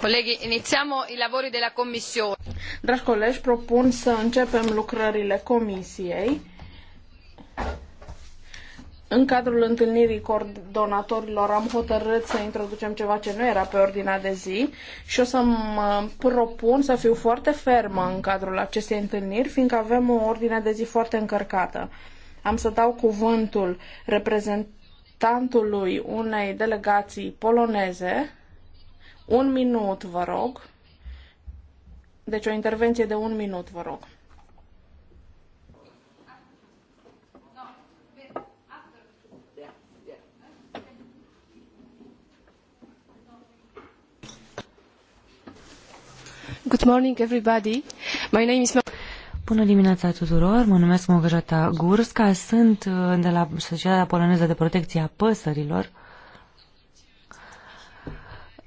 Colegi, i lavori della Commissione. Dragi colegi, propun să începem lucrările Comisiei. În cadrul întâlnirii coordonatorilor am hotărât să introducem ceva ce nu era pe ordinea de zi și o să mă propun să fiu foarte fermă în cadrul acestei întâlniri, fiindcă avem o ordine de zi foarte încărcată. Am să dau cuvântul reprezentanților reprezentantului unei delegații poloneze. Un minut, vă rog. Deci o intervenție de un minut, vă rog. Good morning, everybody. My name is... Bună dimineața tuturor, mă numesc Mogăjata Gurska, sunt uh, de la Societatea Poloneză de Protecție a Păsărilor.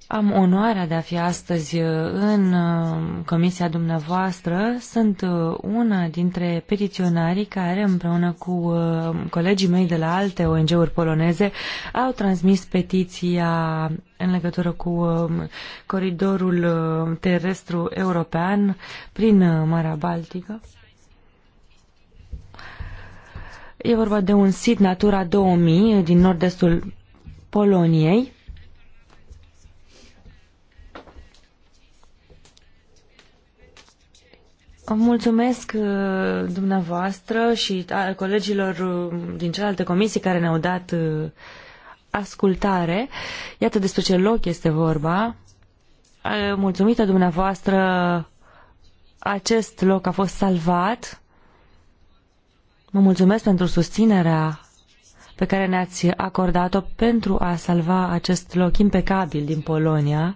Am onoarea de a fi astăzi uh, în uh, comisia dumneavoastră. Sunt una dintre petiționarii care, împreună cu colegii mei de la alte ONG-uri poloneze, au transmis petiția în legătură cu coridorul terestru european prin Marea Baltică. E vorba de un sit Natura 2000 uh, din nord-estul Poloniei. Mulțumesc uh, dumneavoastră și colegilor uh, din celelalte comisii care ne-au dat ascultare. Iată despre ce loc este vorba. Mulțumită dumneavoastră, acest loc a fost salvat Mă mulțumesc pentru susținerea pe care ne-ați acordat-o pentru a salva acest loc impecabil din Polonia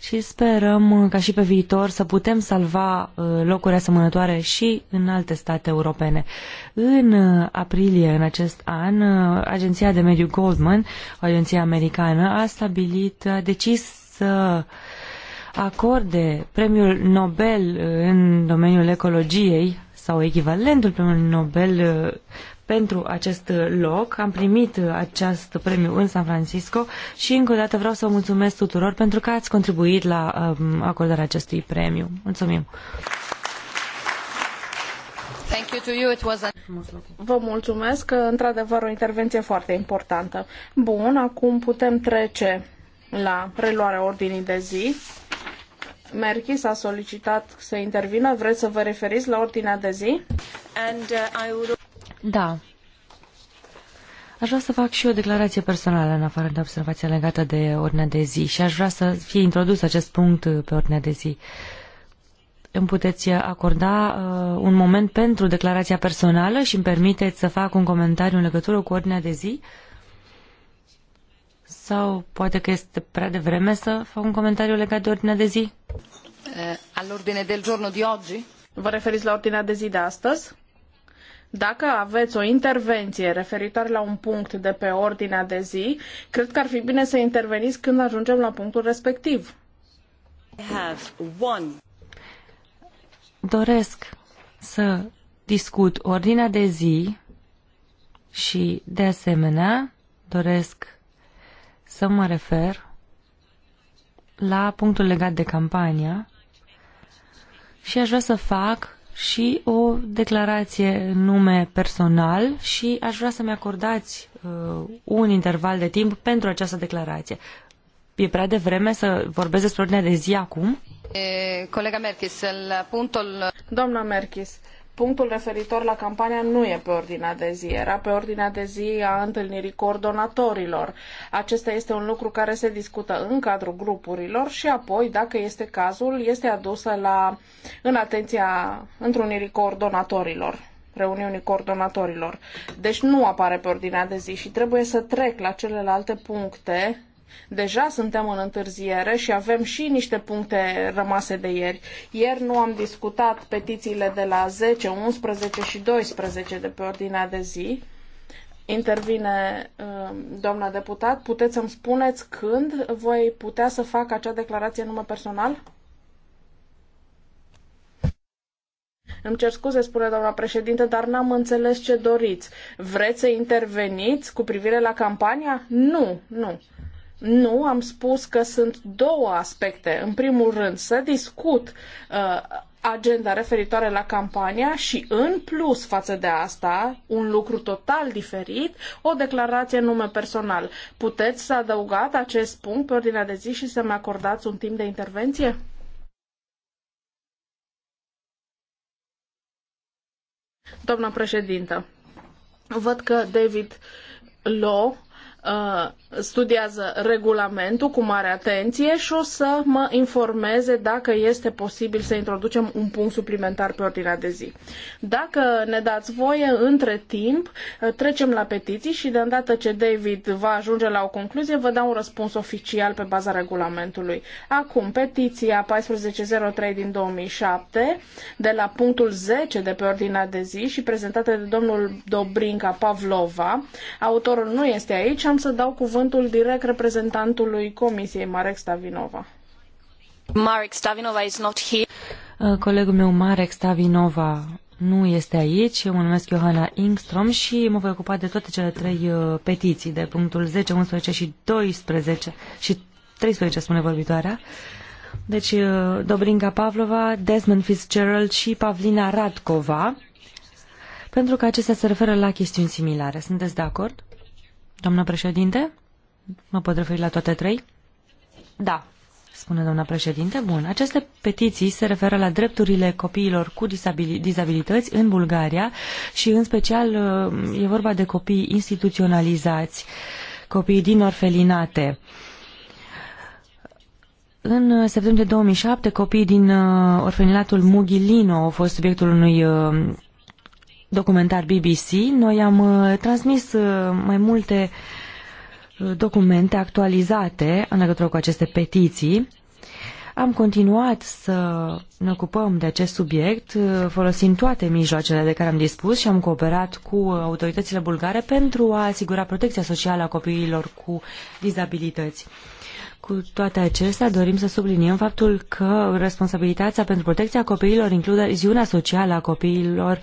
și sperăm ca și pe viitor să putem salva uh, locuri asemănătoare și în alte state europene. În uh, aprilie în acest an, uh, Agenția de Mediu Goldman, o agenție americană, a stabilit, a decis să acorde premiul Nobel în domeniul ecologiei sau echivalentul premiului Nobel uh, pentru acest uh, loc. Am primit uh, acest premiu în San Francisco și încă o dată vreau să vă mulțumesc tuturor pentru că ați contribuit la um, acordarea acestui premiu. Mulțumim! Vă mulțumesc, că, într-adevăr o intervenție foarte importantă. Bun, acum putem trece la reluarea ordinii de zi. Merkis a solicitat să intervină. Vreți să vă referiți la ordinea de zi? And, uh, would... Da. Aș vrea să fac și o declarație personală în afară de observația legată de ordinea de zi și aș vrea să fie introdus acest punct uh, pe ordinea de zi. Îmi puteți uh, acorda uh, un moment pentru declarația personală și îmi permiteți să fac un comentariu în legătură cu ordinea de zi? Uh, sau poate că este prea devreme să fac un comentariu legat de ordinea de zi? Eh, all'ordine del giorno di oggi? Vă referiți la ordinea de zi de astăzi? Dacă aveți o intervenție referitoare la un punct de pe ordinea de zi, cred că ar fi bine să interveniți când ajungem la punctul respectiv. Doresc să discut ordinea de zi și, de asemenea, doresc să mă refer la punctul legat de campania și aș vrea să fac și o declarație în nume personal și aș vrea să-mi acordați uh, un interval de timp pentru această declarație. E prea devreme să vorbesc despre ordinea de zi acum? E, eh, colega Merkis, la punctul... Doamna Merkis, uh, Punctul referitor la campania nu e pe ordinea de zi, era pe ordinea de zi a întâlnirii coordonatorilor. Acesta este un lucru care se discută în cadrul grupurilor și apoi, dacă este cazul, este adusă la, în atenția întrunirii coordonatorilor reuniunii coordonatorilor. Deci nu apare pe ordinea de zi și trebuie să trec la celelalte puncte Deja suntem în întârziere și avem și niște puncte rămase de ieri. Ieri nu am discutat petițiile de la 10, 11 și 12 de pe ordinea de zi. Intervine um, doamna deputat. Puteți să-mi spuneți când voi putea să fac acea declarație în nume personal? Îmi cer scuze, spune doamna președinte, dar n-am înțeles ce doriți. Vreți să interveniți cu privire la campania? Nu, nu. Nu, am spus că sunt două aspecte. În primul rând, să discut uh, agenda referitoare la campania și, în plus față de asta, un lucru total diferit, o declarație în nume personal. Puteți să adăugați acest punct pe ordinea de zi și să-mi acordați un timp de intervenție? Doamna președintă, văd că David Law uh, studiază regulamentul cu mare atenție și o să mă informeze dacă este posibil să introducem un punct suplimentar pe ordinea de zi. Dacă ne dați voie, între timp, trecem la petiții și de îndată ce David va ajunge la o concluzie, vă dau un răspuns oficial pe baza regulamentului. Acum, petiția 1403 din 2007, de la punctul 10 de pe ordinea de zi și prezentată de domnul Dobrinca Pavlova, autorul nu este aici, am să dau cuvântul cuvântul direct reprezentantului Comisiei, Marek Stavinova. Marek Stavinova is not here. Uh, colegul meu Marek Stavinova nu este aici, mă numesc Johanna Ingstrom și mă voi ocupa de toate cele trei uh, petiții, de punctul 10, 11 și 12 și 13, spune vorbitoarea. Deci, uh, Dobrinka Pavlova, Desmond Fitzgerald și Pavlina Radkova, pentru că acestea se referă la chestiuni similare. Sunteți de acord, doamnă președinte? Mă pot referi la toate trei? Da, spune doamna președinte. Bun, aceste petiții se referă la drepturile copiilor cu dizabilități în Bulgaria și în special e vorba de copii instituționalizați, copii din orfelinate. În septembrie 2007, copiii din uh, orfelinatul Mughilino au fost subiectul unui uh, documentar BBC. Noi am uh, transmis mai multe uh, documente actualizate în legătură cu aceste petiții. Am continuat să ne ocupăm de acest subiect uh, folosind toate mijloacele de care am dispus și am cooperat cu uh, autoritățile bulgare pentru a asigura protecția socială a copiilor cu dizabilități. Cu toate acestea, dorim să subliniem faptul că responsabilitatea pentru protecția copiilor include ziunea socială a copiilor,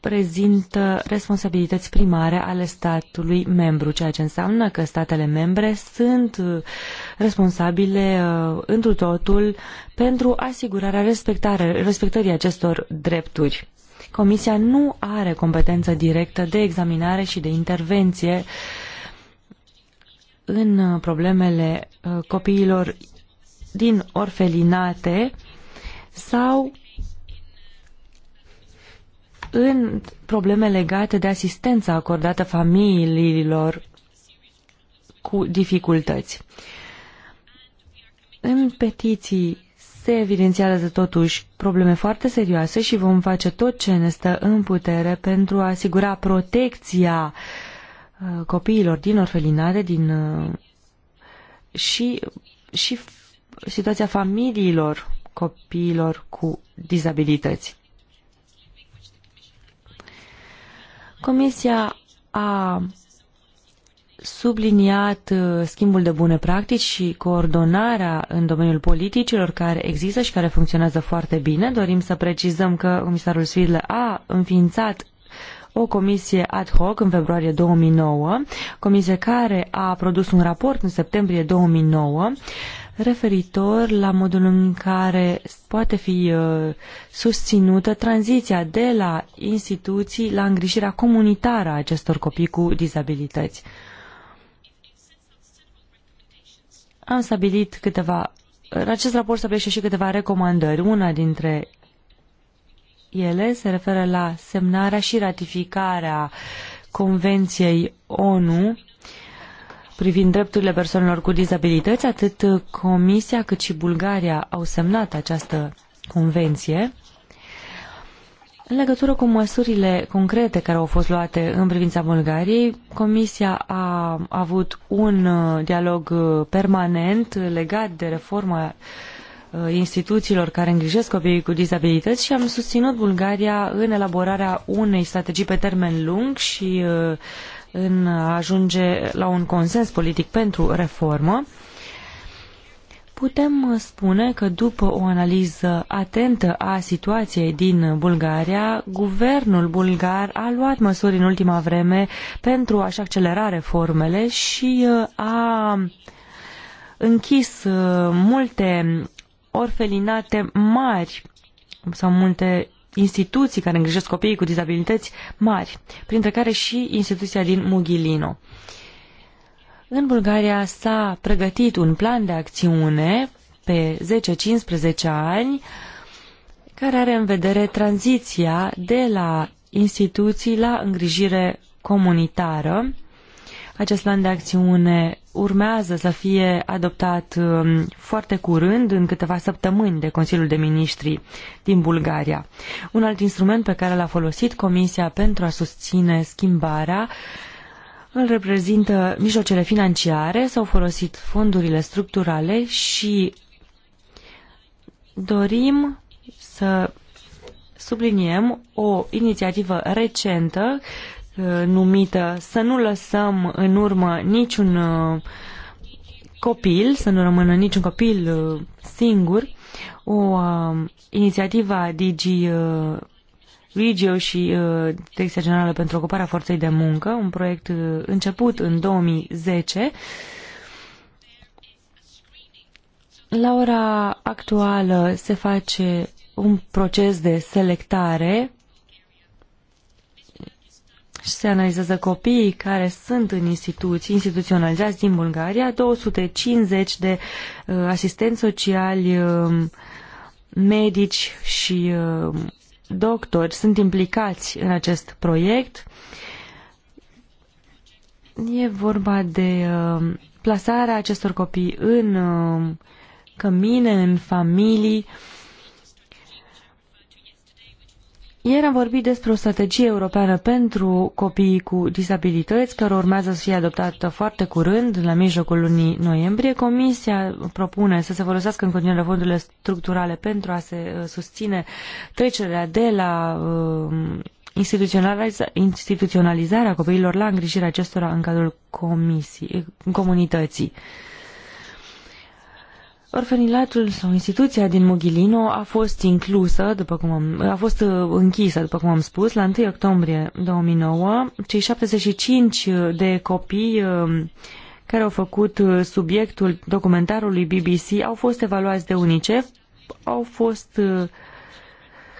prezintă responsabilități primare ale statului membru, ceea ce înseamnă că statele membre sunt uh, responsabile uh, întru totul pentru asigurarea respectării acestor drepturi. Comisia nu are competență directă de examinare și de intervenție în uh, problemele copiilor din orfelinate sau în probleme legate de asistența acordată familiilor cu dificultăți. În petiții se evidențiază totuși probleme foarte serioase și vom face tot ce ne stă în putere pentru a asigura protecția uh, copiilor din orfelinare din, uh, și, și situația familiilor copiilor cu dizabilități. Comisia a subliniat uh, schimbul de bune practici și coordonarea în domeniul politicilor care există și care funcționează foarte bine. Dorim să precizăm că comisarul Sfidle a înființat o comisie ad hoc în februarie 2009, comisie care a produs un raport în septembrie 2009 referitor la modul în care poate fi uh, susținută tranziția de la instituții la îngrijirea comunitară a acestor copii cu dizabilități. Am stabilit câteva... Acest raport stabilește și câteva recomandări. Una dintre ele se referă la semnarea și ratificarea Convenției ONU privind drepturile persoanelor cu dizabilități, atât Comisia cât și Bulgaria au semnat această convenție. În legătură cu măsurile concrete care au fost luate în privința Bulgariei, Comisia a avut un uh, dialog uh, permanent legat de reforma uh, instituțiilor care îngrijesc copiii cu dizabilități și am susținut Bulgaria în elaborarea unei strategii pe termen lung și în a ajunge la un consens politic pentru reformă, putem spune că după o analiză atentă a situației din Bulgaria, guvernul bulgar a luat măsuri în ultima vreme pentru a-și accelera reformele și uh, a închis uh, multe orfelinate mari sau multe instituții care îngrijesc copiii cu dizabilități mari, printre care și instituția din Mughilino. În Bulgaria s-a pregătit un plan de acțiune pe 10-15 ani care are în vedere tranziția de la instituții la îngrijire comunitară. Acest plan de acțiune urmează să fie adoptat um, foarte curând, în câteva săptămâni, de Consiliul de Ministri din Bulgaria. Un alt instrument pe care l-a folosit Comisia pentru a susține schimbarea îl reprezintă mijloacele financiare, s-au folosit fondurile structurale și dorim să subliniem o inițiativă recentă Uh, numită să nu lăsăm în urmă niciun uh, copil, să nu rămână niciun copil uh, singur, o a Digi Regio și Direcția Generală pentru Ocuparea Forței de Muncă, un proiect început în 2010. La ora actuală se face un proces de selectare și se analizează copiii care sunt în instituții, instituționalizați din Bulgaria, 250 de uh, asistenți sociali, uh, medici și uh, doctori sunt implicați în acest proiect. E vorba de uh, plasarea acestor copii în uh, cămine, în familii, uh, ieri am vorbit despre o strategie europeană pentru copiii cu disabilități, care urmează să fie adoptată foarte curând, la mijlocul lunii noiembrie. Comisia propune să se folosească în continuare fondurile structurale pentru a se uh, susține trecerea de la um, instituționalizarea copiilor la îngrijirea acestora în cadrul comisii, comunității. Orfanilatul sau instituția din Mughilino a fost inclusă, după cum am, a fost uh, închisă, după cum am spus, la 1 octombrie 2009. Cei 75 uh, de copii uh, care au făcut subiectul documentarului BBC au fost evaluați de UNICEF, au fost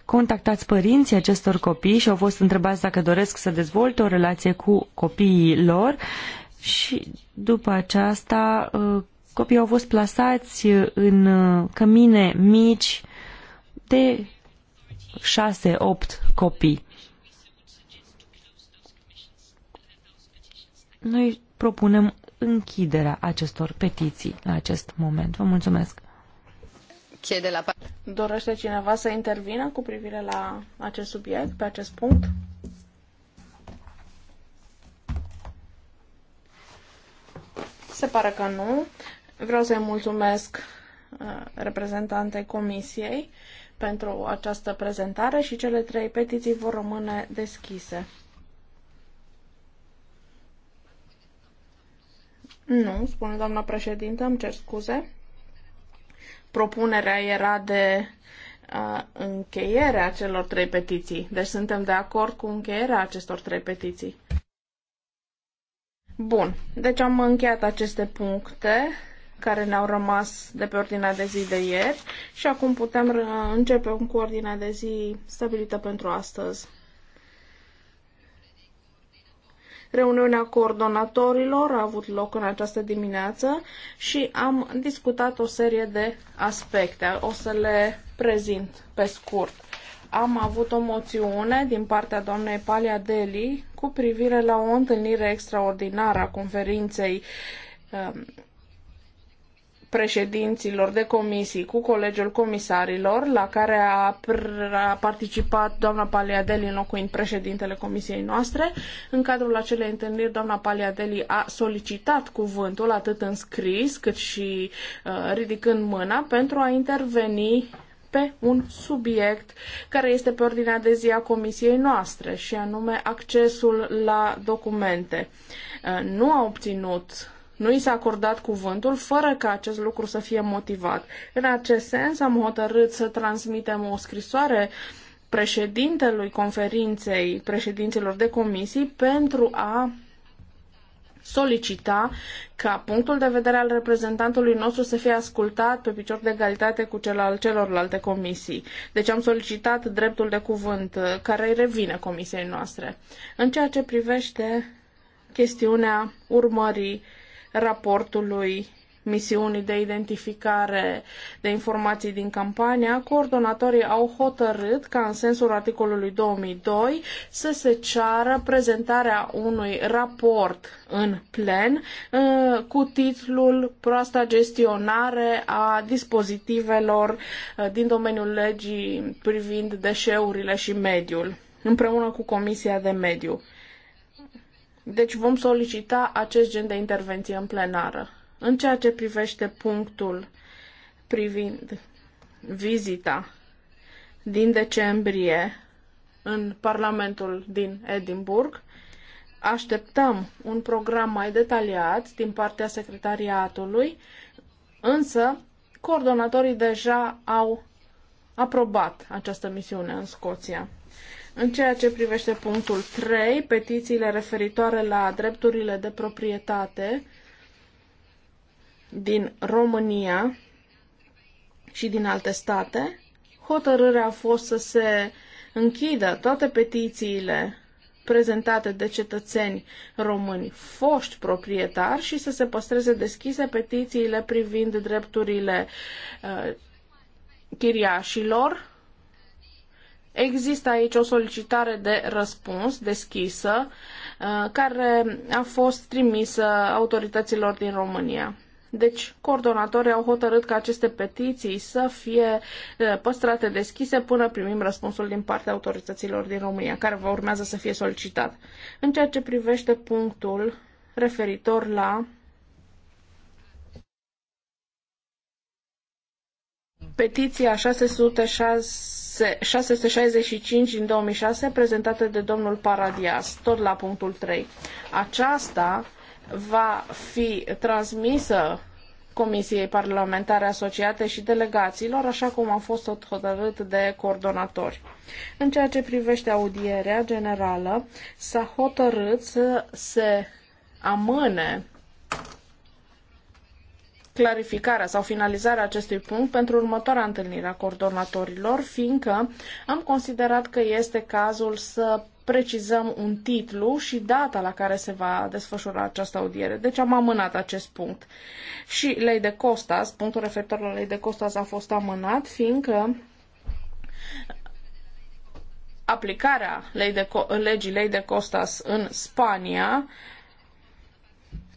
contactați părinții acestor copii și au fost întrebați dacă doresc să dezvolte o relație cu copiii lor și după aceasta Copiii au fost plasați uh, în uh, cămine mici de 6-8 copii. Noi propunem închiderea acestor petiții la acest moment. Vă mulțumesc! La... Dorește cineva să intervină cu privire la acest subiect, pe acest punct? Se pare că nu. Vreau să-i mulțumesc uh, reprezentantei Comisiei pentru această prezentare și cele trei petiții vor rămâne deschise. Nu, spune doamna președintă, îmi cer scuze. Propunerea era de uh, a celor trei petiții. Deci suntem de acord cu încheierea acestor trei petiții. Bun, deci am încheiat aceste puncte care ne-au rămas de pe ordinea de zi de ieri și acum putem începe cu ordinea de zi stabilită pentru astăzi. Reuniunea coordonatorilor a avut loc în această dimineață și am discutat o serie de aspecte. O să le prezint pe scurt. Am avut o moțiune din partea doamnei Palia Deli cu privire la o întâlnire extraordinară a conferinței um, președinților de comisii cu colegiul comisarilor, la care a, a participat doamna Paliadeli înlocuind președintele comisiei noastre. În cadrul acelei întâlniri, doamna Paliadeli a solicitat cuvântul atât în scris cât și uh, ridicând mâna pentru a interveni pe un subiect care este pe ordinea de zi a comisiei noastre, și anume accesul la documente. Uh, nu a obținut nu i s-a acordat cuvântul fără ca acest lucru să fie motivat. În acest sens am hotărât să transmitem o scrisoare președintelui conferinței președinților de comisii pentru a solicita ca punctul de vedere al reprezentantului nostru să fie ascultat pe picior de egalitate cu cel al celorlalte comisii. Deci am solicitat dreptul de cuvânt uh, care îi revine comisiei noastre. În ceea ce privește chestiunea urmării raportului misiunii de identificare de informații din campania, coordonatorii au hotărât ca în sensul articolului 2002 să se ceară prezentarea unui raport în plen uh, cu titlul Proasta gestionare a dispozitivelor uh, din domeniul legii privind deșeurile și mediul, împreună cu Comisia de Mediu. Deci vom solicita acest gen de intervenție în plenară. În ceea ce privește punctul privind vizita din decembrie în Parlamentul din Edinburgh, așteptăm un program mai detaliat din partea secretariatului, însă coordonatorii deja au aprobat această misiune în Scoția. În ceea ce privește punctul 3, petițiile referitoare la drepturile de proprietate din România și din alte state, hotărârea a fost să se închidă toate petițiile prezentate de cetățeni români foști proprietari și să se păstreze deschise petițiile privind drepturile uh, chiriașilor Există aici o solicitare de răspuns deschisă uh, care a fost trimisă autorităților din România. Deci, coordonatorii au hotărât ca aceste petiții să fie uh, păstrate deschise până primim răspunsul din partea autorităților din România, care va urmează să fie solicitat. În ceea ce privește punctul referitor la petiția 606 665 din 2006, prezentată de domnul Paradias, tot la punctul 3. Aceasta va fi transmisă Comisiei Parlamentare Asociate și delegațiilor, așa cum a fost tot hotărât de coordonatori. În ceea ce privește audierea generală, s-a hotărât să se amâne clarificarea sau finalizarea acestui punct pentru următoarea întâlnire a coordonatorilor, fiindcă am considerat că este cazul să precizăm un titlu și data la care se va desfășura această audiere. Deci am amânat acest punct. Și lei de Costas, punctul referitor la lei de Costas a fost amânat, fiindcă aplicarea lei de, legii lei de Costas în Spania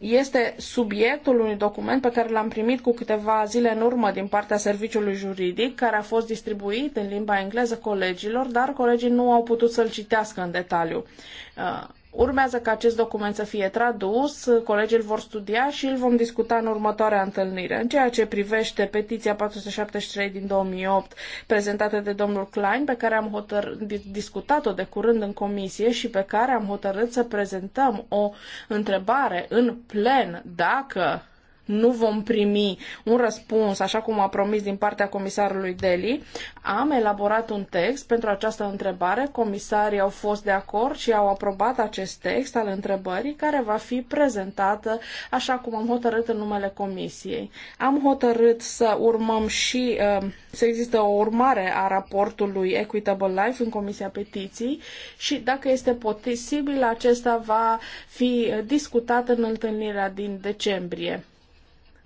este subiectul unui document pe care l-am primit cu câteva zile în urmă din partea serviciului juridic, care a fost distribuit în limba engleză colegilor, dar colegii nu au putut să-l citească în detaliu. Uh, Urmează ca acest document să fie tradus, colegii îl vor studia și îl vom discuta în următoarea întâlnire. În ceea ce privește petiția 473 din 2008 prezentată de domnul Klein, pe care am hotăr... discutat-o de curând în comisie și pe care am hotărât să prezentăm o întrebare în plen dacă nu vom primi un răspuns, așa cum a promis din partea comisarului Deli, am elaborat un text pentru această întrebare. Comisarii au fost de acord și au aprobat acest text al întrebării, care va fi prezentată așa cum am hotărât în numele comisiei. Am hotărât să urmăm și uh, să există o urmare a raportului Equitable Life în Comisia Petiții și, dacă este posibil, acesta va fi discutat în întâlnirea din decembrie.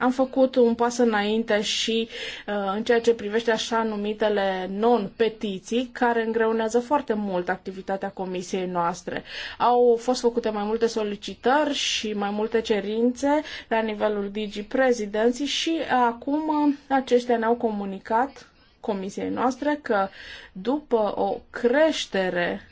Am făcut un pas înainte și uh, în ceea ce privește așa numitele non-petiții, care îngreunează foarte mult activitatea comisiei noastre. Au fost făcute mai multe solicitări și mai multe cerințe la nivelul Digi Prezidenții și acum uh, aceștia ne-au comunicat comisiei noastre că după o creștere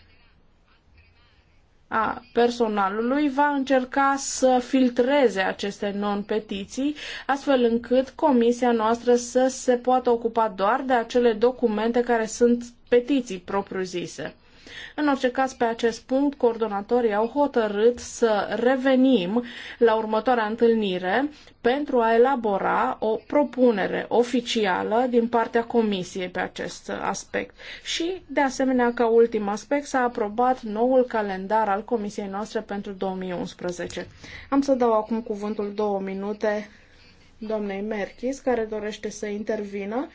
a personalului va încerca să filtreze aceste non-petiții, astfel încât comisia noastră să se poată ocupa doar de acele documente care sunt petiții propriu-zise. În orice caz, pe acest punct, coordonatorii au hotărât să revenim la următoarea întâlnire pentru a elabora o propunere oficială din partea Comisiei pe acest aspect. Și, de asemenea, ca ultim aspect, s-a aprobat noul calendar al Comisiei noastre pentru 2011. Am să dau acum cuvântul două minute doamnei Merchis, care dorește să intervină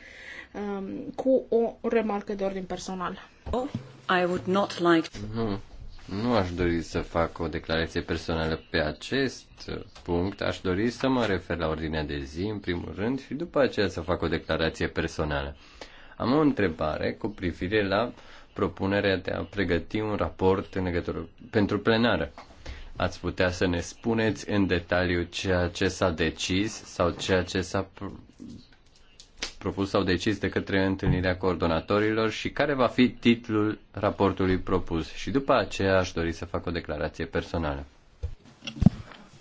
um, cu o remarcă de ordin personal. Oh. I would not like Nu, nu aș dori să fac o declarație personală pe acest punct. Aș dori să mă refer la ordinea de zi, în primul rând, și după aceea să fac o declarație personală. Am o întrebare cu privire la propunerea de a pregăti un raport în legătură, pentru plenară. Ați putea să ne spuneți în detaliu ceea ce s-a decis sau ceea ce s-a propus sau decis de către întâlnirea coordonatorilor și care va fi titlul raportului propus. Și după aceea aș dori să fac o declarație personală.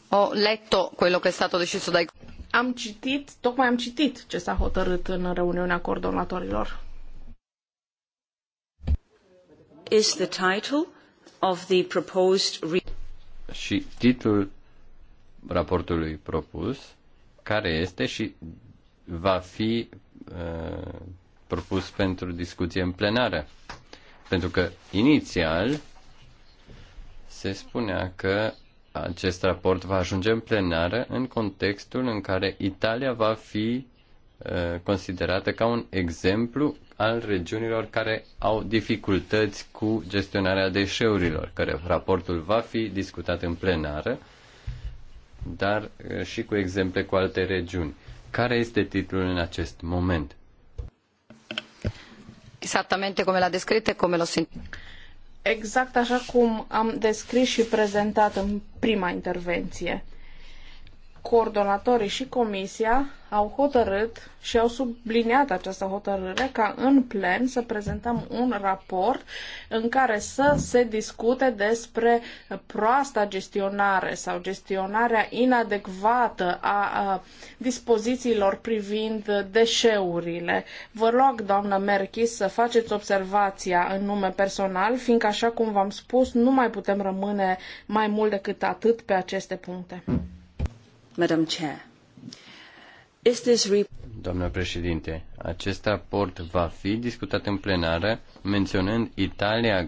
O letto quello che è stato deciso dai... Am citit, tocmai am citit ce s-a hotărât în reuniunea coordonatorilor. Is the title of the proposed... Și titlul raportului propus, care este și va fi Uh, propus pentru discuție în plenară. Pentru că inițial se spunea că acest raport va ajunge în plenară în contextul în care Italia va fi uh, considerată ca un exemplu al regiunilor care au dificultăți cu gestionarea deșeurilor, care raportul va fi discutat în plenară, dar uh, și cu exemple cu alte regiuni. Care este titlul în acest moment? Exactamente come l'ha descritto Exact așa cum am descris și prezentat în prima intervenție coordonatorii și comisia au hotărât și au subliniat această hotărâre ca în plen să prezentăm un raport în care să se discute despre proasta gestionare sau gestionarea inadecvată a, dispozițiilor privind deșeurile. Vă rog, doamnă Merchis, să faceți observația în nume personal, fiindcă, așa cum v-am spus, nu mai putem rămâne mai mult decât atât pe aceste puncte. Doamnă președinte, acest raport va fi discutat în plenară, menționând Italia,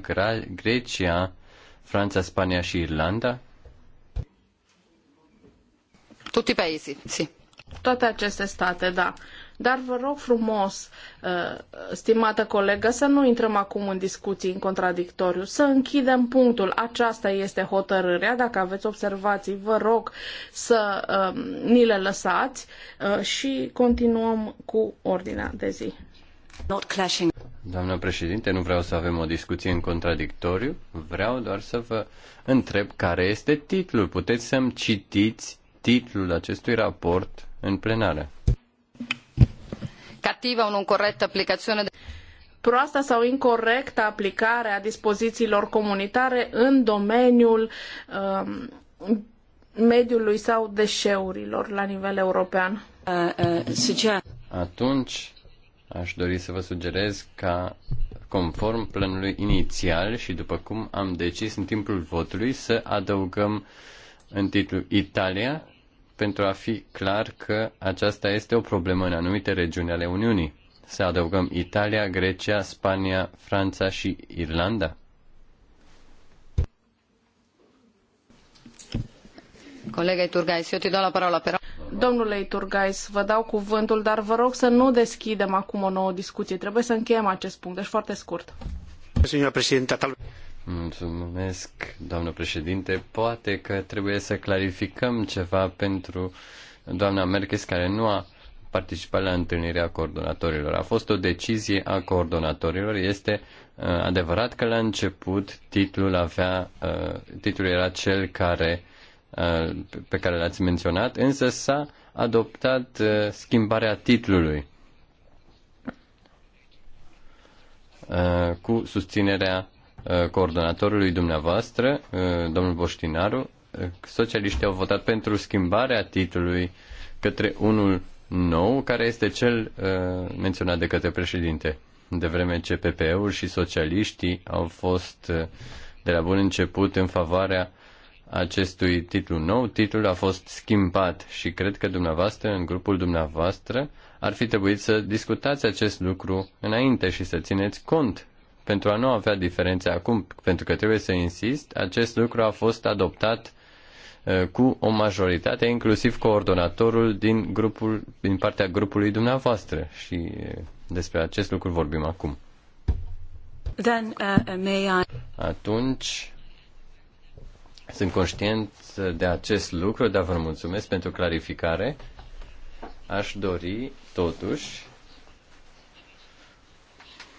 Grecia, Franța, Spania și Irlanda? Toate aceste state, da. Dar vă rog frumos, uh, stimată colegă, să nu intrăm acum în discuții în contradictoriu, să închidem punctul. Aceasta este hotărârea. Dacă aveți observații, vă rog să um, ni le lăsați uh, și continuăm cu ordinea de zi. Not clashing. Doamnă președinte, nu vreau să avem o discuție în contradictoriu, vreau doar să vă întreb care este titlul. Puteți să-mi citiți titlul acestui raport în plenară o non corretta applicazione proasta sau incorrectă aplicare a dispozițiilor comunitare în domeniul um, mediului sau deșeurilor la nivel european. Atunci aș dori să vă sugerez ca conform planului inițial și după cum am decis în timpul votului să adăugăm în titlu Italia pentru a fi clar că aceasta este o problemă în anumite regiuni ale Uniunii. Să adăugăm Italia, Grecia, Spania, Franța și Irlanda? Colega Iturgais, eu te dau la parola. Pe... Domnule Iturgais, vă dau cuvântul, dar vă rog să nu deschidem acum o nouă discuție. Trebuie să încheiem acest punct, deci foarte scurt. Domnule președinte, Mulțumesc, doamnă președinte. Poate că trebuie să clarificăm ceva pentru doamna Merkes, care nu a participat la întâlnirea coordonatorilor. A fost o decizie a coordonatorilor. Este uh, adevărat că la început titlul avea, uh, titlul era cel care uh, pe care l-ați menționat, însă s-a adoptat uh, schimbarea titlului uh, cu susținerea Uh, coordonatorului dumneavoastră, uh, domnul Boștinaru, uh, socialiștii au votat pentru schimbarea titlului către unul nou, care este cel menționat de către președinte. De vreme ce PPE-ul și socialiștii au fost de la bun început în favoarea acestui titlu nou, titlul a fost schimbat și cred că dumneavoastră, în grupul dumneavoastră, ar fi trebuit să discutați acest lucru înainte și să țineți cont pentru a nu avea diferențe acum, pentru că trebuie să insist, acest lucru a fost adoptat uh, cu o majoritate, inclusiv coordonatorul din, grupul, din partea grupului dumneavoastră și uh, despre acest lucru vorbim acum. Then, uh, may I... Atunci, sunt conștient uh, de acest lucru, dar vă mulțumesc pentru clarificare. Aș dori, totuși,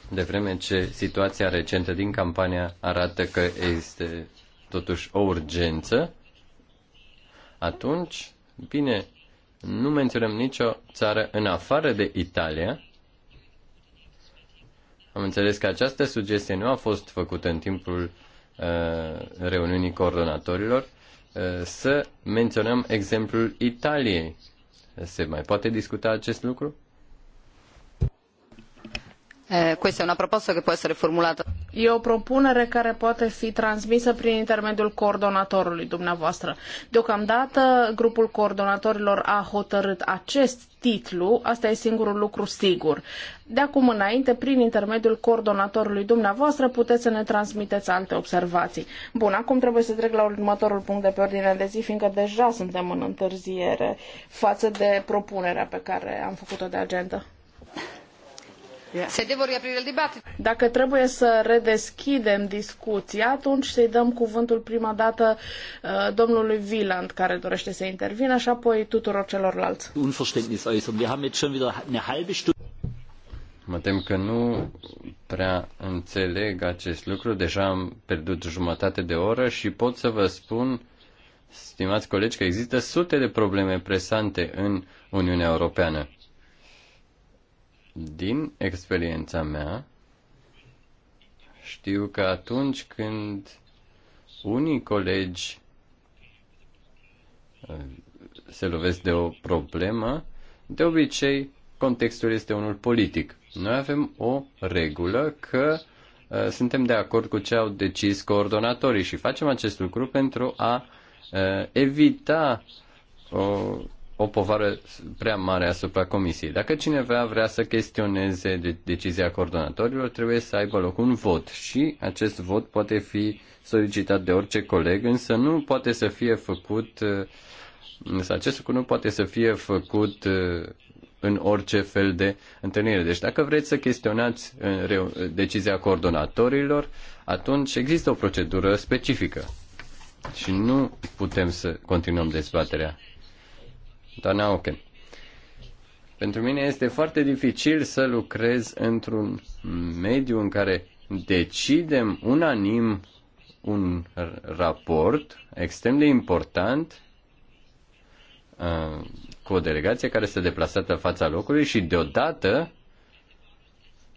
de vreme ce situația recentă din campania arată că este totuși o urgență, atunci, bine, nu menționăm nicio țară în afară de Italia. Am înțeles că această sugestie nu a fost făcută în timpul uh, reuniunii coordonatorilor. Uh, să menționăm exemplul Italiei. Se mai poate discuta acest lucru? Eh, questa è una proposta che può essere formulata. E o propunere care poate fi transmisă prin intermediul coordonatorului dumneavoastră. Deocamdată, grupul coordonatorilor a hotărât acest titlu, asta e singurul lucru sigur. De acum înainte, prin intermediul coordonatorului dumneavoastră, puteți să ne transmiteți alte observații. Bun, acum trebuie să trec la următorul punct de pe ordinea de zi, fiindcă deja suntem în întârziere față de propunerea pe care am făcut-o de agenda. Dacă trebuie să redeschidem discuția, atunci să-i dăm cuvântul prima dată uh, domnului Wieland, care dorește să intervină, și apoi tuturor celorlalți. Mă tem că nu prea înțeleg acest lucru. Deja am pierdut jumătate de oră și pot să vă spun, stimați colegi, că există sute de probleme presante în Uniunea Europeană din experiența mea, știu că atunci când unii colegi uh, se lovesc de o problemă, de obicei contextul este unul politic. Noi avem o regulă că uh, suntem de acord cu ce au decis coordonatorii și facem acest lucru pentru a uh, evita o o povară prea mare asupra comisiei. Dacă cineva vrea să chestioneze de- decizia coordonatorilor, trebuie să aibă loc un vot și acest vot poate fi solicitat de orice coleg, însă nu poate să fie făcut însă acest lucru nu poate să fie făcut uh, în orice fel de întâlnire. Deci dacă vreți să chestionați uh, uh, decizia coordonatorilor, atunci există o procedură specifică și nu putem să continuăm dezbaterea doamna Oken. Pentru mine este foarte dificil să lucrez într-un mediu în care decidem unanim un raport extrem de important uh, cu o delegație care este deplasată la fața locului și deodată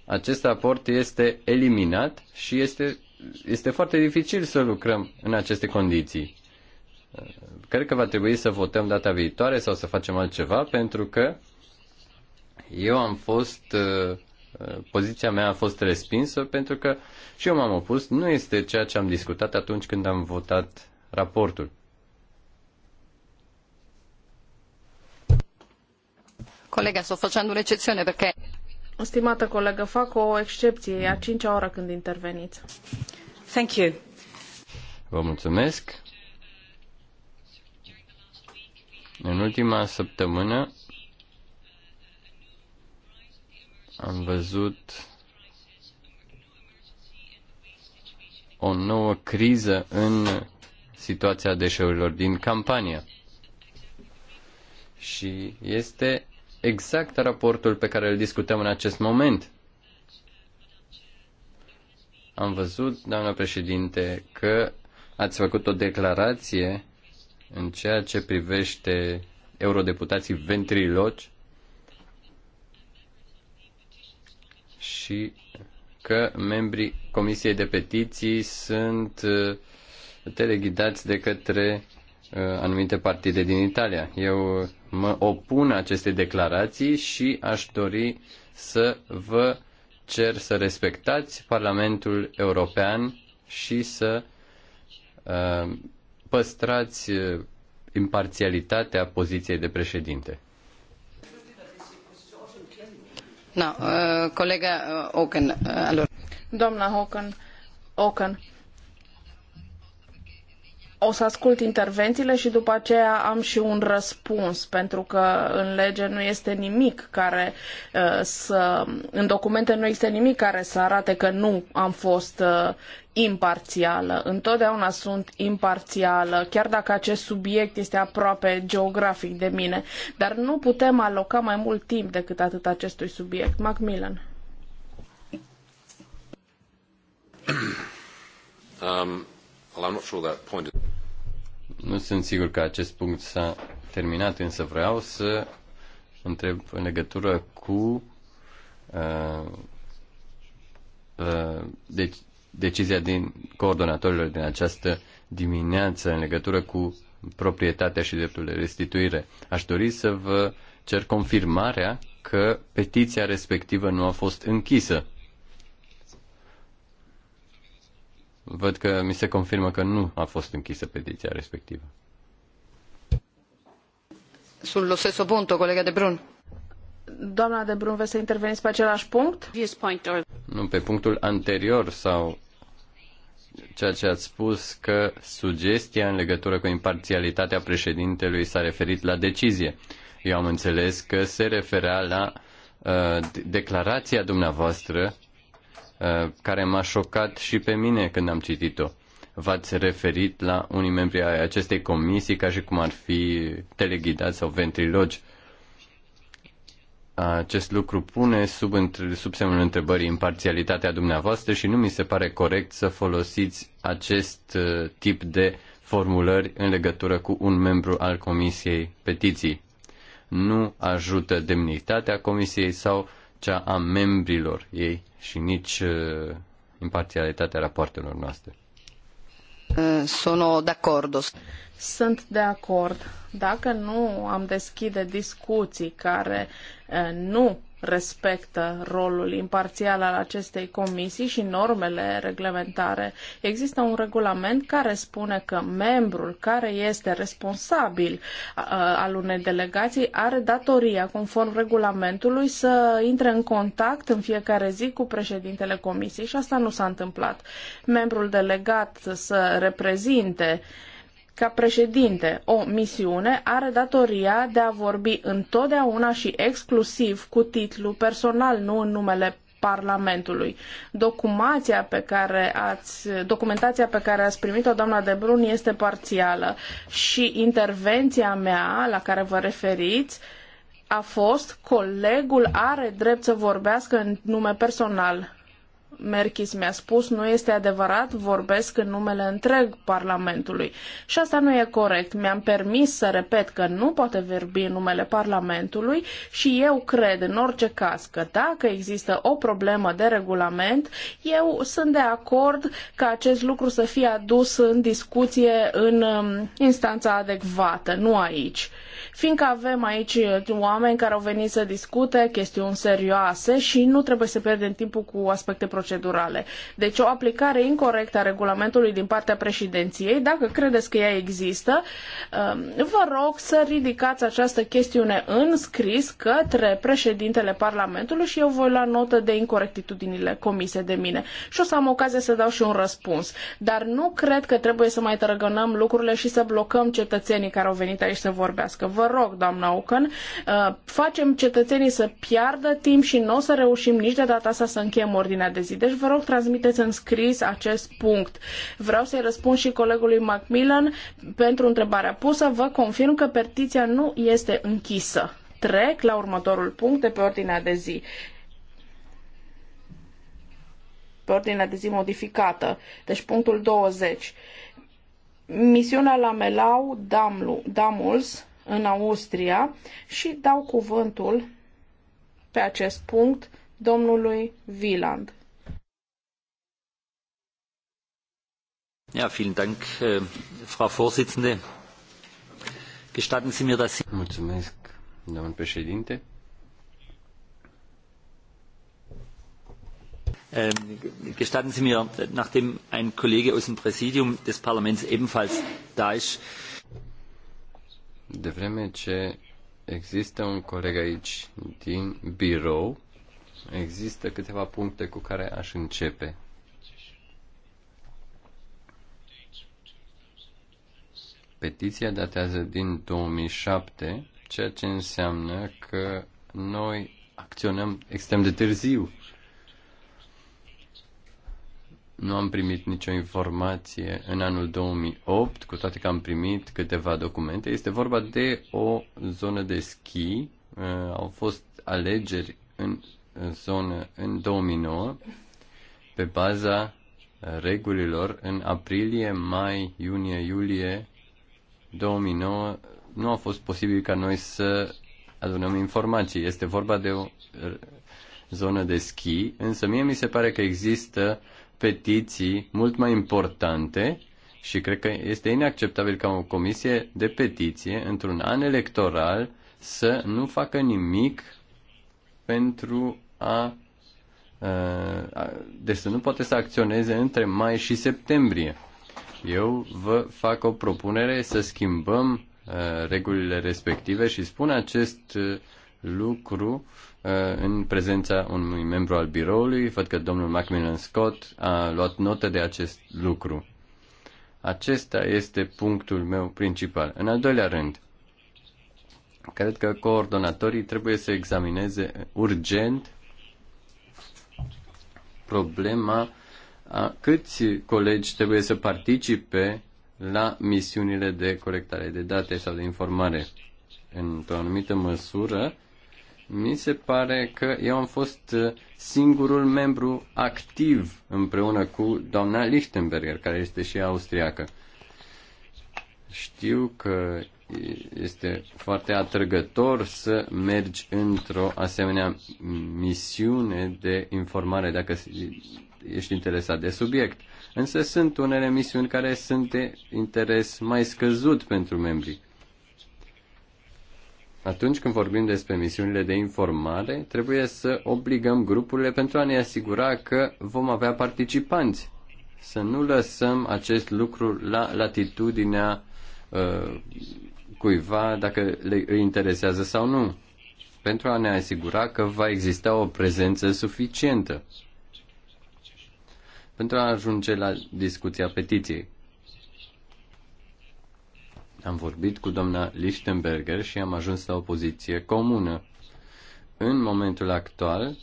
acest raport este eliminat și este, este foarte dificil să lucrăm în aceste condiții. Cred că va trebui să votăm data viitoare sau să facem altceva, pentru că eu am fost, uh, poziția mea a fost respinsă, pentru că și eu m-am opus. Nu este ceea ce am discutat atunci când am votat raportul. Colega, sto recepțiune, pentru că, Stimată colegă, fac o excepție, a cincea oră când interveniți. Thank you. Vă mulțumesc. În ultima săptămână am văzut o nouă criză în situația deșeurilor din campania. Și este exact raportul pe care îl discutăm în acest moment. Am văzut, doamna președinte, că ați făcut o declarație în ceea ce privește eurodeputații ventriloci și că membrii Comisiei de Petiții sunt uh, teleghidați de către uh, anumite partide din Italia. Eu uh, mă opun aceste declarații și aș dori să vă cer să respectați Parlamentul European și să uh, păstrați imparțialitatea poziției de președinte. No, uh, colega uh, Oken, uh, alor. Doamna Oken, Oken, o să ascult intervențiile și după aceea am și un răspuns, pentru că în lege nu este nimic care să... În documente nu este nimic care să arate că nu am fost imparțială. Întotdeauna sunt imparțială, chiar dacă acest subiect este aproape geografic de mine, dar nu putem aloca mai mult timp decât atât acestui subiect. Macmillan. Um, well, sure point... Nu sunt sigur că acest punct s-a terminat, însă vreau să întreb în legătură cu uh, uh, deci decizia din coordonatorilor din această dimineață în legătură cu proprietatea și dreptul de restituire. Aș dori să vă cer confirmarea că petiția respectivă nu a fost închisă. Văd că mi se confirmă că nu a fost închisă petiția respectivă. Sullo stesso punto, colega De Brun. Doamna De Brun, veți să interveniți pe același punct? Nu, pe punctul anterior sau ceea ce ați spus că sugestia în legătură cu imparțialitatea președintelui s-a referit la decizie. Eu am înțeles că se referea la uh, declarația dumneavoastră uh, care m-a șocat și pe mine când am citit-o. V-ați referit la unii membri ai acestei comisii ca și cum ar fi teleghidați sau ventrilogi. Uh, acest lucru pune sub, între, sub semnul întrebării imparțialitatea dumneavoastră și nu mi se pare corect să folosiți acest uh, tip de formulări în legătură cu un membru al Comisiei Petiții. Nu ajută demnitatea Comisiei sau cea a membrilor ei și nici uh, imparțialitatea rapoartelor noastre. Uh, sono d'accordo. Sunt de acord. Dacă nu am deschide discuții care nu respectă rolul imparțial al acestei comisii și normele reglementare. Există un regulament care spune că membrul care este responsabil al unei delegații are datoria, conform regulamentului, să intre în contact în fiecare zi cu președintele comisiei și asta nu s-a întâmplat. Membrul delegat să reprezinte ca președinte o misiune, are datoria de a vorbi întotdeauna și exclusiv cu titlu personal, nu în numele Parlamentului. Documentația pe care ați, documentația pe care ați primit-o, doamna De Brun, este parțială și intervenția mea la care vă referiți a fost colegul are drept să vorbească în nume personal Merkis mi-a spus, nu este adevărat, vorbesc în numele întreg Parlamentului. Și asta nu e corect. Mi-am permis să repet că nu poate vorbi în numele Parlamentului și eu cred în orice caz că dacă există o problemă de regulament, eu sunt de acord ca acest lucru să fie adus în discuție în um, instanța adecvată, nu aici fiindcă avem aici uh, oameni care au venit să discute chestiuni serioase și nu trebuie să pierdem timpul cu aspecte procedurale procedurale. Deci o aplicare incorrectă a regulamentului din partea președinției, dacă credeți că ea există, um, vă rog să ridicați această chestiune în scris către președintele Parlamentului și eu voi lua notă de incorectitudinile comise de mine. Și o să am ocazia să dau și un răspuns. Dar nu cred că trebuie să mai tărăgănăm lucrurile și să blocăm cetățenii care au venit aici să vorbească. Vă rog, doamna Ocan, uh, facem cetățenii să piardă timp și nu o să reușim nici de data asta să încheiem ordinea de zi deci vă rog, transmiteți în scris acest punct. Vreau să-i răspund și colegului Macmillan pentru întrebarea pusă. Vă confirm că petiția nu este închisă. Trec la următorul punct de pe ordinea de zi pe ordinea de zi modificată, deci punctul 20. Misiunea la Melau, Damlu, Damuls, în Austria și dau cuvântul pe acest punct domnului Wieland. Ja, äh, Frau Vorsitzende. Gestatten Sie mir, dass Sie... Mulțumesc, domnul președinte. Ähm, gestatten Sie mir, nachdem ein Kollege aus dem Präsidium des Parlaments ebenfalls da ist. De vreme ce există un coleg aici din birou, există câteva puncte cu care aș începe Petiția datează din 2007, ceea ce înseamnă că noi acționăm extrem de târziu. Nu am primit nicio informație în anul 2008, cu toate că am primit câteva documente. Este vorba de o zonă de schi. Uh, au fost alegeri în zonă în 2009 pe baza regulilor în aprilie, mai, iunie, iulie 2009 nu a fost posibil ca noi să adunăm informații. Este vorba de o zonă de schi, însă mie mi se pare că există petiții mult mai importante și cred că este inacceptabil ca o comisie de petiție într-un an electoral să nu facă nimic pentru a, a, a deci să nu poate să acționeze între mai și septembrie. Eu vă fac o propunere să schimbăm uh, regulile respective și spun acest uh, lucru uh, în prezența unui membru al biroului. Văd că domnul Macmillan Scott a luat notă de acest lucru. Acesta este punctul meu principal. În al doilea rând, cred că coordonatorii trebuie să examineze urgent problema câți colegi trebuie să participe la misiunile de colectare de date sau de informare. Într-o anumită măsură, mi se pare că eu am fost uh, singurul membru activ împreună cu doamna Lichtenberger, care este și austriacă. Știu că este foarte atrăgător să mergi într-o asemenea misiune de informare, dacă ești interesat de subiect. Însă sunt unele misiuni care sunt de interes mai scăzut pentru membrii. Atunci când vorbim despre misiunile de informare, trebuie să obligăm grupurile pentru a ne asigura că vom avea participanți. Să nu lăsăm acest lucru la latitudinea uh, cuiva dacă le, îi interesează sau nu, pentru a ne asigura că va exista o prezență suficientă pentru a ajunge la discuția petiției. Am vorbit cu doamna Lichtenberger și am ajuns la o poziție comună. În momentul actual,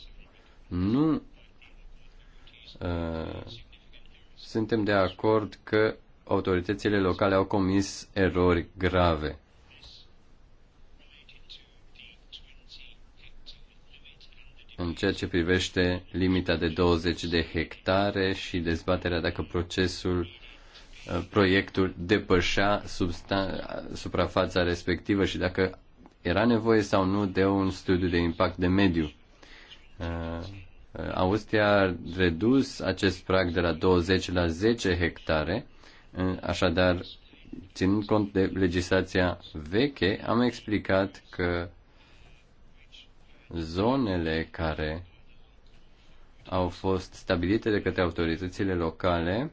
nu uh, suntem de acord că autoritățile locale au comis erori grave. în ceea ce privește limita de 20 de hectare și dezbaterea dacă procesul, uh, proiectul depășea suprafața respectivă și dacă era nevoie sau nu de un studiu de impact de mediu. Uh, Austria a redus acest prag de la 20 la 10 hectare, uh, așadar, ținând cont de legislația veche, am explicat că zonele care au fost stabilite de către autoritățile locale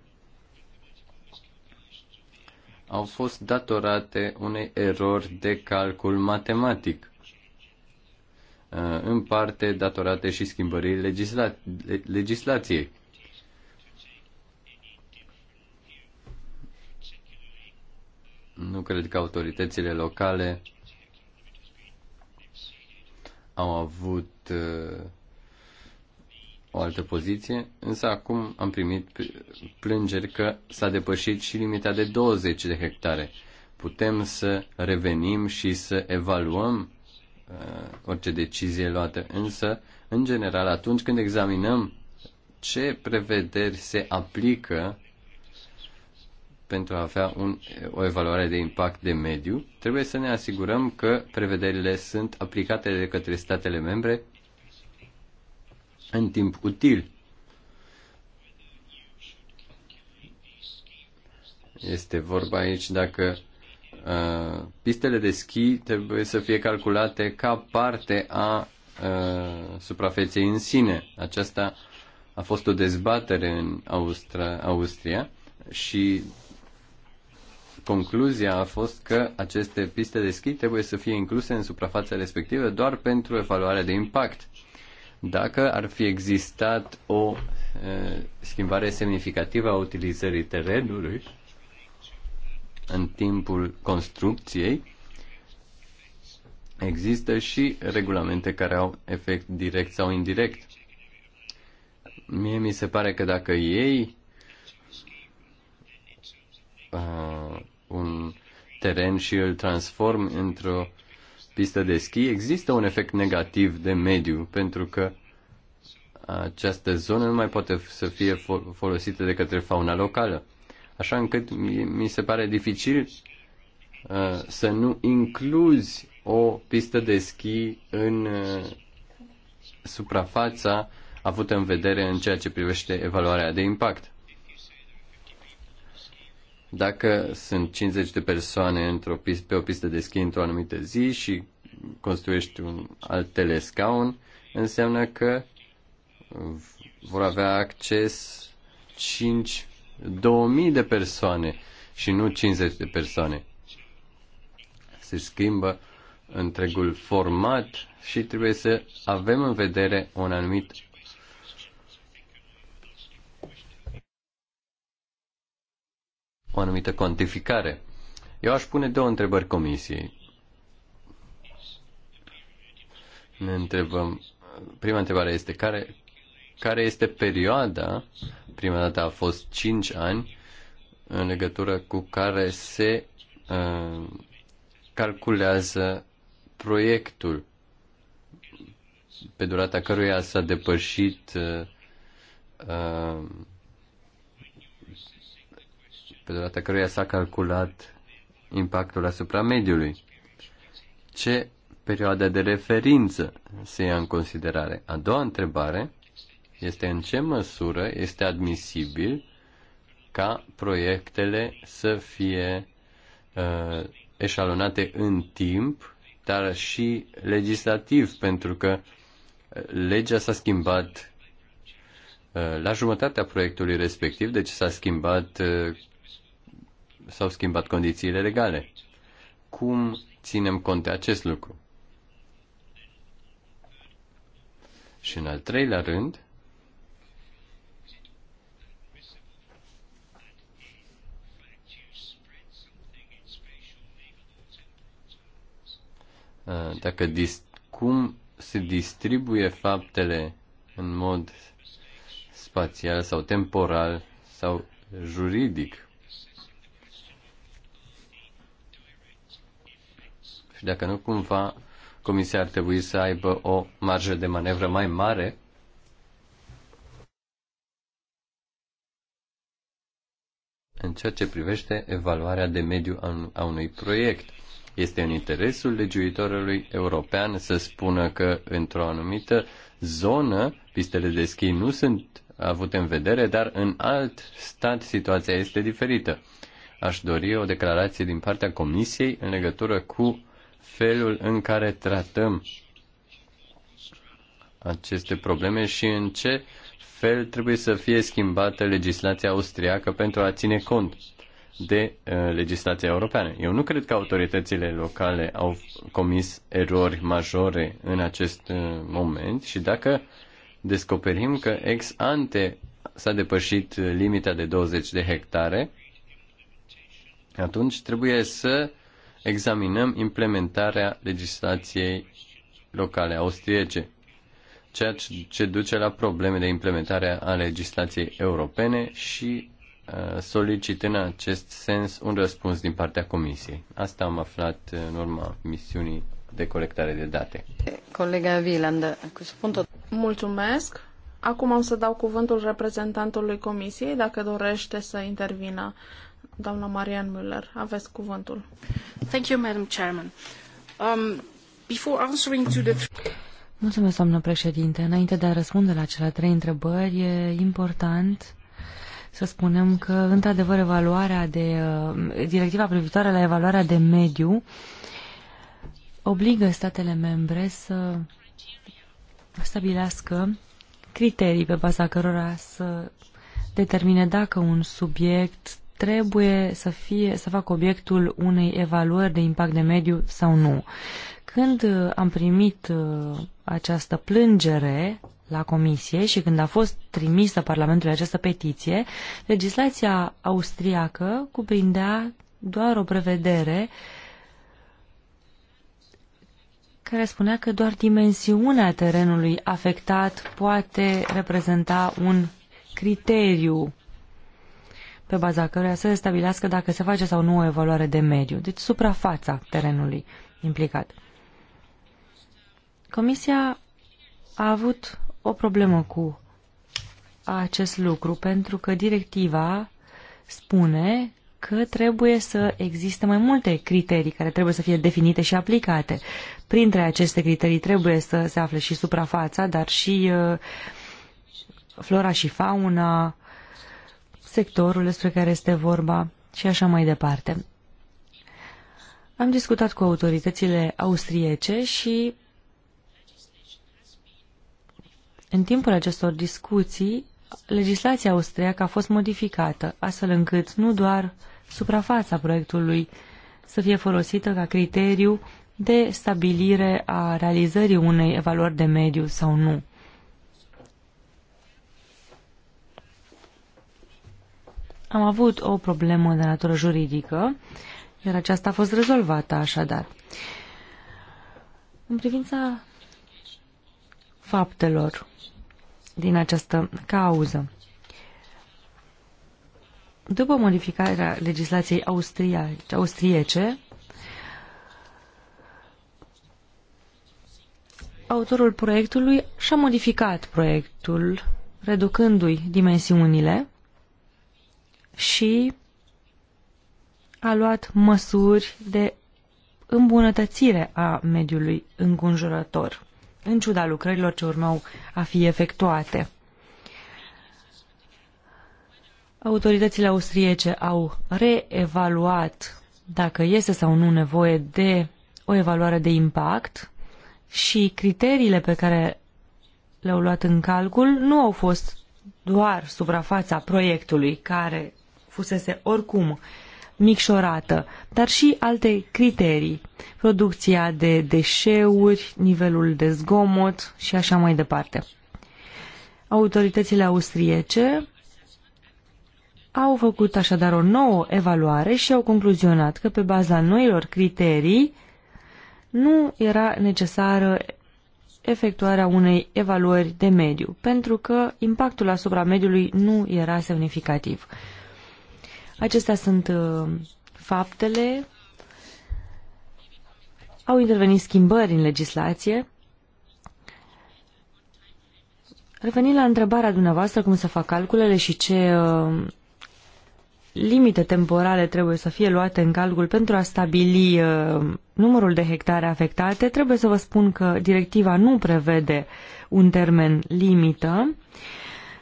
au fost datorate unei erori de calcul matematic, uh, în parte datorate și schimbării legisla- legislației. Nu cred că autoritățile locale au avut uh, o altă poziție, însă acum am primit plângeri că s-a depășit și limita de 20 de hectare. Putem să revenim și să evaluăm uh, orice decizie luată, însă, în general, atunci când examinăm ce prevederi se aplică pentru a avea un, o evaluare de impact de mediu, trebuie să ne asigurăm că prevederile sunt aplicate de către statele membre în timp util. Este vorba aici dacă uh, pistele de schi trebuie să fie calculate ca parte a uh, suprafeței în sine. Aceasta a fost o dezbatere în Austra, Austria și Concluzia a fost că aceste piste de schi trebuie să fie incluse în suprafața respectivă doar pentru evaluarea de impact. Dacă ar fi existat o e, schimbare semnificativă a utilizării terenului în timpul construcției, există și regulamente care au efect direct sau indirect. Mie mi se pare că dacă ei uh, un teren și îl transform într-o pistă de schi, există un efect negativ de mediu, pentru că această zonă nu mai poate să fie folosită de către fauna locală. Așa încât mi se pare dificil uh, să nu incluzi o pistă de schi în uh, suprafața avută în vedere în ceea ce privește evaluarea de impact. Dacă sunt 50 de persoane într-o pistă, pe o pistă de schi într-o anumită zi și construiești un alt telescaun, înseamnă că vor avea acces 5 2000 de persoane și nu 50 de persoane. Se schimbă întregul format și trebuie să avem în vedere un anumit o anumită cuantificare. Eu aș pune două întrebări comisiei. Ne întrebăm, prima întrebare este care, care este perioada, prima dată a fost 5 ani, în legătură cu care se uh, calculează proiectul pe durata căruia s-a depășit uh, uh pe durata căruia s-a calculat impactul asupra mediului. Ce perioadă de referință se ia în considerare? A doua întrebare este în ce măsură este admisibil ca proiectele să fie uh, eșalonate în timp, dar și legislativ, pentru că uh, legea s-a schimbat uh, la jumătatea proiectului respectiv, deci s-a schimbat uh, s-au schimbat condițiile legale. Cum ținem cont de acest lucru? Și în al treilea rând, dacă dis- cum se distribuie faptele în mod spațial sau temporal sau juridic Și dacă nu, cumva Comisia ar trebui să aibă o marjă de manevră mai mare în ceea ce privește evaluarea de mediu a unui proiect. Este în interesul legiuitorului european să spună că într-o anumită zonă pistele de schi nu sunt avute în vedere, dar în alt stat situația este diferită. Aș dori o declarație din partea Comisiei în legătură cu felul în care tratăm aceste probleme și în ce fel trebuie să fie schimbată legislația austriacă pentru a ține cont de uh, legislația europeană. Eu nu cred că autoritățile locale au comis erori majore în acest uh, moment și dacă descoperim că ex ante s-a depășit uh, limita de 20 de hectare, atunci trebuie să examinăm implementarea legislației locale austriece, ceea ce duce la probleme de implementare a legislației europene și uh, solicit în acest sens un răspuns din partea Comisiei. Asta am aflat în urma misiunii de colectare de date. Colega Vilandă, cu spuntul... Mulțumesc. Acum am să dau cuvântul reprezentantului Comisiei, dacă dorește să intervină Doamna Marian Müller, aveți cuvântul. Thank you, Madam Chairman. Um, before answering to the... Mulțumesc, doamnă președinte. Înainte de a răspunde la cele trei întrebări, e important să spunem că, într-adevăr, evaluarea de, uh, directiva privitoare la evaluarea de mediu obligă statele membre să stabilească criterii pe baza cărora să determine dacă un subiect trebuie să, fie, să facă obiectul unei evaluări de impact de mediu sau nu. Când uh, am primit uh, această plângere la comisie și când a fost trimisă Parlamentului această petiție, legislația austriacă cuprindea doar o prevedere care spunea că doar dimensiunea terenului afectat poate reprezenta un criteriu pe baza căruia să se stabilească dacă se face sau nu o evaluare de mediu, deci suprafața terenului implicat. Comisia a avut o problemă cu acest lucru, pentru că directiva spune că trebuie să existe mai multe criterii care trebuie să fie definite și aplicate. Printre aceste criterii trebuie să se afle și suprafața, dar și uh, flora și fauna, sectorul despre care este vorba și așa mai departe. Am discutat cu autoritățile austriece și în timpul acestor discuții, legislația austriacă a fost modificată, astfel încât nu doar suprafața proiectului să fie folosită ca criteriu de stabilire a realizării unei evaluări de mediu sau nu. Am avut o problemă de natură juridică, iar aceasta a fost rezolvată așadar. În privința faptelor din această cauză, după modificarea legislației austriece, autorul proiectului și-a modificat proiectul, reducându-i dimensiunile și a luat măsuri de îmbunătățire a mediului înconjurător, în ciuda lucrărilor ce urmau a fi efectuate. Autoritățile austriece au reevaluat dacă este sau nu nevoie de o evaluare de impact și criteriile pe care le-au luat în calcul nu au fost doar suprafața proiectului care fusese oricum micșorată, dar și alte criterii, producția de deșeuri, nivelul de zgomot și așa mai departe. Autoritățile austriece au făcut așadar o nouă evaluare și au concluzionat că pe baza noilor criterii nu era necesară efectuarea unei evaluări de mediu, pentru că impactul asupra mediului nu era semnificativ. Acestea sunt uh, faptele. Au intervenit schimbări în legislație. Revenind la întrebarea dumneavoastră cum să fac calculele și ce uh, limite temporale trebuie să fie luate în calcul pentru a stabili uh, numărul de hectare afectate, trebuie să vă spun că directiva nu prevede un termen limită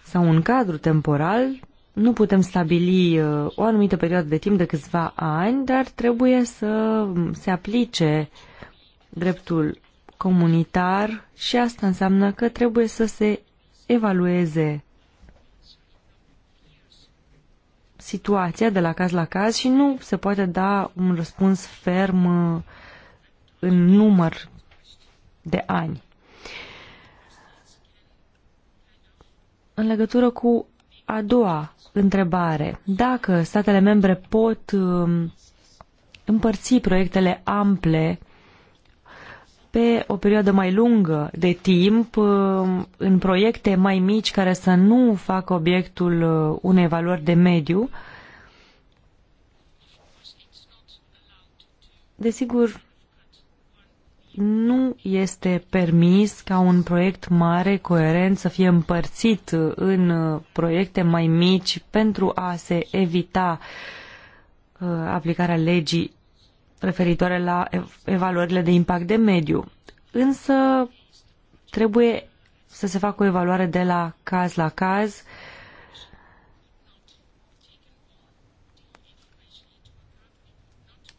sau un cadru temporal, nu putem stabili uh, o anumită perioadă de timp de câțiva ani, dar trebuie să se aplice dreptul comunitar și asta înseamnă că trebuie să se evalueze situația de la caz la caz și nu se poate da un răspuns ferm uh, în număr de ani. În legătură cu a doua întrebare. Dacă statele membre pot um, împărți proiectele ample pe o perioadă mai lungă de timp um, în proiecte mai mici care să nu facă obiectul uh, unei valori de mediu. Desigur, nu este permis ca un proiect mare, coerent, să fie împărțit în uh, proiecte mai mici pentru a se evita uh, aplicarea legii referitoare la evaluările de impact de mediu. Însă trebuie să se facă o evaluare de la caz la caz uh,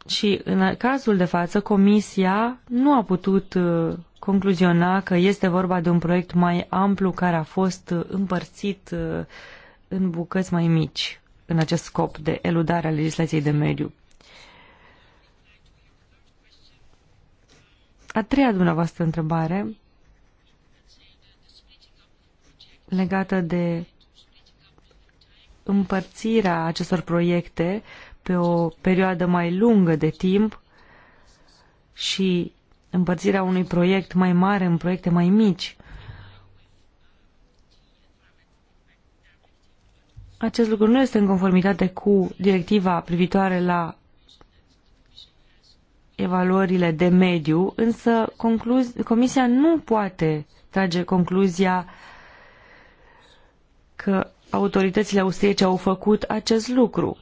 Și în cazul de față, Comisia nu a putut uh, concluziona că este vorba de un proiect mai amplu care a fost uh, împărțit uh, în bucăți mai mici în acest scop de eludare a legislației de mediu. A treia dumneavoastră întrebare legată de împărțirea acestor proiecte pe o perioadă mai lungă de timp și împărțirea unui proiect mai mare în proiecte mai mici. Acest lucru nu este în conformitate cu directiva privitoare la evaluările de mediu, însă Comisia nu poate trage concluzia că autoritățile austriece au făcut acest lucru.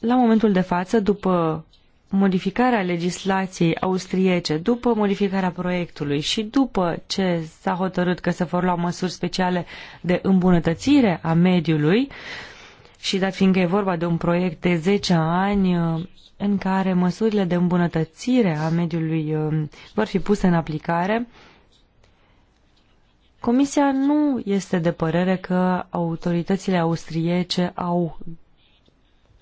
la momentul de față, după modificarea legislației austriece, după modificarea proiectului și după ce s-a hotărât că se vor lua măsuri speciale de îmbunătățire a mediului, și dat fiindcă e vorba de un proiect de 10 ani uh, în care măsurile de îmbunătățire a mediului uh, vor fi puse în aplicare, Comisia nu este de părere că autoritățile austriece au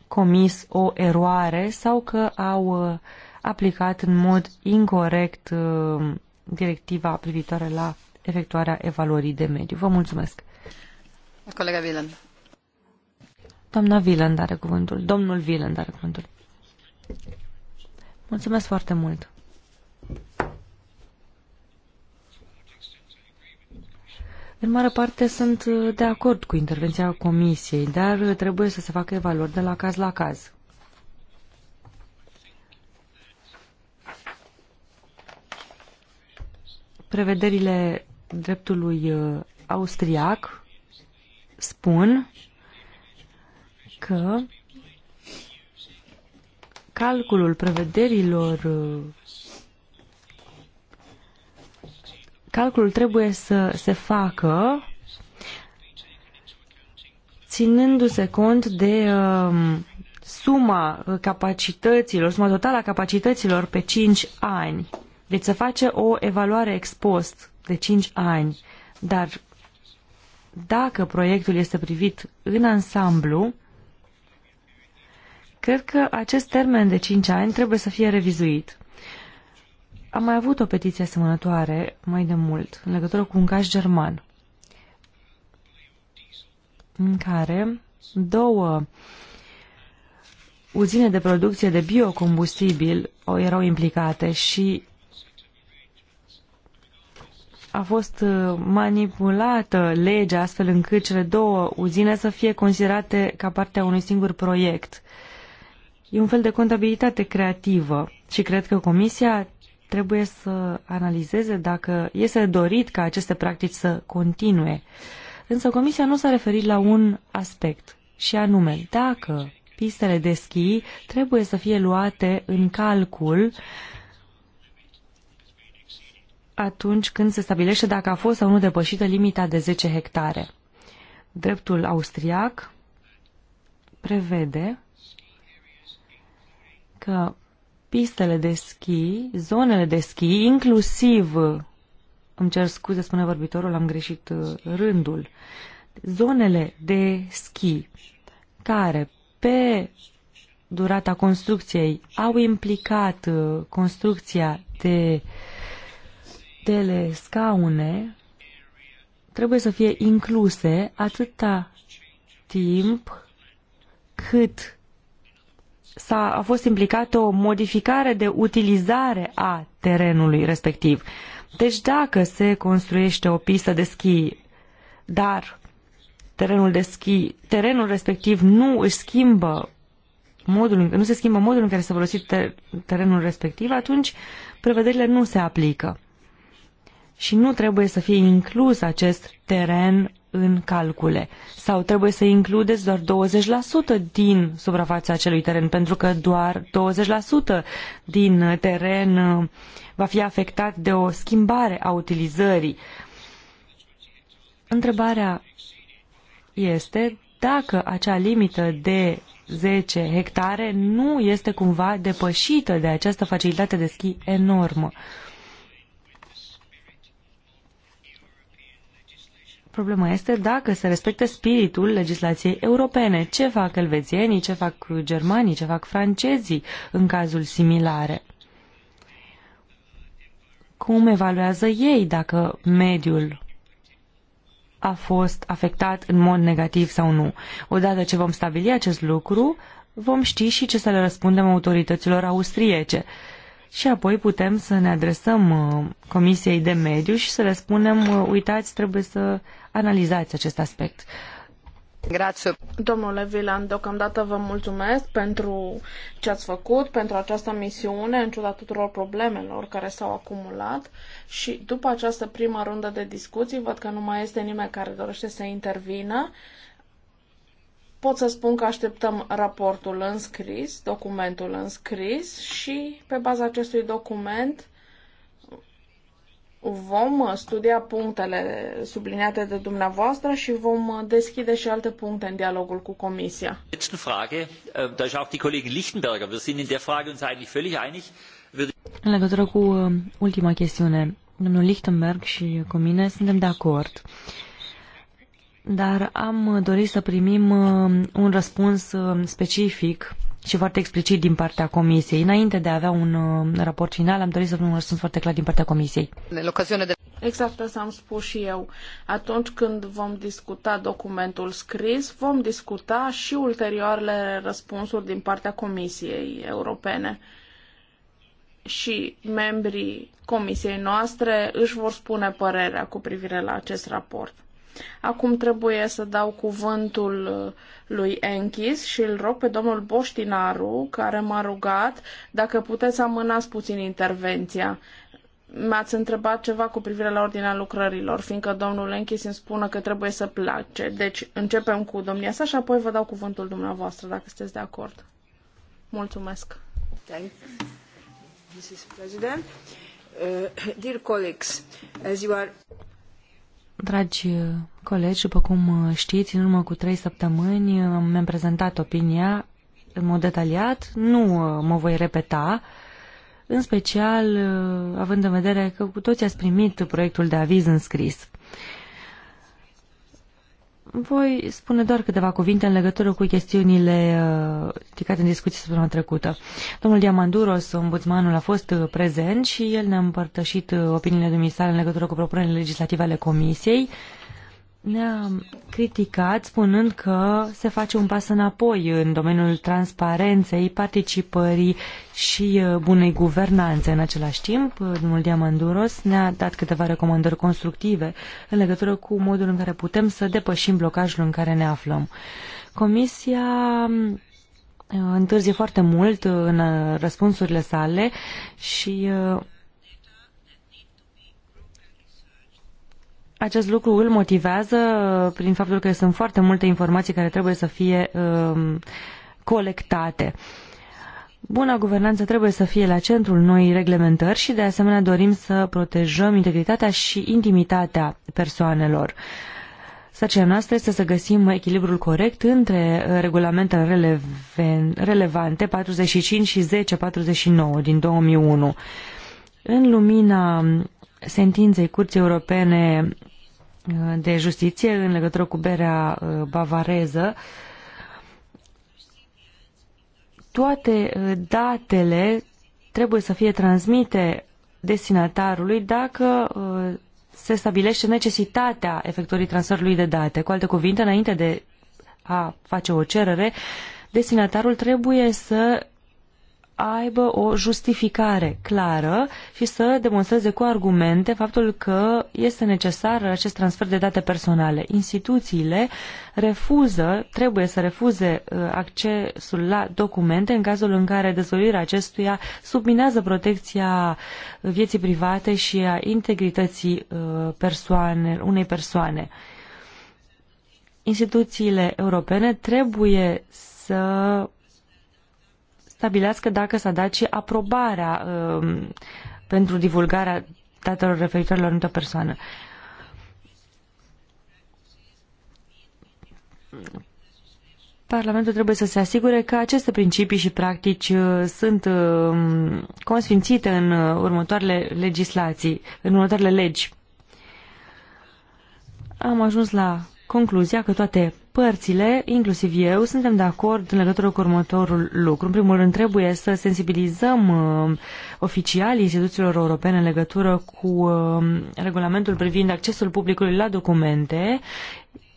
comis o eroare sau că au uh, aplicat în mod incorrect uh, directiva privitoare la efectuarea evaluării de mediu. Vă mulțumesc. Colega Wieland. Doamna Wieland are cuvântul. Domnul Wieland are cuvântul. Mulțumesc foarte mult. În mare parte sunt uh, de acord cu intervenția Comisiei, dar uh, trebuie să se facă evaluări de la caz la caz. Prevederile dreptului uh, austriac spun că calculul prevederilor calculul trebuie să se facă ținându-se cont de um, suma capacităților, suma totală a capacităților pe 5 ani. Deci să face o evaluare ex post de 5 ani, dar dacă proiectul este privit în ansamblu, cred că acest termen de 5 ani trebuie să fie revizuit. Am mai avut o petiție asemănătoare mai de mult, în legătură cu un caz german, în care două uzine de producție de biocombustibil erau implicate și a fost uh, manipulată legea astfel încât cele două uzine să fie considerate ca partea unui singur proiect. E un fel de contabilitate creativă și cred că Comisia trebuie să analizeze dacă este dorit ca aceste practici să continue. Însă Comisia nu s-a referit la un aspect, și anume dacă pistele de schi trebuie să fie luate în calcul atunci când se stabilește dacă a fost sau nu depășită limita de 10 hectare. Dreptul austriac prevede că pistele de schi, zonele de schi, inclusiv, îmi cer scuze, spune vorbitorul, am greșit uh, rândul, zonele de schi care pe durata construcției au implicat uh, construcția de telescaune trebuie să fie incluse atâta timp cât s-a, a fost implicată o modificare de utilizare a terenului respectiv. Deci dacă se construiește o pistă de schi, dar terenul de schi, terenul respectiv nu își schimbă modul, nu se schimbă modul în care se folosește terenul respectiv, atunci prevederile nu se aplică. Și nu trebuie să fie inclus acest teren în calcule? Sau trebuie să includeți doar 20% din suprafața acelui teren, pentru că doar 20% din teren uh, va fi afectat de o schimbare a utilizării. Întrebarea este dacă acea limită de 10 hectare nu este cumva depășită de această facilitate de schi enormă. Problema este dacă se respectă spiritul legislației europene. Ce fac elvețienii, ce fac germanii, ce fac francezii în cazul similare? Cum evaluează ei dacă mediul a fost afectat în mod negativ sau nu? Odată ce vom stabili acest lucru, vom ști și ce să le răspundem autorităților austriece și apoi putem să ne adresăm uh, Comisiei de Mediu și să le spunem, uh, uitați, trebuie să analizați acest aspect. Grazie. Domnule Vilan, deocamdată vă mulțumesc pentru ce ați făcut, pentru această misiune, în ciuda tuturor problemelor care s-au acumulat și după această primă rundă de discuții văd că nu mai este nimeni care dorește să intervină pot să spun că așteptăm raportul în scris, documentul în scris și pe baza acestui document vom studia punctele subliniate de dumneavoastră și vom deschide și alte puncte în dialogul cu Comisia. Frage, äh, da ist auch die Kollegin Lichtenberger. Wir sind in der Frage uns eigentlich völlig einig. În legătură cu äh, ultima chestiune, domnul Lichtenberg și cu mine suntem de acord. Uh, dar am dorit să primim uh, un răspuns uh, specific și foarte explicit din partea Comisiei. Înainte de a avea un uh, raport final, am dorit să primim un răspuns foarte clar din partea Comisiei. Exact asta am spus și eu. Atunci când vom discuta documentul scris, vom discuta și ulterioarele răspunsuri din partea Comisiei Europene și membrii comisiei noastre își vor spune părerea cu privire la acest raport. Acum trebuie să dau cuvântul uh, lui Enchis și îl rog pe domnul Boștinaru, care m-a rugat dacă puteți amânați puțin intervenția. M-ați întrebat ceva cu privire la ordinea lucrărilor, fiindcă domnul Enchis îmi spună că trebuie să place. Deci începem cu domnia sa și apoi vă dau cuvântul dumneavoastră, dacă sunteți de acord. Mulțumesc. Thank Mrs. President. Uh, dear colleagues, as you are... Dragi uh, colegi, după cum uh, știți, în urmă cu trei săptămâni uh, mi-am prezentat opinia în mod detaliat. Nu mă voi repeta, în special având în vedere că cu toți ați primit proiectul de aviz înscris. Voi spune doar câteva cuvinte în legătură cu chestiunile uh, ridicate în discuție săptămâna trecută. Domnul Diamanduros, ombudsmanul, a fost uh, prezent și el ne-a împărtășit uh, opiniile dumneavoastră în legătură cu propunerile legislative ale Comisiei. Uh, ne-a criticat spunând că se face un pas înapoi în domeniul transparenței, participării și uh, bunei guvernanțe. În același timp, uh, domnul Diamanduros ne-a dat câteva recomandări constructive în legătură cu modul în care putem să depășim blocajul în care ne aflăm. Comisia um, uh, întârzie foarte mult în răspunsurile sale și Acest lucru îl motivează prin faptul că sunt foarte multe informații care trebuie să fie um, colectate. Buna guvernanță trebuie să fie la centrul noii reglementări și de asemenea dorim să protejăm integritatea și intimitatea persoanelor. Sarcina noastră este să găsim echilibrul corect între uh, regulamentele releven, relevante 45 și 1049 din 2001 în lumina sentinței Curții Europene uh, de Justiție în legătură cu berea uh, bavareză, toate uh, datele trebuie să fie transmite destinatarului dacă se stabilește necesitatea efectuării transferului de date. Cu alte cuvinte, înainte de a face o cerere, destinatarul trebuie să aibă o justificare clară și să demonstreze cu argumente faptul că este necesar acest transfer de date personale. Instituțiile refuză, trebuie să refuze uh, accesul la documente în cazul în care dezvăluirea acestuia subminează protecția vieții private și a integrității uh, persoane, unei persoane. Instituțiile europene trebuie să stabilească dacă s-a dat și aprobarea um, pentru divulgarea datelor referitoare la o anumită persoană. Parlamentul trebuie să se asigure că aceste principii și practici uh, sunt um, consfințite în uh, următoarele legislații, în următoarele legi. Am ajuns la concluzia că toate părțile, inclusiv eu, suntem de acord în legătură cu următorul lucru. În primul rând, trebuie să sensibilizăm uh, oficialii instituțiilor europene în legătură cu uh, regulamentul privind accesul publicului la documente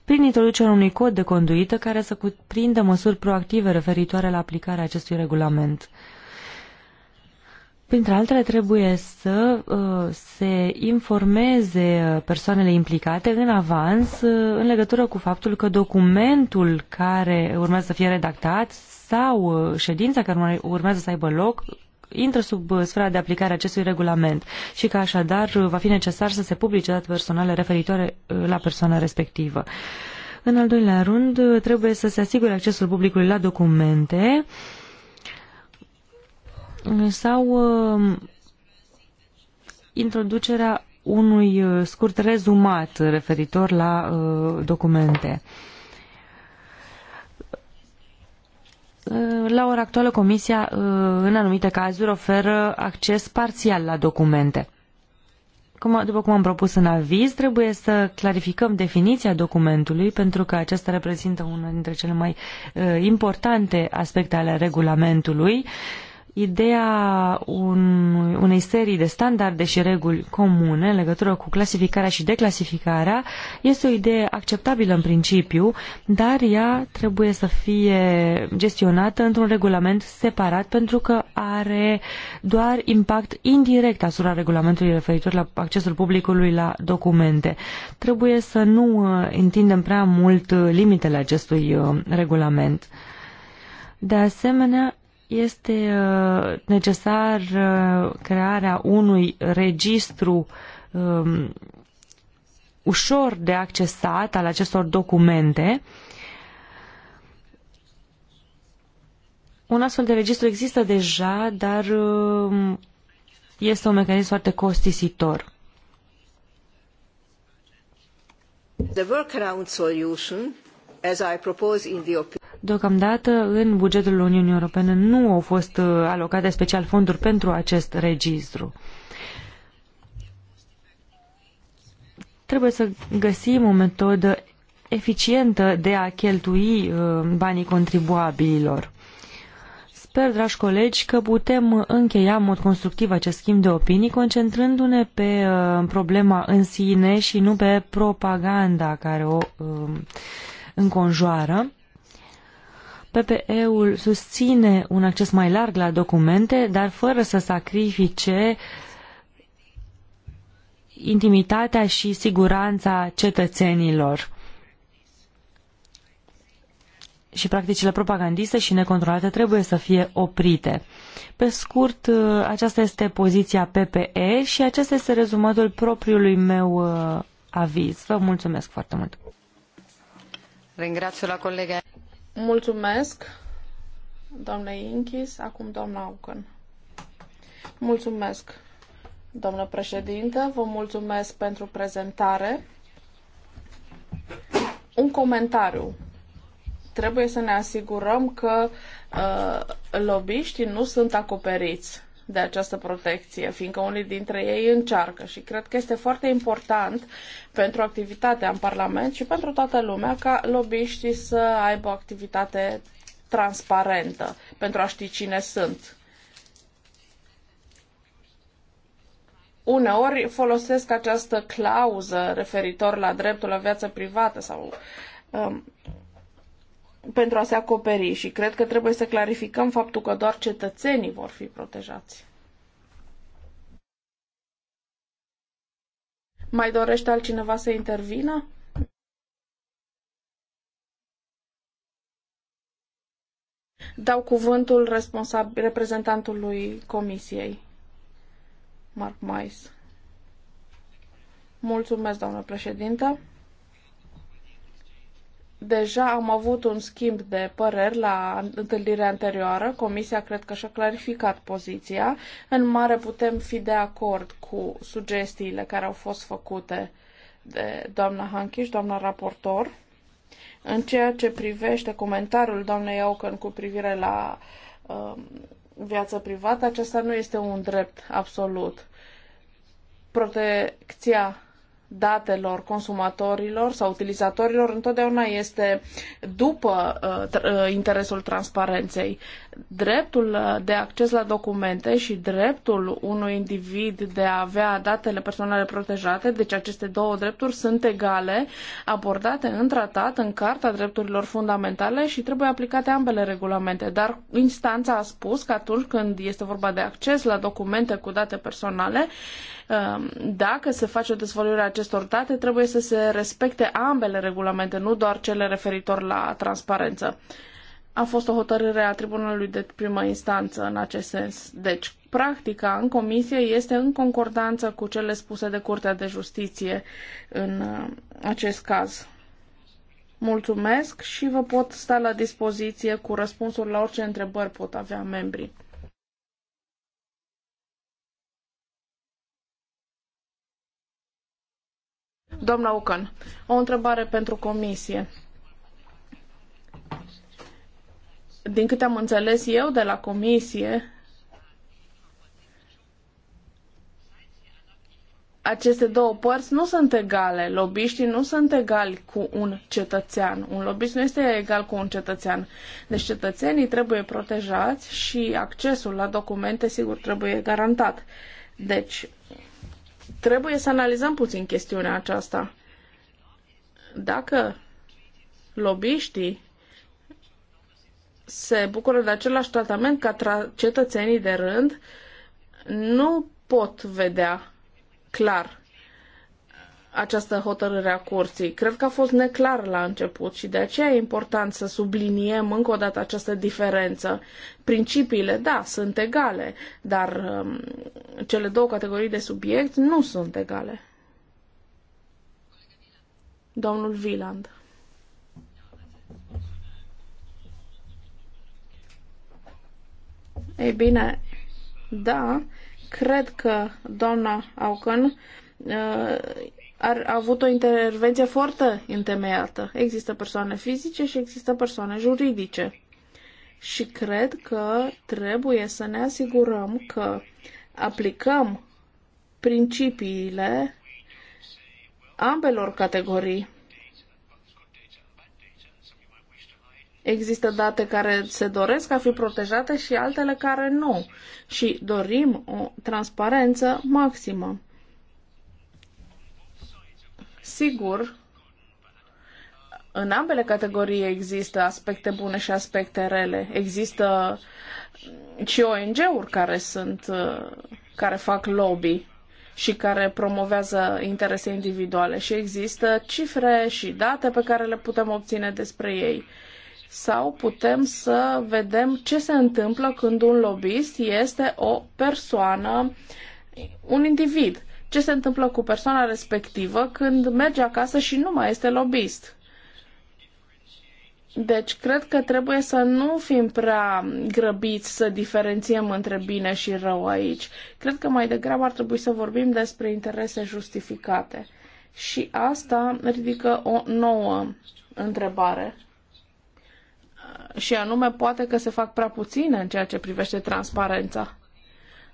prin introducerea unui cod de conduită care să cuprindă măsuri proactive referitoare la aplicarea acestui regulament. Printre altele, trebuie să uh, se informeze persoanele implicate în avans uh, în legătură cu faptul că documentul care urmează să fie redactat sau uh, ședința care urmează să aibă loc intră sub uh, sfera de aplicare acestui regulament și că așadar uh, va fi necesar să se publice date personale referitoare uh, la persoana respectivă. În al doilea rând, trebuie să se asigure accesul publicului la documente uh, sau um, introducerea unui uh, scurt rezumat referitor la uh, documente. Uh, la ora actuală, Comisia, în anumite cazuri, oferă acces parțial la documente. Cum, după cum am propus în aviz, trebuie să clarificăm definiția documentului, pentru că acesta reprezintă unul dintre cele mai importante aspecte ale regulamentului. Uh, ideea un, unei serii de standarde și reguli comune în legătură cu clasificarea și declasificarea este o idee acceptabilă în principiu, dar ea trebuie să fie gestionată într-un regulament separat pentru că are doar impact indirect asupra regulamentului referitor la accesul publicului la documente. Trebuie să nu uh, întindem prea mult uh, limitele acestui uh, regulament. De asemenea, este uh, necesar uh, crearea unui registru um, ușor de accesat al acestor documente. Un astfel de registru există deja, dar um, este un mecanism foarte costisitor. The workaround solution, as I propose in the Deocamdată, în bugetul Uniunii Europene nu au fost uh, alocate special fonduri pentru acest registru. Trebuie să găsim o metodă eficientă de a cheltui uh, banii contribuabililor. Sper, dragi colegi, că putem încheia în mod constructiv acest schimb de opinii, concentrându-ne pe uh, problema în sine și nu pe propaganda care o înconjoară. PPE-ul susține un acces mai larg la documente, dar fără să sacrifice intimitatea și siguranța cetățenilor și practicile propagandiste și necontrolate trebuie să fie oprite. Pe scurt, aceasta este poziția PPE și acesta este rezumatul propriului meu uh, aviz. Vă mulțumesc foarte mult! Ringrazio la colega. Mulțumesc, doamnei Inchis, acum doamna Aucan. Mulțumesc, doamnă președinte, vă mulțumesc pentru prezentare. Un comentariu. Trebuie să ne asigurăm că uh, lobiștii nu sunt acoperiți de această protecție, fiindcă unii dintre ei încearcă și cred că este foarte important pentru activitatea în Parlament și pentru toată lumea ca lobiștii să aibă o activitate transparentă pentru a ști cine sunt. Uneori folosesc această clauză referitor la dreptul la viață privată sau um, pentru a se acoperi și cred că trebuie să clarificăm faptul că doar cetățenii vor fi protejați. Mai dorește altcineva să intervină? Dau cuvântul reprezentantului comisiei, Mark Mais. Mulțumesc, doamnă președintă. Deja am avut un schimb de păreri la întâlnirea anterioară. Comisia cred că și-a clarificat poziția. În mare putem fi de acord cu sugestiile care au fost făcute de doamna Hanchiș, doamna raportor. În ceea ce privește comentariul doamnei Aucăn cu privire la um, viață privată, acesta nu este un drept absolut. Protecția datelor consumatorilor sau utilizatorilor întotdeauna este după uh, uh interesul transparenței. Dreptul uh, de acces la documente și dreptul unui individ de a avea datele personale protejate, deci aceste două drepturi sunt egale, abordate în tratat, în Carta Drepturilor Fundamentale și trebuie aplicate ambele regulamente. Dar instanța a spus că atunci când este vorba de acces la documente cu date personale, um, dacă se face o dezvăluire a acestor date, trebuie să se respecte ambele regulamente, nu doar cele referitor la transparență a fost o hotărâre a Tribunalului de primă instanță în acest sens. Deci, practica în comisie este în concordanță cu cele spuse de Curtea de Justiție în uh, acest caz. Mulțumesc și vă pot sta la dispoziție cu răspunsuri la orice întrebări pot avea membrii. Doamna Ucan, o întrebare pentru comisie. Din câte am înțeles eu de la comisie, aceste două părți nu sunt egale. Lobiștii nu sunt egali cu un cetățean. Un lobist nu este egal cu un cetățean. Deci cetățenii trebuie protejați și accesul la documente, sigur, trebuie garantat. Deci, trebuie să analizăm puțin chestiunea aceasta. Dacă lobiștii se bucură de același tratament ca tra- cetățenii de rând, nu pot vedea clar această hotărâre a curții. Cred că a fost neclar la început și de aceea e important să subliniem încă o dată această diferență. Principiile, da, sunt egale, dar um, cele două categorii de subiect nu sunt egale. Domnul Viland. Ei bine, da, cred că doamna Aucan uh, a avut o intervenție foarte întemeiată. Există persoane fizice și există persoane juridice. Și cred că trebuie să ne asigurăm că aplicăm principiile ambelor categorii Există date care se doresc a fi protejate și altele care nu. Și dorim o transparență maximă. Sigur, în ambele categorii există aspecte bune și aspecte rele. Există și ONG-uri care sunt care fac lobby și care promovează interese individuale și există cifre și date pe care le putem obține despre ei sau putem să vedem ce se întâmplă când un lobbyist este o persoană, un individ. Ce se întâmplă cu persoana respectivă când merge acasă și nu mai este lobbyist. Deci, cred că trebuie să nu fim prea grăbiți să diferențiem între bine și rău aici. Cred că mai degrabă ar trebui să vorbim despre interese justificate. Și asta ridică o nouă întrebare și anume poate că se fac prea puține în ceea ce privește transparența.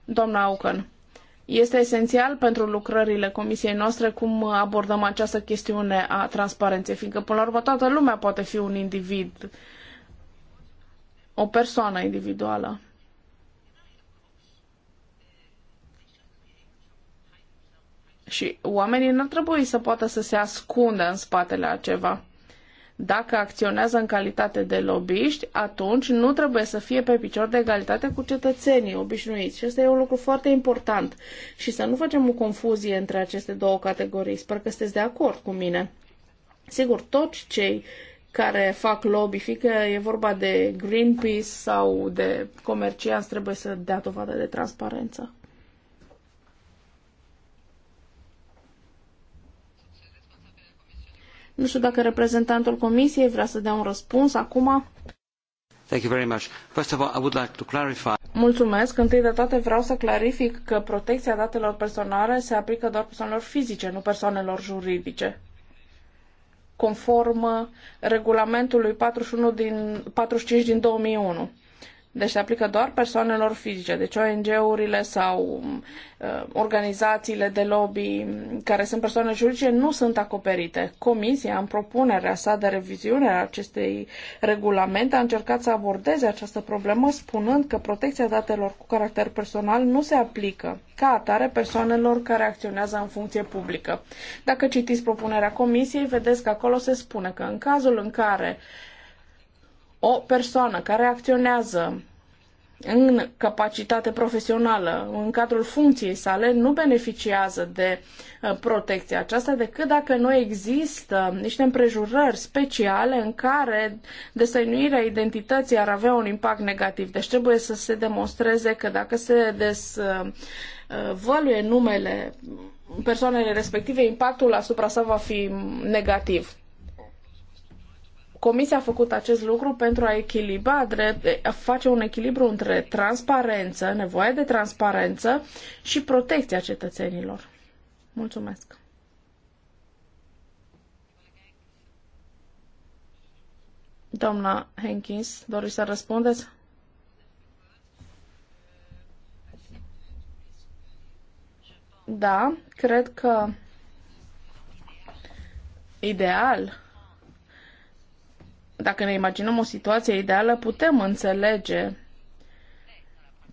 Doamna Aucan, este esențial pentru lucrările comisiei noastre cum abordăm această chestiune a transparenței, fiindcă până la urmă toată lumea poate fi un individ, o persoană individuală. Și oamenii nu ar trebui să poată să se ascundă în spatele a ceva. Dacă acționează în calitate de lobiști, atunci nu trebuie să fie pe picior de egalitate cu cetățenii obișnuiți. Și asta e un lucru foarte important. Și să nu facem o confuzie între aceste două categorii. Sper că sunteți de acord cu mine. Sigur, toți cei care fac lobby, fie că e vorba de Greenpeace sau de comercianți, trebuie să dea dovadă de transparență. Nu știu dacă reprezentantul Comisiei vrea să dea un răspuns acum. Thank you very much. First of all, I would like to clarify. Mulțumesc. Întâi de toate vreau să clarific că protecția datelor personale se aplică doar persoanelor fizice, nu persoanelor juridice conform regulamentului 41 din, 45 din 2001. Deci se aplică doar persoanelor fizice, deci ONG-urile sau uh, organizațiile de lobby care sunt persoane juridice nu sunt acoperite. Comisia, în propunerea sa de reviziune a acestei regulamente, a încercat să abordeze această problemă spunând că protecția datelor cu caracter personal nu se aplică ca atare persoanelor care acționează în funcție publică. Dacă citiți propunerea Comisiei, vedeți că acolo se spune că în cazul în care uh, o persoană care acționează în capacitate profesională, în cadrul funcției sale, nu beneficiază de uh, protecția aceasta decât dacă nu există niște împrejurări speciale în care desăinuirea identității ar avea un impact negativ. Deci trebuie să se demonstreze că dacă se desvăluie uh, uh, numele persoanele respective, impactul asupra sa va fi negativ. Comisia a făcut acest lucru pentru a echilibra, a face un echilibru între transparență, nevoia de transparență și protecția cetățenilor. Mulțumesc! Doamna Henkins, doriți să răspundeți? Da, cred că ideal dacă ne imaginăm o situație ideală, putem înțelege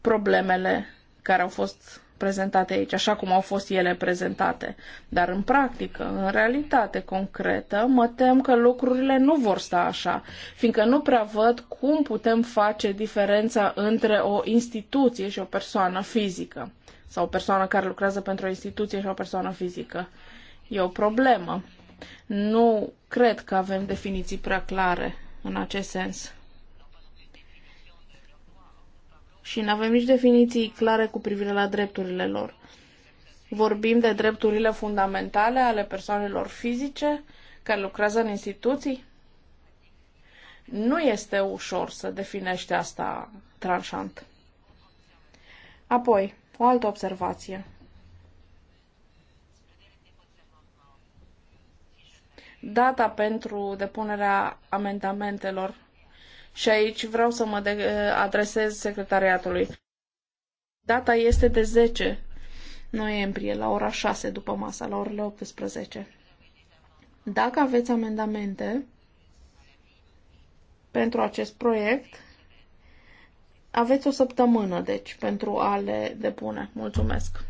problemele care au fost prezentate aici, așa cum au fost ele prezentate. Dar în practică, în realitate concretă, mă tem că lucrurile nu vor sta așa, fiindcă nu prea văd cum putem face diferența între o instituție și o persoană fizică sau o persoană care lucrează pentru o instituție și o persoană fizică. E o problemă. Nu cred că avem definiții prea clare în acest sens. Și nu avem nici definiții clare cu privire la drepturile lor. Vorbim de drepturile fundamentale ale persoanelor fizice care lucrează în instituții? Nu este ușor să definești asta tranșant. Apoi, o altă observație. data pentru depunerea amendamentelor. Și aici vreau să mă eh, adresez secretariatului. Data este de 10 noiembrie, la ora 6 după masa, la orele 18. Dacă aveți amendamente pentru acest proiect, aveți o săptămână, deci, pentru a le depune. Mulțumesc!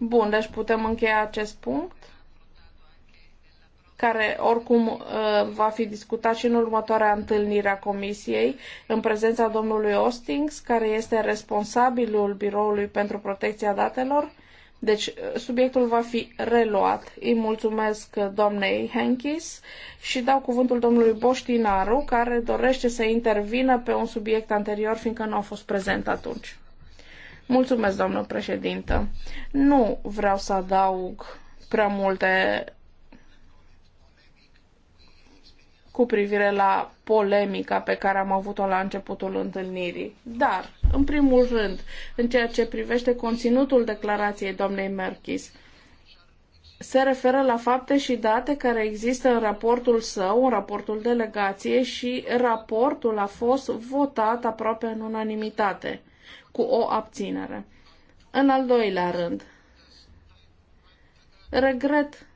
Bun, deci putem încheia acest punct, care oricum uh, va fi discutat și în următoarea întâlnire a Comisiei, în prezența domnului Ostings, care este responsabilul Biroului pentru Protecția Datelor. Deci uh, subiectul va fi reluat. Îi mulțumesc doamnei Henkis și dau cuvântul domnului Boștinaru, care dorește să intervină pe un subiect anterior, fiindcă nu a fost prezent atunci. Mulțumesc, doamnă președintă. Nu vreau să adaug prea multe cu privire la polemica pe care am avut-o la începutul întâlnirii. Dar, în primul rând, în ceea ce privește conținutul declarației doamnei Merkis, se referă la fapte și date care există în raportul său, în raportul delegației și raportul a fost votat aproape în unanimitate cu o abținere. În al doilea rând, regret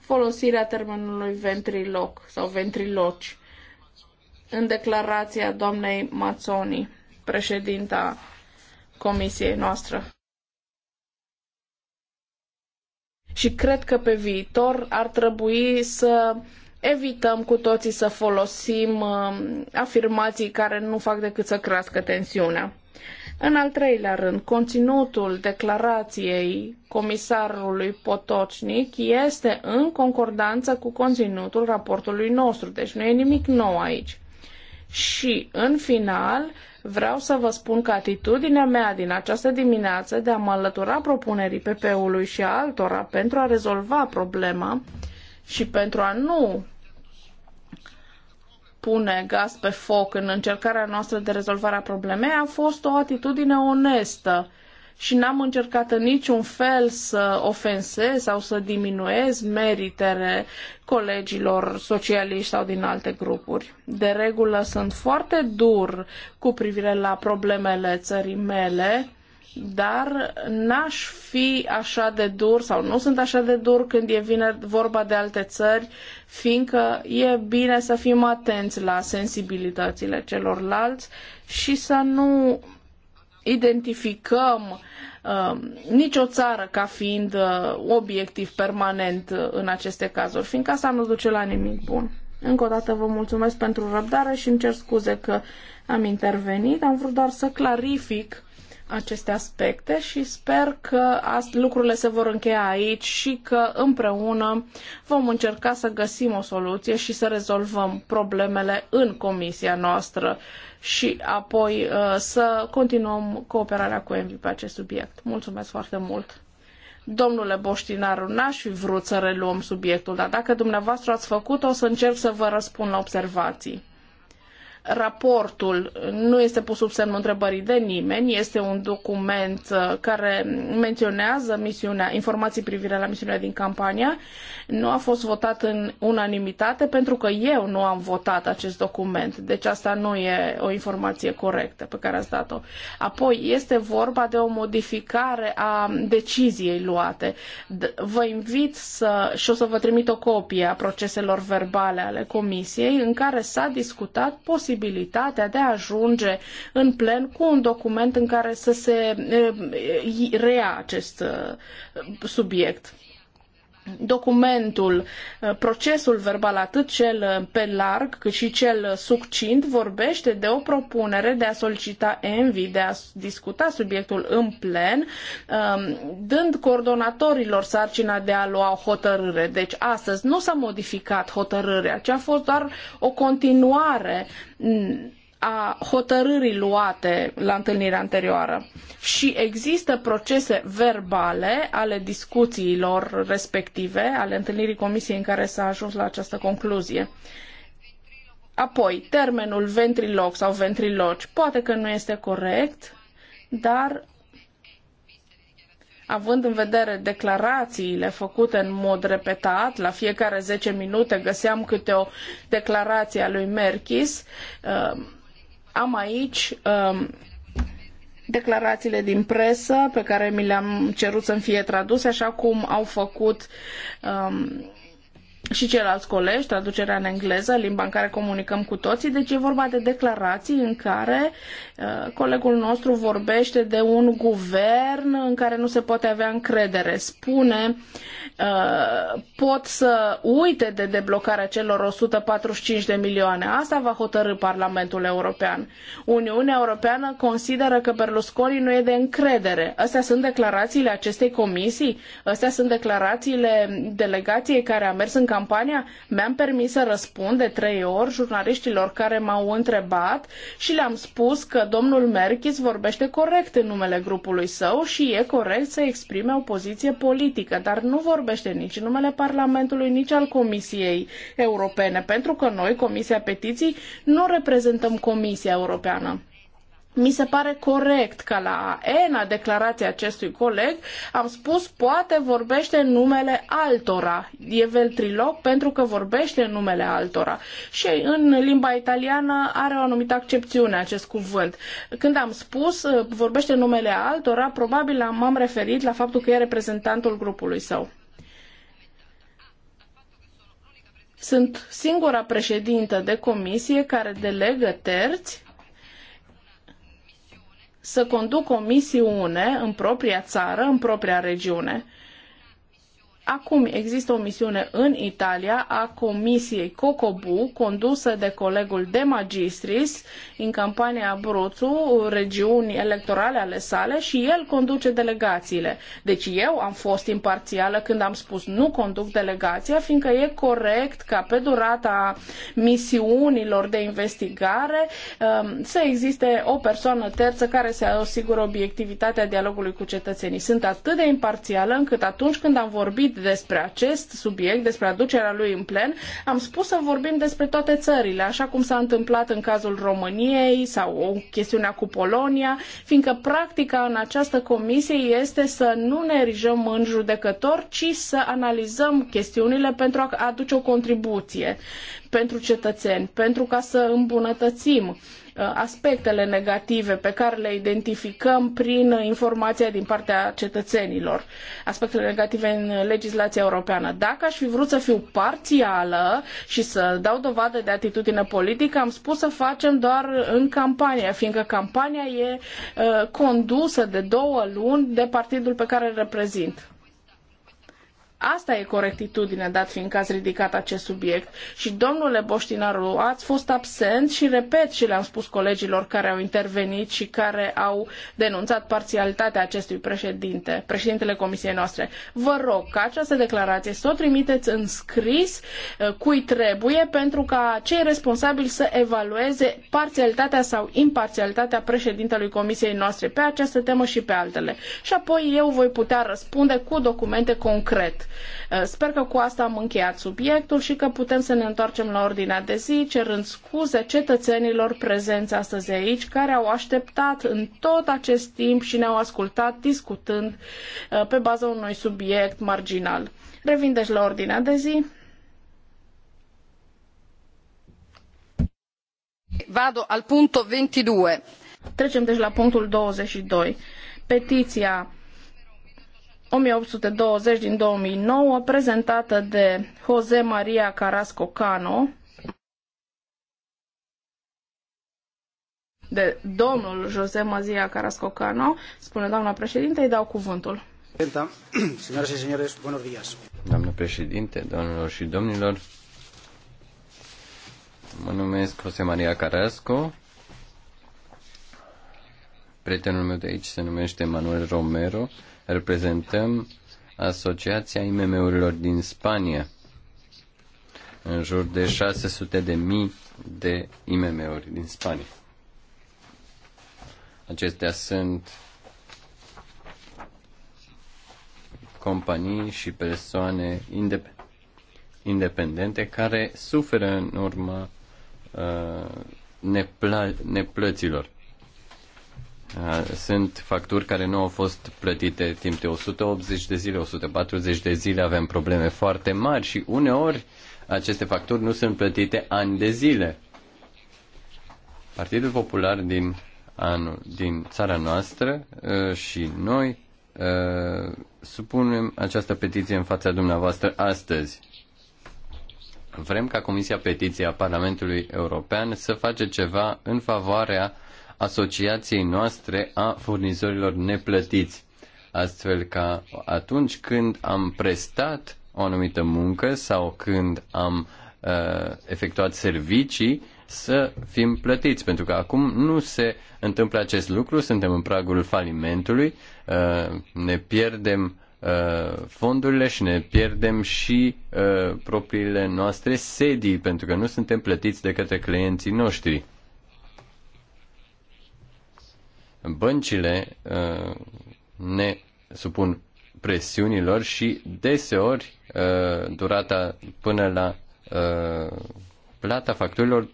folosirea termenului ventriloc sau ventriloci în declarația doamnei Mazzoni, președinta comisiei noastre. Și cred că pe viitor ar trebui să evităm cu toții să folosim um, afirmații care nu fac decât să crească tensiunea. În al treilea rând, conținutul declarației comisarului Potocnic este în concordanță cu conținutul raportului nostru, deci nu e nimic nou aici. Și, în final, vreau să vă spun că atitudinea mea din această dimineață de a mă alătura propunerii PP-ului și a altora pentru a rezolva problema și pentru a nu pune gaz pe foc în încercarea noastră de rezolvare a problemei a fost o atitudine onestă și n-am încercat în niciun fel să ofensez sau să diminuez meritele colegilor socialiști sau din alte grupuri. De regulă sunt foarte dur cu privire la problemele țării mele dar n-aș fi așa de dur sau nu sunt așa de dur când e vine vorba de alte țări, fiindcă e bine să fim atenți la sensibilitățile celorlalți și să nu identificăm uh, nicio țară ca fiind uh, obiectiv permanent uh, în aceste cazuri, fiindcă asta nu duce la nimic bun. Încă o dată vă mulțumesc pentru răbdare și îmi cer scuze că am intervenit. Am vrut doar să clarific aceste aspecte și sper că lucrurile se vor încheia aici și că împreună vom încerca să găsim o soluție și să rezolvăm problemele în comisia noastră și apoi uh, să continuăm cooperarea cu ENVI pe acest subiect. Mulțumesc foarte mult! Domnule Boștinaru, n-aș fi vrut să reluăm subiectul, dar dacă dumneavoastră ați făcut, o să încerc să vă răspund la observații raportul nu este pus sub semnul întrebării de nimeni, este un document uh, care menționează misiunea, informații privire la misiunea din campania. Nu a fost votat în unanimitate pentru că eu nu am votat acest document, deci asta nu e o informație corectă pe care ați dat-o. Apoi este vorba de o modificare a deciziei luate. Vă invit să, și o să vă trimit o copie a proceselor verbale ale comisiei în care s-a discutat posibilitatea posibilitatea de a ajunge în plen cu un document în care să se eh, rea acest eh, subiect documentul, uh, procesul verbal, atât cel uh, pe larg cât și cel uh, succint, vorbește de o propunere de a solicita Envi, de a discuta subiectul în plen, um, dând coordonatorilor sarcina de a lua o hotărâre. Deci astăzi nu s-a modificat hotărârea, ci a fost doar o continuare mm, a hotărârii luate la întâlnirea anterioară. Și există procese verbale ale discuțiilor respective, ale întâlnirii comisiei în care s-a ajuns la această concluzie. Apoi, termenul ventriloc sau ventriloci poate că nu este corect, dar având în vedere declarațiile făcute în mod repetat, la fiecare zece minute găseam câte o declarație a lui Merkis, uh, am aici um, declarațiile din presă pe care mi le-am cerut să-mi fie traduse, așa cum au făcut um, și ceilalți colegi, traducerea în engleză, limba în care comunicăm cu toții. Deci e vorba de declarații în care uh, colegul nostru vorbește de un guvern în care nu se poate avea încredere. Spune, uh, pot să uite de deblocarea celor 145 de milioane. Asta va hotărâ Parlamentul European. Uniunea Europeană consideră că Berlusconi nu e de încredere. Astea sunt declarațiile acestei comisii? Astea sunt declarațiile delegației care a mers în campania mi-am permis să răspund de trei ori jurnaliștilor care m-au întrebat și le-am spus că domnul Merkis vorbește corect în numele grupului său și e corect să exprime o poziție politică, dar nu vorbește nici în numele Parlamentului, nici al Comisiei Europene, pentru că noi, Comisia Petiții, nu reprezentăm Comisia Europeană mi se pare corect că la ENA declarația acestui coleg am spus poate vorbește în numele altora. E veltriloc pentru că vorbește în numele altora. Și în limba italiană are o anumită accepțiune acest cuvânt. Când am spus uh, vorbește în numele altora, probabil m-am referit la faptul că e reprezentantul grupului său. Sunt singura președintă de comisie care delegă terți să conducă o misiune în propria țară, în propria regiune. Acum există o misiune în Italia a Comisiei Cocobu, condusă de colegul de magistris în campania Abruzzu, regiuni electorale ale sale și el conduce delegațiile. Deci eu am fost imparțială când am spus nu conduc delegația, fiindcă e corect ca pe durata misiunilor de investigare um, să existe o persoană terță care să asigură obiectivitatea dialogului cu cetățenii. Sunt atât de imparțială încât atunci când am vorbit despre acest subiect, despre aducerea lui în plen, am spus să vorbim despre toate țările, așa cum s-a întâmplat în cazul României sau o chestiunea cu Polonia, fiindcă practica în această comisie este să nu ne erijăm în judecător, ci să analizăm chestiunile pentru a aduce o contribuție pentru cetățeni, pentru ca să îmbunătățim uh, Uh, aspectele negative pe care le identificăm prin informația din partea cetățenilor, aspectele negative în legislația europeană. Dacă aș fi vrut să fiu parțială și să dau dovadă de atitudine politică, am spus să facem doar în campania, fiindcă campania e uh, condusă de două luni de partidul pe care îl reprezint. Asta e corectitudine, dat fiind că ați ridicat acest subiect. Și, domnule Boștinaru, ați fost absent și, repet, și le-am spus colegilor care au intervenit și care au denunțat parțialitatea acestui președinte, președintele comisiei noastre. Vă rog ca această declarație să o trimiteți în scris eh, cui trebuie pentru ca cei responsabili să evalueze parțialitatea sau imparțialitatea președintelui comisiei noastre pe această temă și pe altele. Și apoi eu voi putea răspunde cu documente concrete Eh, sper că cu asta am încheiat subiectul și că putem să ne întoarcem la ordinea de zi, cerând scuze cetățenilor prezenți astăzi aici, care au așteptat în tot acest timp și ne-au ascultat discutând eh, pe baza unui subiect marginal. Revin deci la ordinea de zi. Vado al punto 22. Trecem deci la punctul 22. Petiția 1820 din 2009, prezentată de Jose Maria Carrasco Cano, de domnul Jose Maria Carrasco Cano, spune doamna președinte, îi dau cuvântul. Doamnă președinte, domnilor și domnilor, mă numesc Jose Maria Carrasco, prietenul meu de aici se numește Manuel Romero, Reprezentăm Asociația IMM-urilor din Spania, în jur de 600 de mii de IMM-uri din Spania. Acestea sunt companii și persoane independente care suferă în urma uh, neplă- neplăților. Uh, sunt facturi care nu au fost plătite timp de 180 de zile, 140 de zile, avem probleme foarte mari și uneori aceste facturi nu sunt plătite ani de zile. Partidul Popular din, anul, din țara noastră uh, și noi uh, supunem această petiție în fața dumneavoastră astăzi. Vrem ca Comisia Petiției a Parlamentului European să face ceva în favoarea asociației noastre a furnizorilor neplătiți, astfel ca atunci când am prestat o anumită muncă sau când am uh, efectuat servicii, să fim plătiți, pentru că acum nu se întâmplă acest lucru, suntem în pragul falimentului, uh, ne pierdem uh, fondurile și ne pierdem și uh, propriile noastre sedii, pentru că nu suntem plătiți de către clienții noștri. băncile uh, ne supun presiunilor și deseori uh, durata până la uh, plata facturilor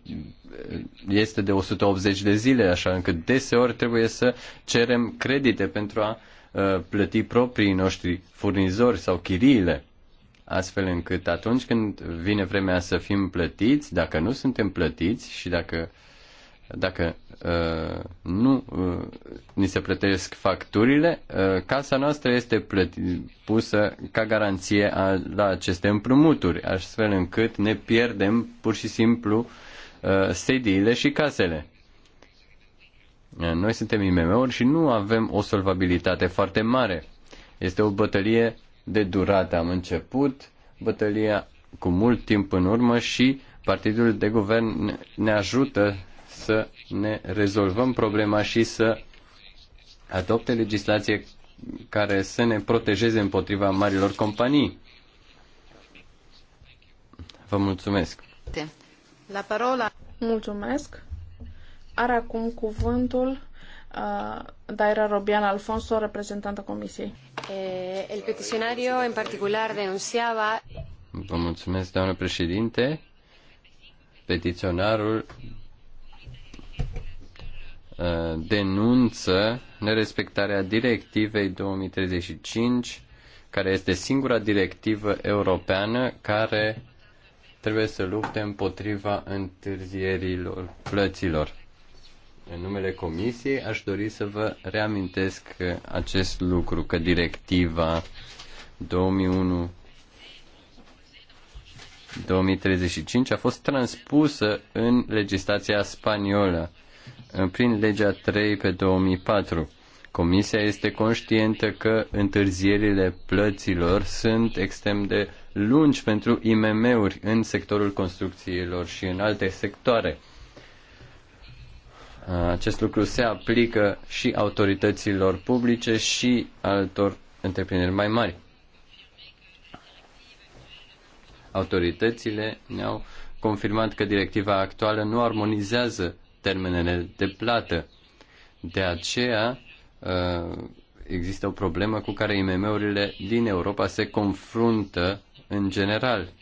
este de 180 de zile, așa încât deseori trebuie să cerem credite pentru a plăti proprii noștri furnizori sau chiriile, astfel încât atunci când vine vremea să fim plătiți, dacă nu suntem plătiți și dacă uh, dacă uh, nu uh, ni se plătesc facturile, uh, casa noastră este plăti- pusă ca garanție a, la aceste împrumuturi, astfel încât ne pierdem pur și simplu uh, sediile și casele. Noi suntem IMM-uri și nu avem o solvabilitate foarte mare. Este o bătălie de durată. Am început bătălia cu mult timp în urmă și partidul de guvern ne ajută să ne rezolvăm problema și să adopte legislație care să ne protejeze împotriva marilor companii. Vă mulțumesc. La parola. Mulțumesc. Are acum cuvântul uh, Daira Robian Alfonso, reprezentantă Comisiei. Eh, el peticionario în particular denunțiava... Vă mulțumesc, doamnă președinte. Petiționarul Uh, denunță nerespectarea directivei 2035, care este singura directivă europeană care trebuie să lupte împotriva întârzierilor plăților. În numele Comisiei aș dori să vă reamintesc acest lucru, că directiva 2001 2035 a fost transpusă în legislația spaniolă prin legea 3 pe 2004. Comisia este conștientă că întârzierile plăților sunt extrem de lungi pentru IMM-uri în sectorul construcțiilor și în alte sectoare. Acest lucru se aplică și autorităților publice și altor întreprinderi mai mari. Autoritățile ne-au confirmat că directiva actuală nu armonizează termenele de plată. De aceea uh, există o problemă cu care IMM-urile din Europa se confruntă în general.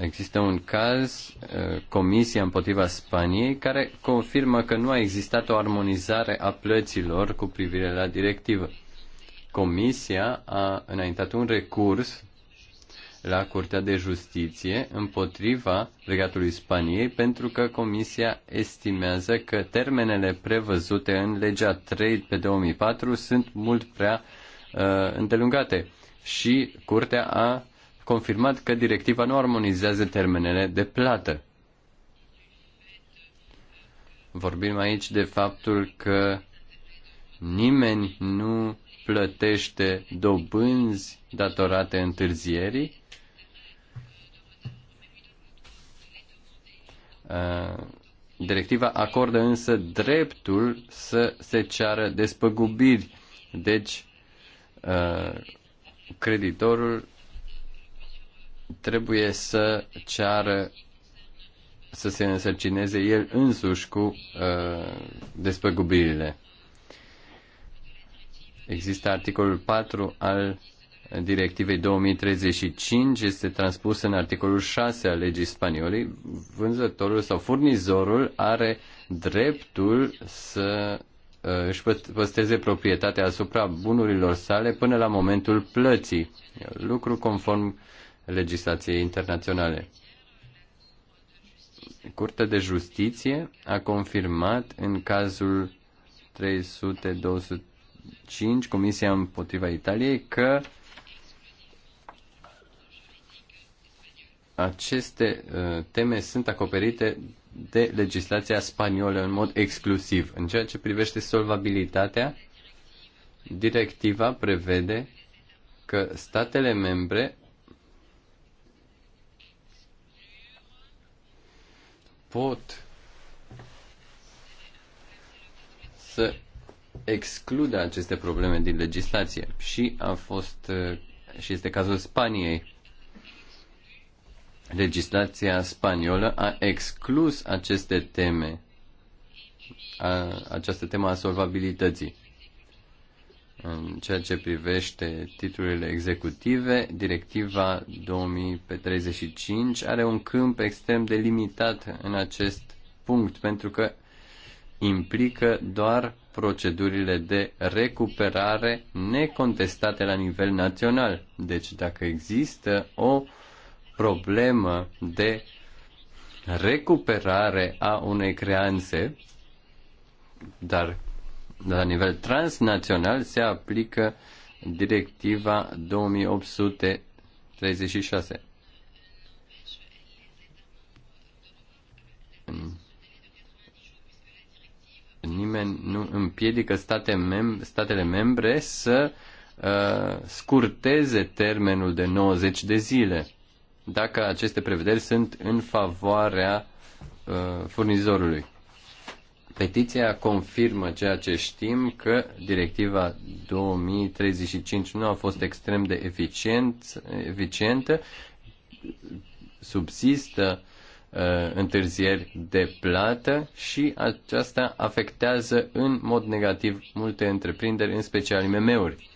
Există un caz, uh, Comisia împotriva Spaniei, care confirmă că nu a existat o armonizare a plăților cu privire la directivă. Comisia a înaintat un recurs la Curtea de Justiție împotriva Regatului Spaniei pentru că Comisia estimează că termenele prevăzute în legea 3 pe 2004 sunt mult prea uh, îndelungate și Curtea a confirmat că directiva nu armonizează termenele de plată. Vorbim aici de faptul că nimeni nu plătește dobânzi datorate întârzierii Uh, directiva acordă însă dreptul să se ceară despăgubiri. Deci, uh, creditorul trebuie să ceară să se însărcineze el însuși cu uh, despăgubirile. Există articolul 4 al directivei 2035 este transpusă în articolul 6 al legii spaniolei. Vânzătorul sau furnizorul are dreptul să uh, își păsteze proprietatea asupra bunurilor sale până la momentul plății, lucru conform legislației internaționale. Curtea de Justiție a confirmat în cazul 325 Comisia împotriva Italiei că uh, aceste uh, teme sunt acoperite de legislația spaniolă în mod exclusiv. În ceea ce privește solvabilitatea, directiva prevede că statele membre pot să excludă aceste probleme din legislație și a fost uh, și este cazul Spaniei legislația spaniolă a exclus aceste teme, a, această temă a solvabilității. În ceea ce privește titlurile executive, directiva 2035 are un câmp extrem de limitat în acest punct, pentru că implică doar procedurile de recuperare necontestate la nivel național. Deci dacă există o problemă de recuperare a unei creanțe, dar la nivel transnațional se aplică directiva 2836. Nimeni nu împiedică state mem- statele membre să uh, scurteze termenul de 90 de zile dacă aceste prevederi sunt în favoarea uh, furnizorului. Petiția confirmă ceea ce știm că directiva 2035 nu a fost extrem de eficient, eficientă, subsistă uh, întârzieri de plată și aceasta afectează în mod negativ multe întreprinderi, în special IMM-uri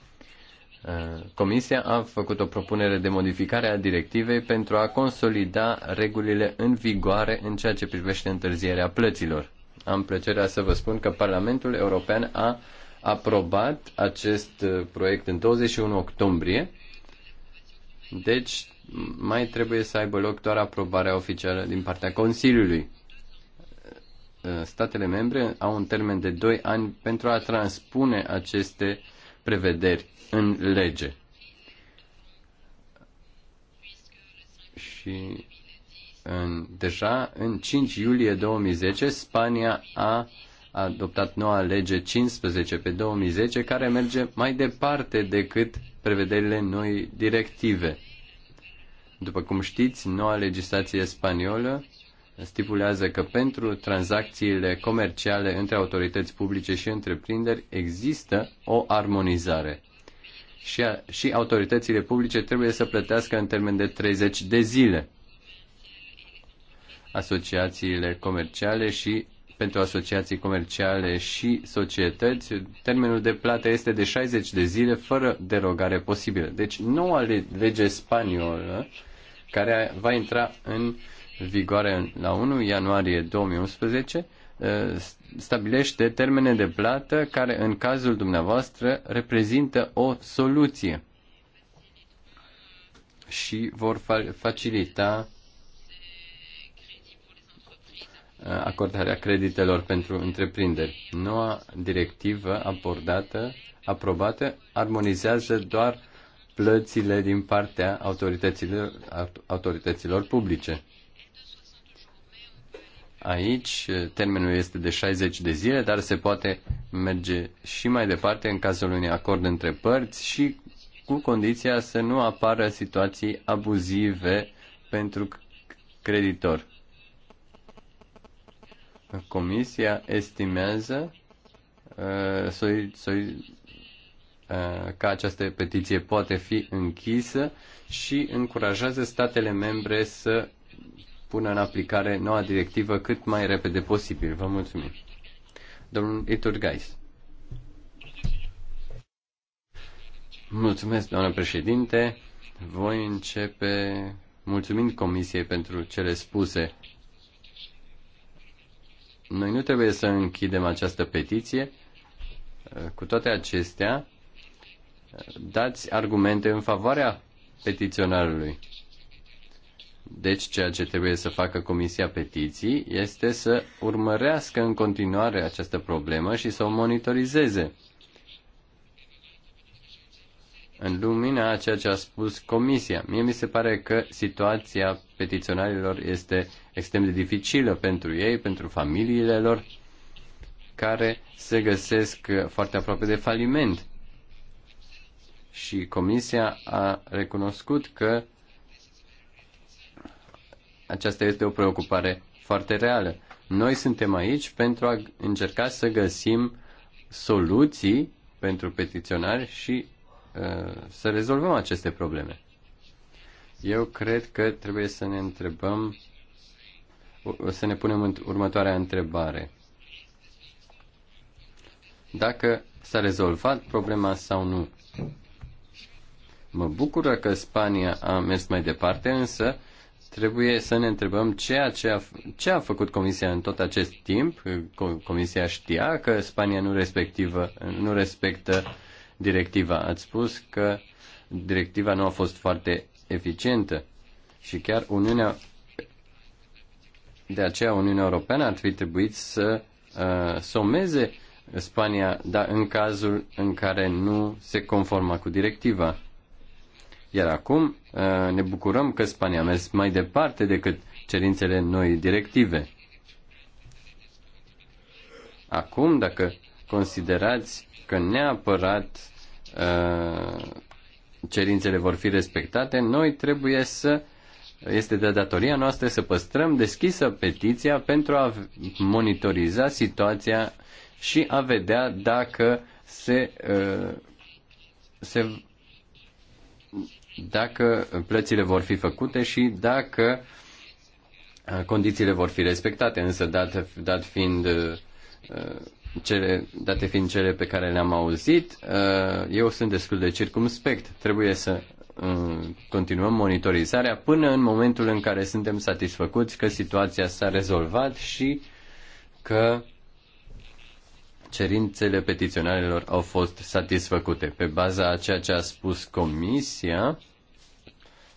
Uh, Comisia a făcut o propunere de modificare a directivei pentru a consolida regulile în vigoare în ceea ce privește întârzierea plăților. Am plăcerea să vă spun că Parlamentul European a aprobat acest uh, proiect în 21 octombrie, deci mai trebuie să aibă loc doar aprobarea oficială din partea Consiliului. Uh, statele membre au un termen de 2 ani pentru a transpune aceste prevederi în lege. Și în, deja în 5 iulie 2010 Spania a adoptat noua lege 15 pe 2010 care merge mai departe decât prevederile noi directive. După cum știți, noua legislație spaniolă stipulează că pentru tranzacțiile comerciale între autorități publice și întreprinderi există o armonizare. Și, a, și autoritățile publice trebuie să plătească în termen de 30 de zile. Asociațiile comerciale și pentru asociații comerciale și societăți, termenul de plată este de 60 de zile fără derogare posibilă. Deci noua lege spaniolă care va intra în uh, vigoare la 1 ianuarie 2011, uh, stabilește termene de plată care, în cazul dumneavoastră, reprezintă o soluție și vor facilita uh, acordarea creditelor pentru întreprinderi. Noua directivă abordată, aprobată armonizează doar plățile din partea autorităților, autorităților publice. Aici termenul este de 60 de zile, dar se poate merge și mai departe în cazul unui acord între părți și cu condiția să nu apară situații abuzive pentru creditor. Comisia estimează uh, soi, soi, uh, că această petiție poate fi închisă și încurajează statele membre să pună în aplicare noua directivă cât mai repede posibil. Vă mulțumim. Domnul Gais. Mulțumesc, doamnă președinte. Voi începe mulțumind Comisiei pentru cele spuse. Noi nu trebuie să închidem această petiție. Cu toate acestea, dați argumente în favoarea petiționarului. Deci ceea ce trebuie să facă Comisia Petiții este să urmărească în continuare această problemă și să o monitorizeze. În lumina a ceea ce a spus Comisia, mie mi se pare că situația petiționarilor este extrem de dificilă pentru ei, pentru familiile lor, care se găsesc foarte aproape de faliment. Și Comisia a recunoscut că aceasta este o preocupare foarte reală. Noi suntem aici pentru a încerca să găsim soluții pentru petiționari și uh, să rezolvăm aceste probleme. Eu cred că trebuie să ne întrebăm, să ne punem următoarea întrebare. Dacă s-a rezolvat problema sau nu. Mă bucură că Spania a mers mai departe, însă uh, Trebuie să ne întrebăm ceea ce a, ce a făcut Comisia în tot acest timp. Comisia știa că Spania nu, respectivă, nu respectă directiva. Ați spus că directiva nu a fost foarte eficientă și chiar Uniunea de aceea Uniunea Europeană ar fi trebuit să uh, someze Spania da, în cazul în care nu se conforma cu directiva. Iar acum uh, ne bucurăm că Spania a mers mai departe decât cerințele noi directive. Acum, dacă considerați că neapărat uh, cerințele vor fi respectate, noi trebuie să este de datoria noastră să păstrăm deschisă petiția pentru a monitoriza situația și a vedea dacă se, uh, se dacă plățile vor fi făcute și dacă uh, condițiile vor fi respectate, însă dat, dat fiind uh, cele, date fiind cele pe care le-am auzit, uh, eu sunt destul de circumspect. Trebuie să continuăm monitorizarea până în momentul în care suntem satisfăcuți că situația s-a rezolvat și că cerințele petiționarilor au fost satisfăcute. Pe baza a ceea ce a spus Comisia,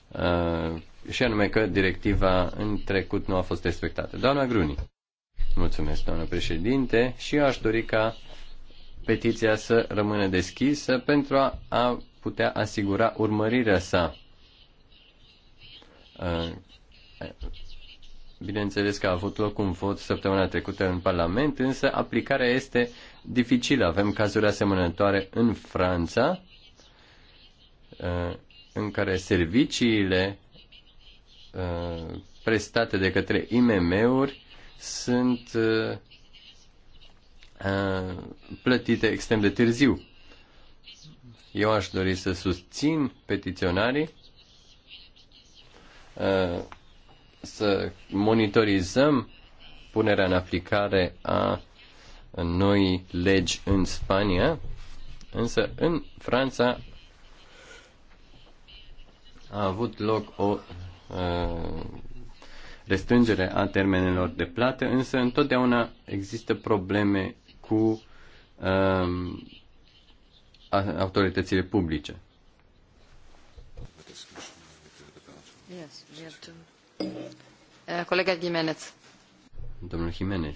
uh, și anume că directiva în trecut nu a fost respectată. Doamna Gruni. Mulțumesc, doamnă președinte, și eu aș dori ca petiția să rămână deschisă pentru a, a putea asigura urmărirea sa. Uh, Bineînțeles că a avut loc un vot săptămâna trecută în Parlament, însă aplicarea este dificilă. Avem cazuri asemănătoare în Franța, uh, în care serviciile uh, prestate de către IMM-uri sunt uh, plătite extrem de târziu. Eu aș dori să susțin petiționarii să monitorizăm punerea în aplicare a noi legi în Spania, însă în Franța a avut loc o uh, restrângere a termenelor de plată, însă întotdeauna există probleme cu um, autoritățile publice. Eh, colega Jimenez. Domnul Jimenez.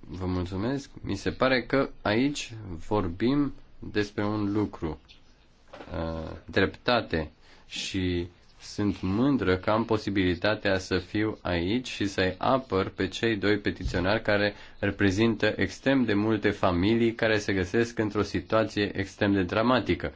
Vă mulțumesc. Mi se pare că aici vorbim despre un lucru, eh, dreptate și sunt mândră că am posibilitatea să fiu aici și să-i apăr pe cei doi petiționari care reprezintă extrem de multe familii care se găsesc într-o situație extrem de dramatică.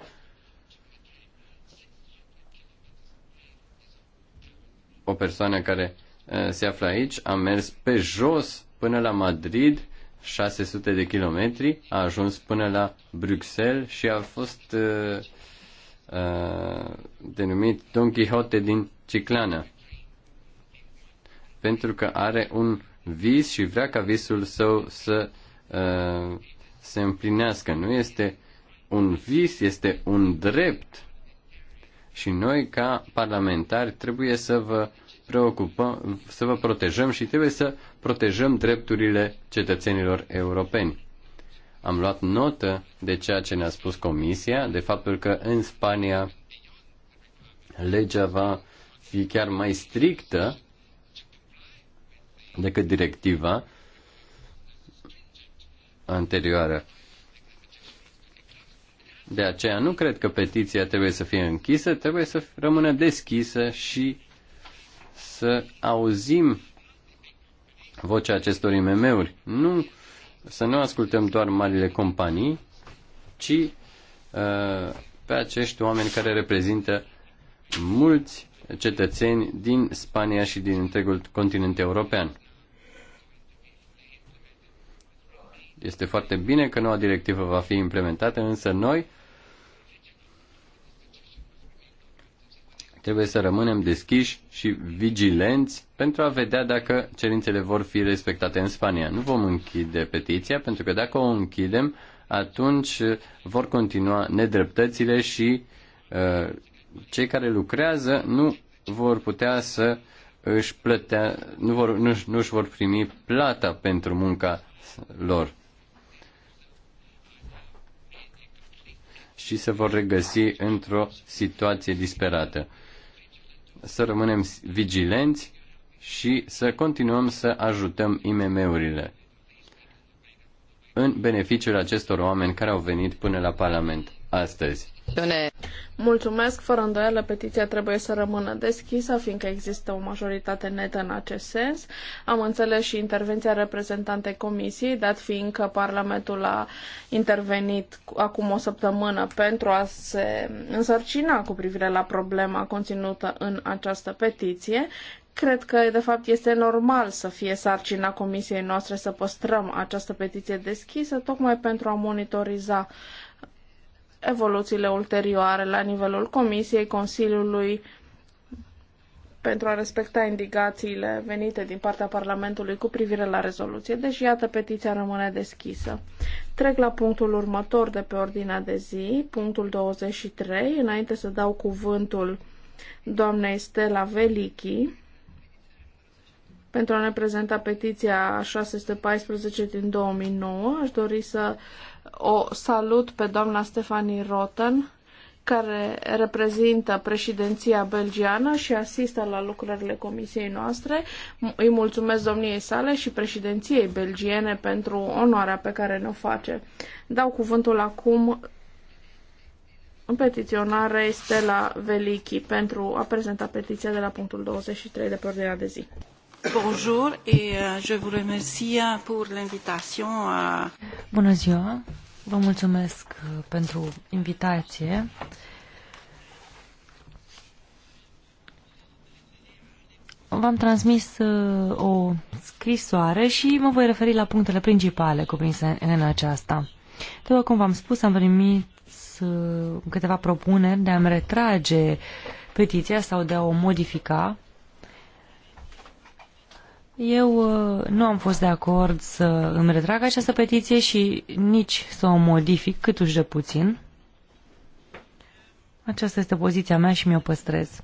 o persoană care uh, se află aici a mers pe jos până la Madrid, 600 de kilometri, a ajuns până la Bruxelles și a fost uh, uh, denumit Don Quixote din Ciclana. Pentru că are un vis și vrea ca visul său să uh, se împlinească. Nu este un vis, este un drept și noi, ca parlamentari, trebuie să vă preocupăm, să vă protejăm și trebuie să protejăm drepturile cetățenilor europeni. Am luat notă de ceea ce ne-a spus Comisia, de faptul că în Spania legea va fi chiar mai strictă decât directiva anterioară. De aceea nu cred că petiția trebuie să fie închisă, trebuie să rămână deschisă și să auzim vocea acestor IMM-uri. Nu, să nu ascultăm doar marile companii, ci uh, pe acești oameni care reprezintă mulți cetățeni din Spania și din întregul continent european. Este foarte bine că noua directivă va fi implementată, însă noi trebuie să rămânem deschiși și vigilenți pentru a vedea dacă cerințele vor fi respectate în Spania. Nu vom închide petiția, pentru că dacă o închidem, atunci vor continua nedreptățile și uh, cei care lucrează nu vor putea să își plătea, nu, vor, nu, nu își vor primi plata pentru munca lor. și se vor regăsi într-o situație disperată. Să rămânem vigilenți și să continuăm să ajutăm IMM-urile în beneficiul acestor oameni care au venit până la Parlament astăzi. Mulțumesc, fără îndoială, petiția trebuie să rămână deschisă, fiindcă există o majoritate netă în acest sens. Am înțeles și intervenția reprezentantei comisiei, dat fiindcă Parlamentul a intervenit acum o săptămână pentru a se însărcina cu privire la problema conținută în această petiție. Cred că, de fapt, este normal să fie sarcina comisiei noastre să păstrăm această petiție deschisă, tocmai pentru a monitoriza uh, evoluțiile ulterioare la nivelul Comisiei, Consiliului, pentru a respecta indicațiile venite din partea Parlamentului cu privire la rezoluție. Deci, iată, petiția rămâne deschisă. Trec la punctul următor de pe ordinea de zi, punctul 23, înainte să dau cuvântul doamnei Stella Velichi pentru a ne prezenta petiția 614 din 2009. Aș dori să o salut pe doamna Stefanie Roten, care reprezintă președinția belgiană și asistă la lucrările comisiei noastre. Îi mulțumesc domniei sale și președinției belgiene pentru onoarea pe care ne-o face. Dau cuvântul acum petiționarei Stella Velichi pentru a prezenta petiția de la punctul 23 de pe ordinea de zi. Bonjour et euh, je vous remercie euh, pour l'invitation. Bună ziua. Vă mulțumesc uh, pentru invitație. V-am transmis uh, o scrisoare și mă voi referi la punctele principale cuprinse în aceasta. După cum v-am spus, am primit uh, câteva propuneri de a-mi retrage petiția sau de a o modifica eu uh, nu am fost de acord să îmi retrag această petiție și nici să o modific cât uși de puțin. Aceasta este poziția mea și mi-o păstrez.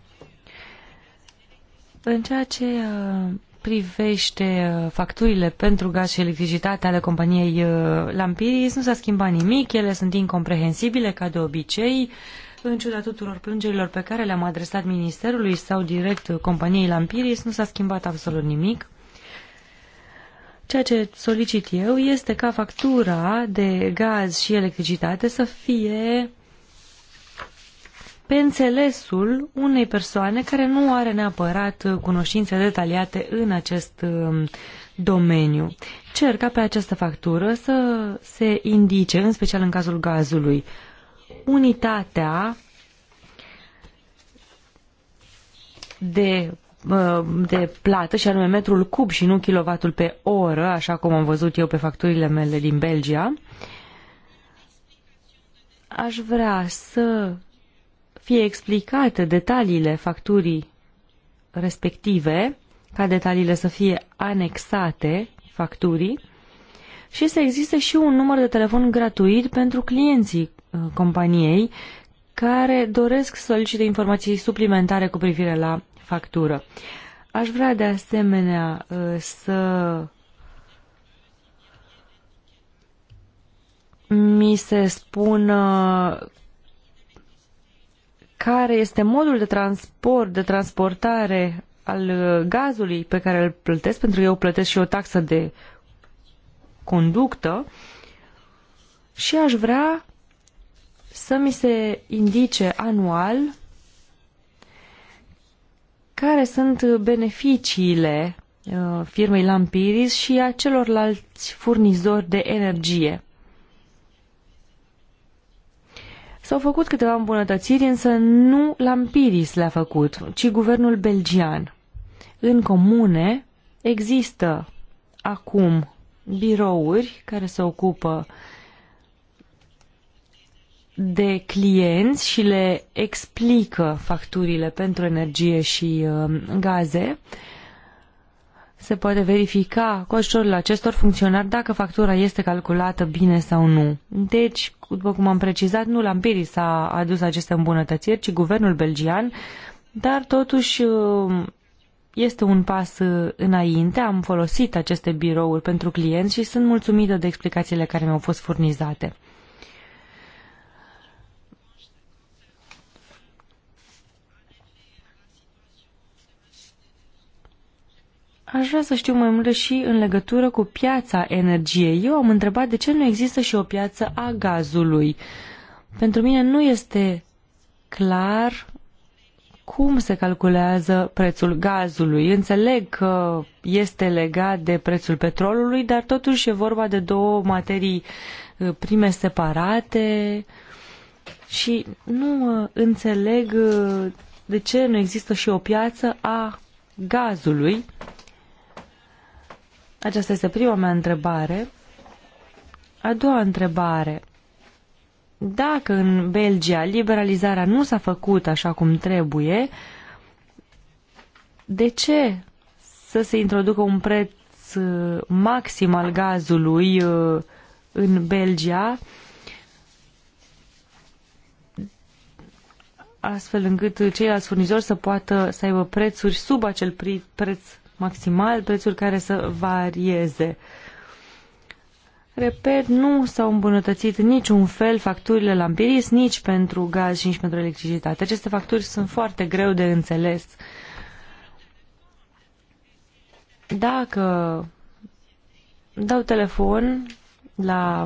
În ceea ce uh, privește uh, facturile pentru gaz și electricitate ale companiei Lampiris, nu s-a schimbat nimic, ele sunt incomprehensibile ca de obicei, în ciuda tuturor plângerilor pe care le-am adresat ministerului sau direct companiei Lampiris, nu s-a schimbat absolut nimic. Ceea ce solicit eu este ca factura de gaz și electricitate să fie pe înțelesul unei persoane care nu are neapărat cunoștințe detaliate în acest um, domeniu. Cer ca pe această factură să se indice, în special în cazul gazului, unitatea de Uh, de plată și anume metrul cub și nu kilovatul pe oră, așa cum am văzut eu pe facturile mele din Belgia, aș vrea să fie explicate detaliile facturii respective, ca detaliile să fie anexate facturii și să existe și un număr de telefon gratuit pentru clienții uh, companiei care doresc să solicite informații suplimentare cu privire la factură. Aș vrea de asemenea uh, să mi se spună care este modul de transport, de transportare al uh, gazului pe care îl plătesc, pentru că eu plătesc și o taxă de conductă și aș vrea să mi se indice anual care sunt beneficiile uh, firmei Lampiris și a celorlalți furnizori de energie. S-au făcut câteva îmbunătățiri, însă nu Lampiris le-a făcut, ci guvernul belgian. În comune există acum birouri care se ocupă de clienți și le explică facturile pentru energie și uh, gaze, se poate verifica cu ajutorul acestor funcționari dacă factura este calculată bine sau nu. Deci, după cum am precizat, nu Lampirii s-a adus aceste îmbunătățiri, ci guvernul belgian, dar totuși uh, este un pas uh, înainte. Am folosit aceste birouri pentru clienți și sunt mulțumită de explicațiile care mi-au fost furnizate. Aș vrea să știu mai multe și în legătură cu piața energiei. Eu am întrebat de ce nu există și o piață a gazului. Pentru mine nu este clar cum se calculează prețul gazului. Înțeleg că este legat de prețul petrolului, dar totuși e vorba de două materii uh, prime separate și nu uh, înțeleg uh, de ce nu există și o piață a gazului aceasta este prima mea întrebare. A doua întrebare. Dacă în Belgia liberalizarea nu s-a făcut așa cum trebuie, de ce să se introducă un preț uh, maxim al gazului uh, în Belgia, astfel încât ceilalți furnizori să poată să aibă prețuri sub acel preț maximal, prețuri care să varieze. Repet, nu s-au îmbunătățit niciun fel facturile la Ampiris, nici pentru gaz și nici pentru electricitate. Aceste facturi sunt foarte greu de înțeles. Dacă dau telefon la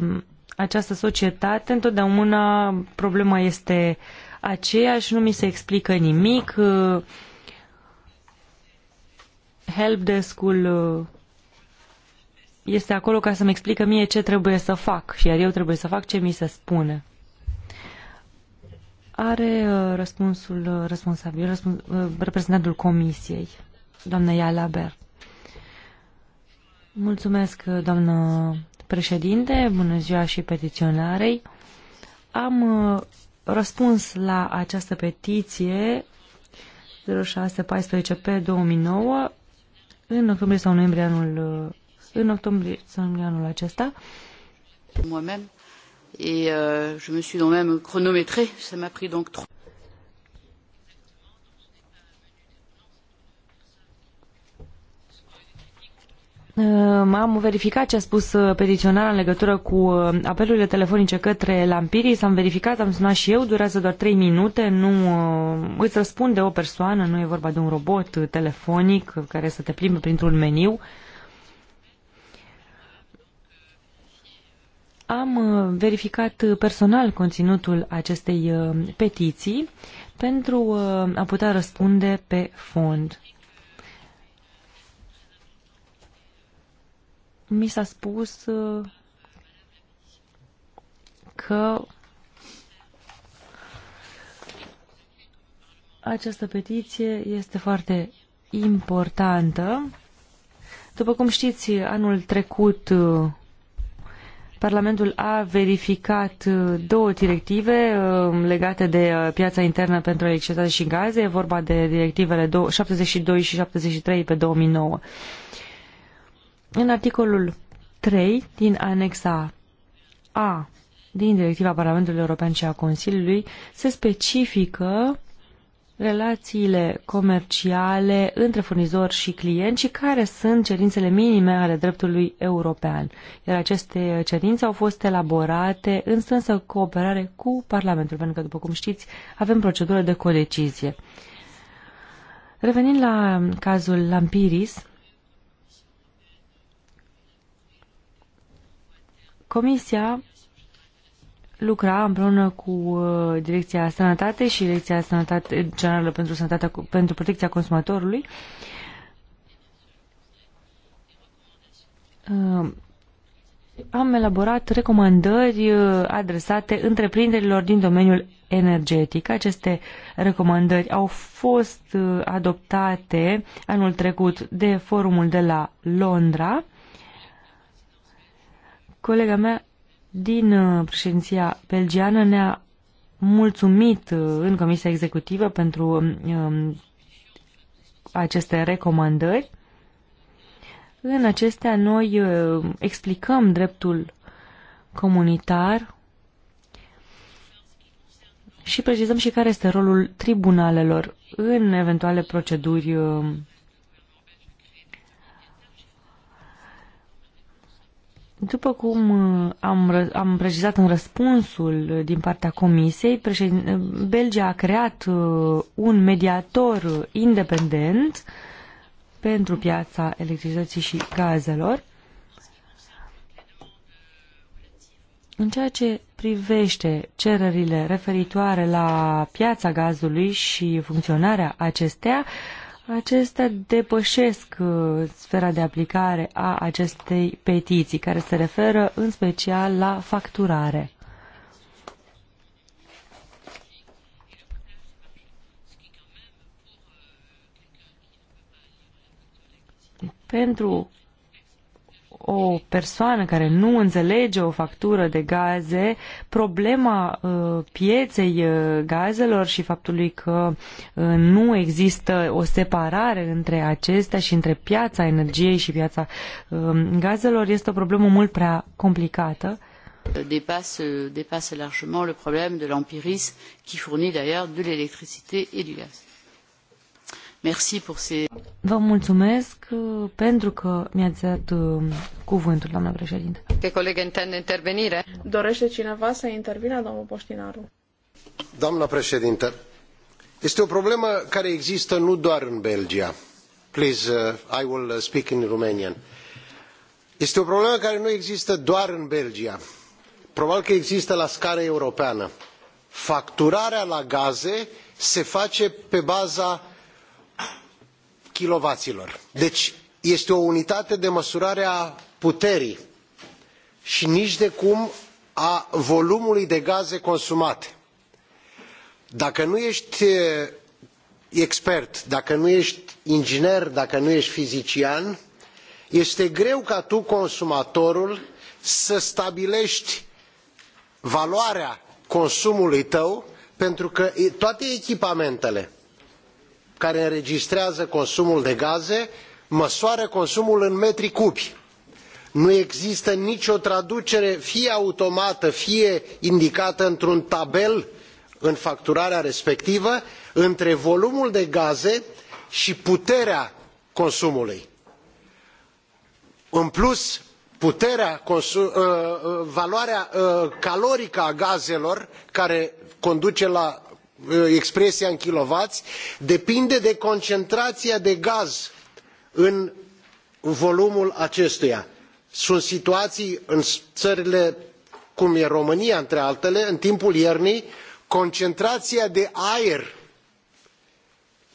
această societate, întotdeauna problema este aceeași, nu mi se explică nimic, helpdesk-ul uh, este acolo ca să-mi explică mie ce trebuie să fac și iar eu trebuie să fac ce mi se spune. Are uh, răspunsul uh, responsabil, răspuns, reprezentantul comisiei, doamna Ber. Mulțumesc, doamnă președinte, bună ziua și petiționarei. Am răspuns la această petiție 0614 pe 2009 în octombrie sau noiembrie anul, uh, în octombrie sau noiembrie anul acesta. Moi-même, et euh, je me suis donc même chronométré, ça m'a pris donc trois. Ehm, am verificat ce a spus uh, petiționarul în legătură cu uh, apelurile telefonice către s am verificat, am sunat și eu, durează doar 3 minute, nu uh, îți răspunde o persoană, nu e vorba de un robot telefonic care să te plimbe printr-un meniu. Am verificat personal conținutul acestei petiții pentru a putea răspunde pe fond. mi s-a spus uh, că această petiție este foarte importantă. După cum știți, anul trecut uh, Parlamentul a verificat uh, două directive legate de piața internă pentru electricitate și gaze, e vorba de directivele 72 și 73 pe 2009. În articolul 3 din anexa A din Directiva Parlamentului European și a Consiliului se specifică relațiile comerciale între furnizor și client și care sunt cerințele minime ale dreptului european. Iar aceste cerințe au fost elaborate în strânsă cooperare cu Parlamentul, pentru că, după cum știți, avem procedură de codecizie. Revenind la cazul Lampiris, Comisia lucra împreună cu uh, Direcția Sănătate și Direcția Sănătate Generală pentru, Sănătatea, pentru Protecția Consumatorului uh, am elaborat recomandări uh, adresate întreprinderilor din domeniul energetic. Aceste recomandări au fost adoptate anul trecut de forumul de la Londra Colega mea din uh, președinția belgiană ne-a mulțumit uh, în Comisia Executivă pentru um, um, aceste recomandări. În acestea noi uh, explicăm dreptul comunitar și precizăm și care este rolul tribunalelor în eventuale proceduri uh, După cum uh, am, am precizat în răspunsul uh, din partea Comisiei, uh, Belgia a creat un mediator independent pentru piața electricității și gazelor. În ceea ce privește cererile referitoare la piața gazului și funcționarea acesteia, uh, Acestea depășesc uh, sfera de aplicare a acestei petiții, care se referă în special la facturare. Pentru o persoană care nu înțelege o factură de gaze, problema uh, pieței uh, gazelor și faptului că uh, nu există o separare între acestea și între piața energiei și piața um, gazelor este o problemă mult prea complicată. Dépasse, dépasse largement le problème de l'empirisme qui fournit d'ailleurs de l'électricité et du gaz. Vă mulțumesc uh, pentru că mi-ați dat uh, cuvântul, doamna președinte. Te coleg intern intervenire. Dorește cineva să intervină, domnul Poștinaru? Doamna președinte, este o problemă care există nu doar în Belgia. Please, uh, I will uh, speak in Romanian. Este o problemă care nu există doar în Belgia. Probabil că există la scară europeană. Facturarea la gaze se face pe baza kilovaților. Deci este o unitate de măsurare a puterii și nici de cum a volumului de gaze consumate. Dacă nu ești expert, dacă nu ești inginer, dacă nu ești fizician, este greu ca tu, consumatorul, să stabilești valoarea consumului tău, pentru că toate echipamentele, care înregistrează consumul de gaze măsoară consumul în metri cubi. nu există nicio traducere fie automată fie indicată într un tabel în facturarea respectivă între volumul de gaze i puterea consumului. în plus ă, ă, valoarea ă, calorică a gazelor care conduce la Uh, expresia în kilovați depinde de concentrația de gaz în volumul acestuia. Sunt situații în țările cum e România, între altele, în timpul iernii, concentrația de aer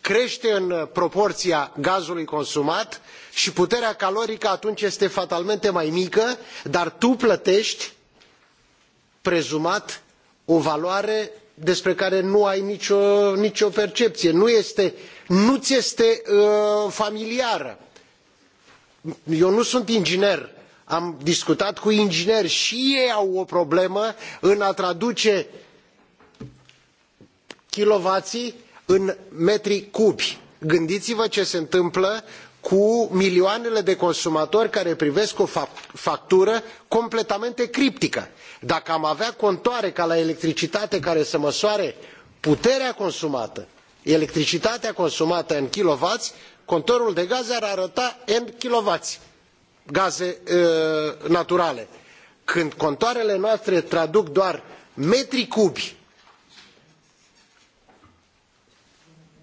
crește în uh, proporția gazului consumat și puterea calorică atunci este fatalmente mai mică, dar tu plătești prezumat o valoare despre care nu ai nicio, nicio percepție, nu, este, nu este uh, familiară. Eu nu sunt inginer, am discutat cu ingineri și ei au o problemă în a traduce kilovații în metri cubi. Gândiți-vă ce se întâmplă cu milioanele de consumatori care privesc o factură completamente criptică dacă am avea contoare ca la electricitate care să măsoare puterea consumată electricitatea consumată în kilowai contorul de gaze ar arăta n kilowai gaze ă, naturale când contoarele noastre traduc doar metri cubi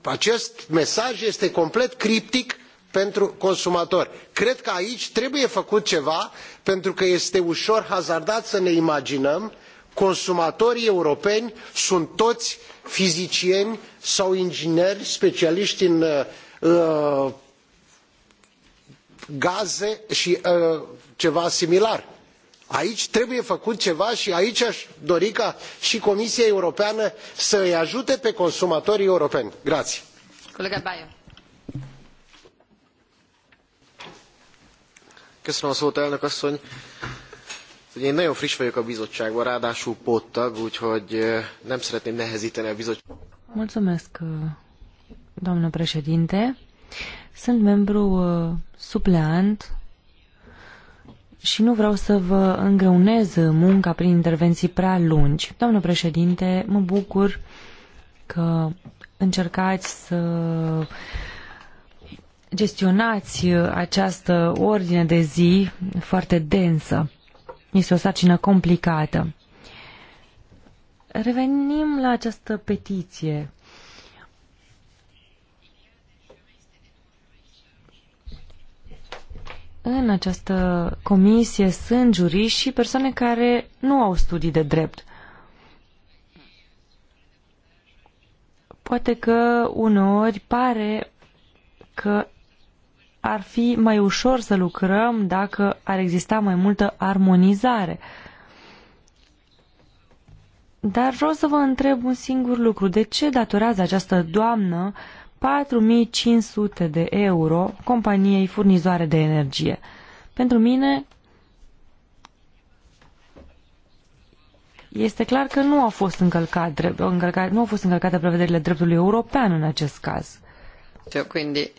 acest mesaj este complet criptic pentru consumatori. cred că aici trebuie făcut ceva pentru că este uor hazardat să ne imaginăm consumatorii europeni sunt toi fizicieni sau ingineri specialiti în uh, uh, gaze i uh, ceva similar. aici trebuie făcut ceva i aici a dori ca i comisia europeană să îi ajute pe consumatorii europeni. Köszönöm a szót, elnök asszony. Én nagyon friss vagyok a bizottságban, ráadásul úgyhogy nem szeretném nehezíteni a Mulțumesc, doamnă președinte. Sunt membru supleant și nu vreau să vă îngreunez munca prin intervenții prea lungi. Doamnă președinte, mă bucur că încercați să gestionați uh, această ordine de zi foarte densă. Este o sarcină complicată. Revenim la această petiție. În această comisie sunt juriști și persoane care nu au studii de drept. Poate că uneori pare că ar fi mai ușor să lucrăm dacă ar exista mai multă armonizare. Dar vreau să vă întreb un singur lucru. De ce datorează această doamnă 4500 de euro companiei furnizoare de energie? Pentru mine este clar că nu au fost, încălcat, încălcat, nu au fost încălcate prevederile dreptului european în acest caz. Quindi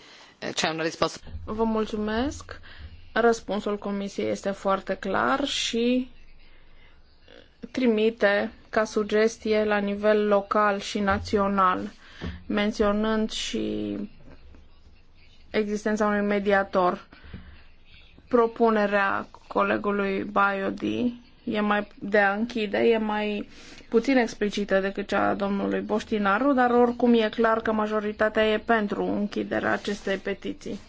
c'è una risposta. Vă mulțumesc. Răspunsul comisiei este foarte clar și trimite ca sugestie la nivel local și național, menționând și existența unui mediator. Propunerea colegului Biodi e mai de a închide, e mai puțin explicită decât cea a domnului Boștinaru, dar oricum e clar că majoritatea e pentru închiderea acestei petiții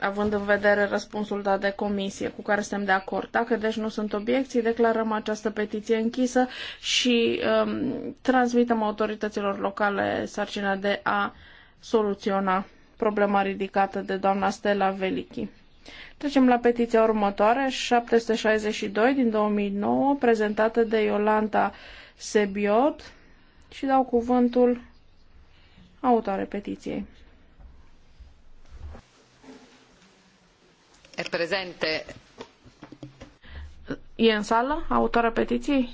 având în vedere răspunsul dat de comisie, cu care suntem de acord. Dacă deci nu sunt obiecții, declarăm această petiție închisă și um, transmitem autorităților locale sarcina de a soluționa problema ridicată de doamna Stella Velichi. Trecem la petiția următoare, 762 din 2009, prezentată de Iolanta Sebiot și dau cuvântul autoare petiției. E prezente. E în sală autoarea petiției?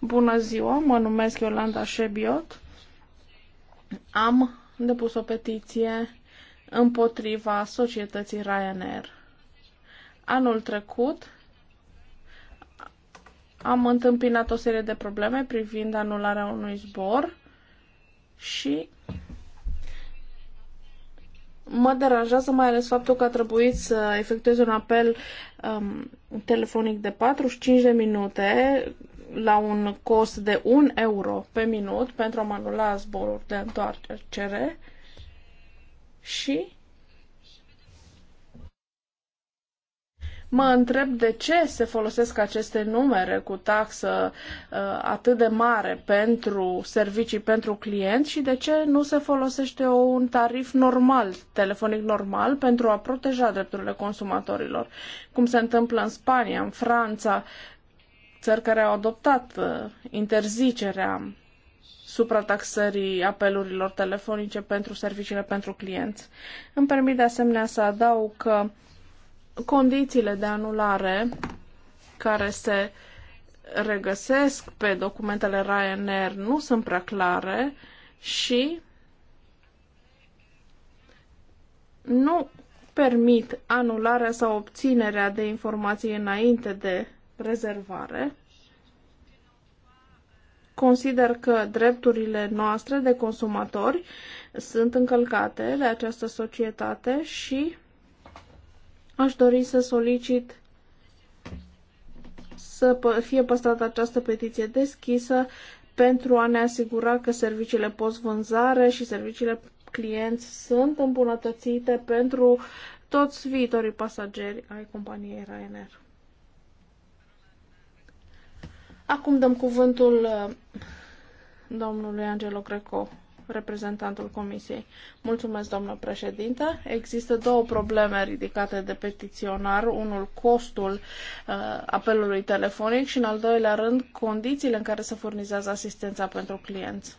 Bună ziua, mă numesc Iolanda Șebiot. Am depus o petiție împotriva societății Ryanair. Anul trecut am întâmpinat o serie de probleme privind anularea unui zbor și mă deranjează mai ales faptul că a trebuit să efectuez un apel um, telefonic de 45 de minute la un cost de 1 euro pe minut pentru a mă anula zborul de întoarcere și Mă întreb de ce se folosesc aceste numere cu taxă uh, atât de mare pentru servicii pentru client și de ce nu se folosește un tarif normal, telefonic normal, pentru a proteja drepturile consumatorilor, cum se întâmplă în Spania, în Franța, țări care au adoptat uh, interzicerea suprataxării apelurilor telefonice pentru serviciile pentru clienți. Îmi permit de asemenea să adaug că condițiile de anulare care se regăsesc pe documentele Ryanair nu sunt prea clare și nu permit anularea sau obținerea de informații înainte de rezervare. Consider că drepturile noastre de consumatori sunt încălcate de această societate și aș dori să solicit să fie păstrată această petiție deschisă pentru a ne asigura că serviciile post-vânzare și serviciile clienți sunt îmbunătățite pentru toți viitorii pasageri ai companiei Ryanair. Acum dăm cuvântul uh, domnului Angelo Greco, reprezentantul Comisiei. Mulțumesc, domnul președinte. Există două probleme ridicate de petiționar. Unul, costul uh, apelului telefonic și, în al doilea rând, condițiile în care se furnizează asistența pentru clienți.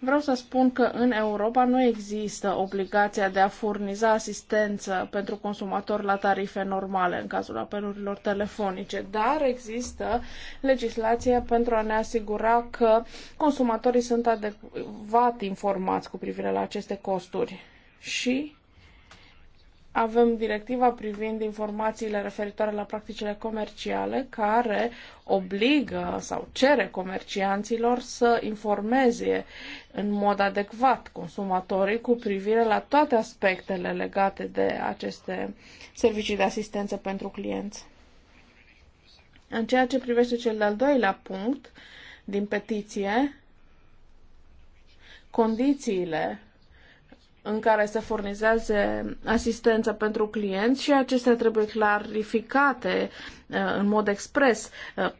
Vreau să spun că în Europa nu există obligația de a furniza asistență pentru consumatori la tarife normale în cazul apelurilor telefonice, dar există legislație pentru a ne asigura că consumatorii sunt adecvat informați cu privire la aceste costuri. Și avem directiva privind informațiile referitoare la practicile comerciale care obligă sau cere comercianților să informeze în mod adecvat consumatorii cu privire la toate aspectele legate de aceste servicii de asistență pentru clienți. În ceea ce privește cel de-al doilea punct din petiție, condițiile în care se furnizează asistență pentru clienți și acestea trebuie clarificate uh, în mod expres uh,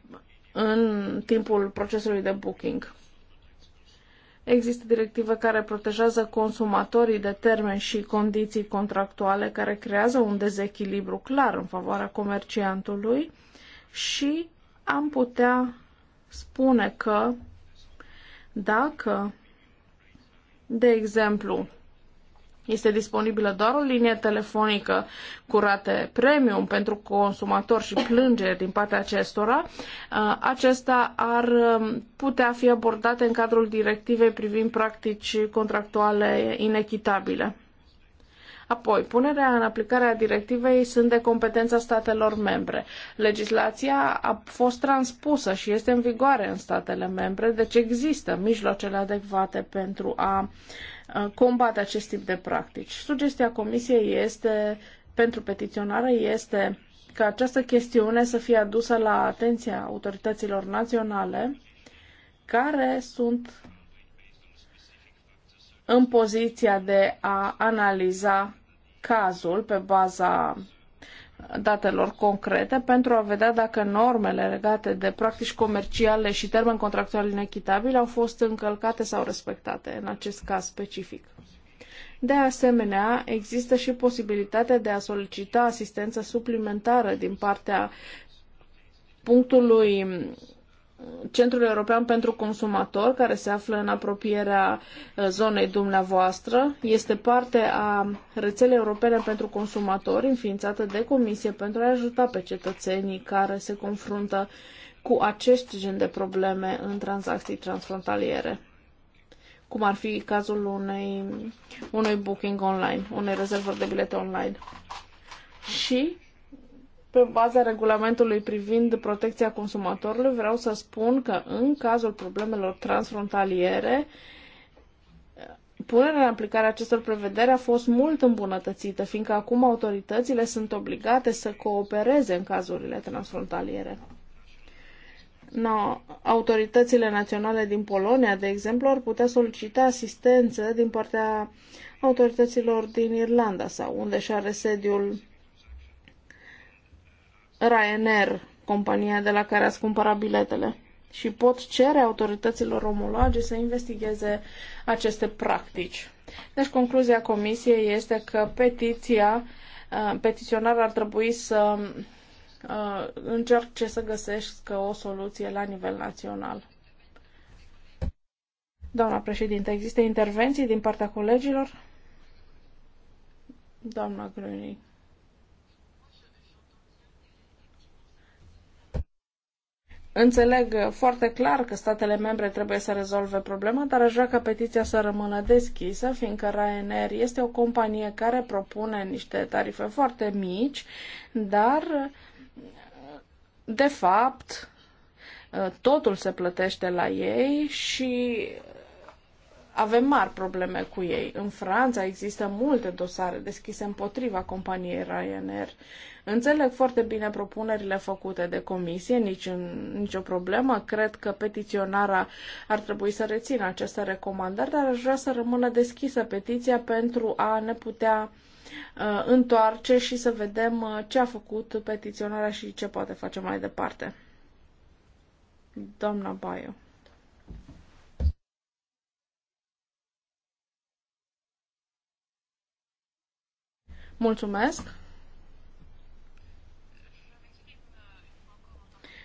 în timpul procesului de booking. Există directive care protejează consumatorii de termeni și condiții contractuale care creează un dezechilibru clar în favoarea comerciantului și am putea spune că dacă, de exemplu, este disponibilă doar o linie telefonică cu rate premium pentru consumatori și plângeri din partea acestora. Uh, acesta ar um, putea fi abordate în cadrul directivei privind practici contractuale inechitabile. Apoi, punerea în aplicare a directivei sunt de competența statelor membre. Legislația a fost transpusă și este în vigoare în statele membre, deci există mijloacele adecvate pentru a combate acest tip de practici. Sugestia Comisiei este, pentru petiționare este ca această chestiune să fie adusă la atenția autorităților naționale care sunt în poziția de a analiza cazul pe baza datelor concrete pentru a vedea dacă normele legate de practici comerciale și termen contractual inechitabil au fost încălcate sau respectate în acest caz specific. De asemenea, există și posibilitatea de a solicita asistență suplimentară din partea punctului Centrul European pentru Consumator, care se află în apropierea uh, zonei dumneavoastră, este parte a rețelei europene pentru consumatori, înființată de Comisie pentru a ajuta pe cetățenii care se confruntă cu acest gen de probleme în tranzacții transfrontaliere cum ar fi cazul unei, unui booking online, unei rezervări de bilete online. Și pe baza regulamentului privind protecția consumatorului, vreau să spun că în cazul problemelor transfrontaliere, punerea în aplicare a acestor prevederi a fost mult îmbunătățită, fiindcă acum autoritățile sunt obligate să coopereze în cazurile transfrontaliere. No, autoritățile naționale din Polonia, de exemplu, ar putea solicita asistență din partea autorităților din Irlanda sau unde și are sediul Ryanair, compania de la care ați cumpărat biletele și pot cere autorităților omologe să investigheze aceste practici. Deci concluzia comisiei este că petiția, uh, petiționarul ar trebui să uh, încerce să găsească o soluție la nivel național. Doamna președinte, există intervenții din partea colegilor? Doamna Grunic. Înțeleg foarte clar că statele membre trebuie să rezolve problema, dar aș vrea ca petiția să rămână deschisă, fiindcă Ryanair este o companie care propune niște tarife foarte mici, dar de fapt totul se plătește la ei și avem mari probleme cu ei. În Franța există multe dosare deschise împotriva companiei Ryanair. Înțeleg foarte bine propunerile făcute de comisie, nici în, nicio problemă. Cred că petiționara ar trebui să rețină aceste recomandări, dar aș vrea să rămână deschisă petiția pentru a ne putea uh, întoarce și să vedem uh, ce a făcut petiționarea și ce poate face mai departe. Doamna Baio. Mulțumesc!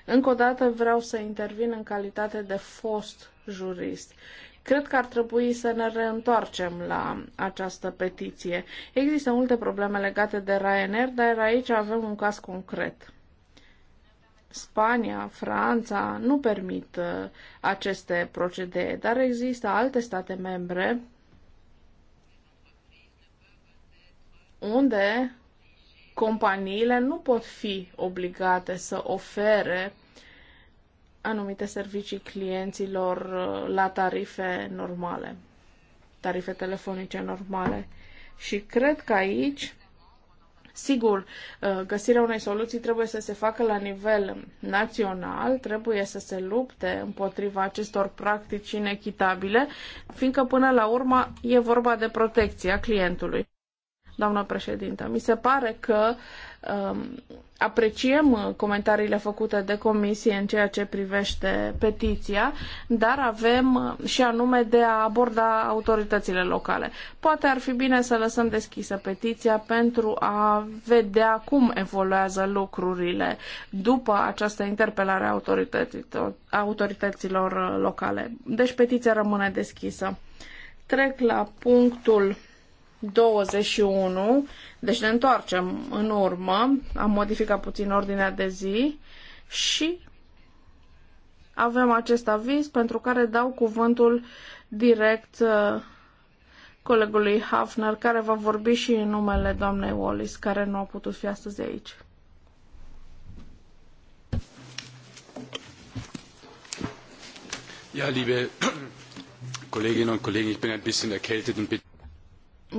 Încă o dată vreau să intervin în calitate de fost jurist. Cred că ar trebui să ne reîntoarcem la această petiție. Există multe probleme legate de Ryanair, dar aici avem un caz concret. Spania, Franța nu permit uh, aceste procedee, dar există alte state membre unde companiile nu pot fi obligate să ofere anumite servicii clienților uh, la tarife normale, tarife telefonice normale. Și cred că aici, sigur, uh, găsirea unei soluții trebuie să se facă la nivel național, trebuie să se lupte împotriva acestor practici inechitabile, fiindcă până la urmă e vorba de protecția clientului doamnă președintă. Mi se pare că um, apreciem uh, comentariile făcute de comisie în ceea ce privește petiția, dar avem uh, și anume de a aborda autoritățile locale. Poate ar fi bine să lăsăm deschisă petiția pentru a vedea cum evoluează lucrurile după această interpelare a autorităților uh, locale. Deci petiția rămâne deschisă. Trec la punctul 21, deci ne întoarcem în urmă, am modificat puțin ordinea de zi și avem acest aviz pentru care dau cuvântul direct uh, colegului Hafner, care va vorbi și în numele doamnei Wallis, care nu a putut fi astăzi aici. Ja, liebe Kolleginnen und Kollegen, ich bin ein bisschen erkältet und bitte.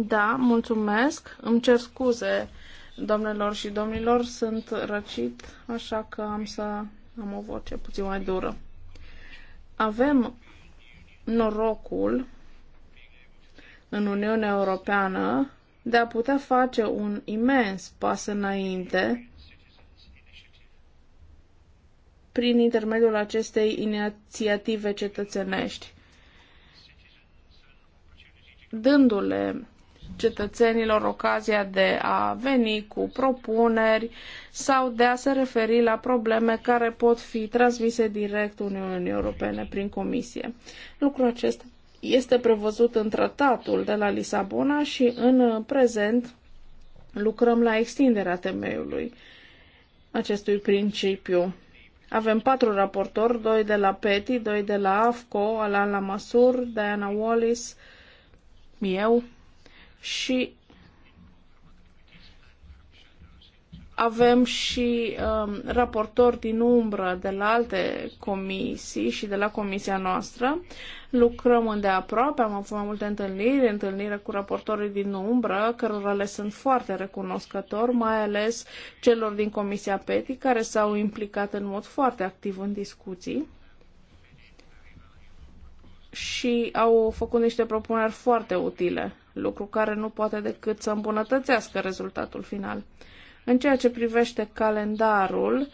Da, mulțumesc. Îmi cer scuze, domnilor și domnilor, sunt răcit, așa că am să am o voce puțin mai dură. Avem norocul în Uniunea Europeană de a putea face un imens pas înainte prin intermediul acestei inițiative cetățenești, dându-le cetățenilor ocazia de a veni cu propuneri sau de a se referi la probleme care pot fi transmise direct Uniunii Europene prin Comisie. Lucrul acesta este prevăzut în tratatul de la Lisabona și în prezent lucrăm la extinderea temeiului acestui principiu. Avem patru raportori, doi de la PETI, doi de la AFCO, Alan Lamasur, Diana Wallis, eu și avem și um, raportori din umbră de la alte comisii și de la comisia noastră. Lucrăm îndeaproape, am avut mai multe întâlniri, întâlnire cu raportorii din umbră, cărora le sunt foarte recunoscători, mai ales celor din Comisia PETI, care s-au implicat în mod foarte activ în discuții și au făcut niște propuneri foarte utile lucru care nu poate decât să îmbunătățească rezultatul final. În ceea ce privește calendarul,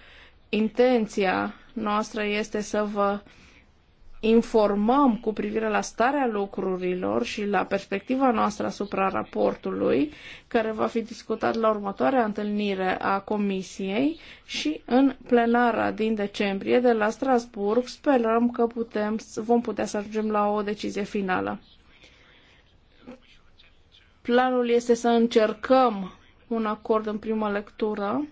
intenția noastră este să vă informăm cu privire la starea lucrurilor și la perspectiva noastră asupra raportului, care va fi discutat la următoarea întâlnire a Comisiei și în plenara din decembrie de la Strasburg sperăm că putem, vom putea să ajungem la o decizie finală. Planul este să încercăm un acord în prima lectură.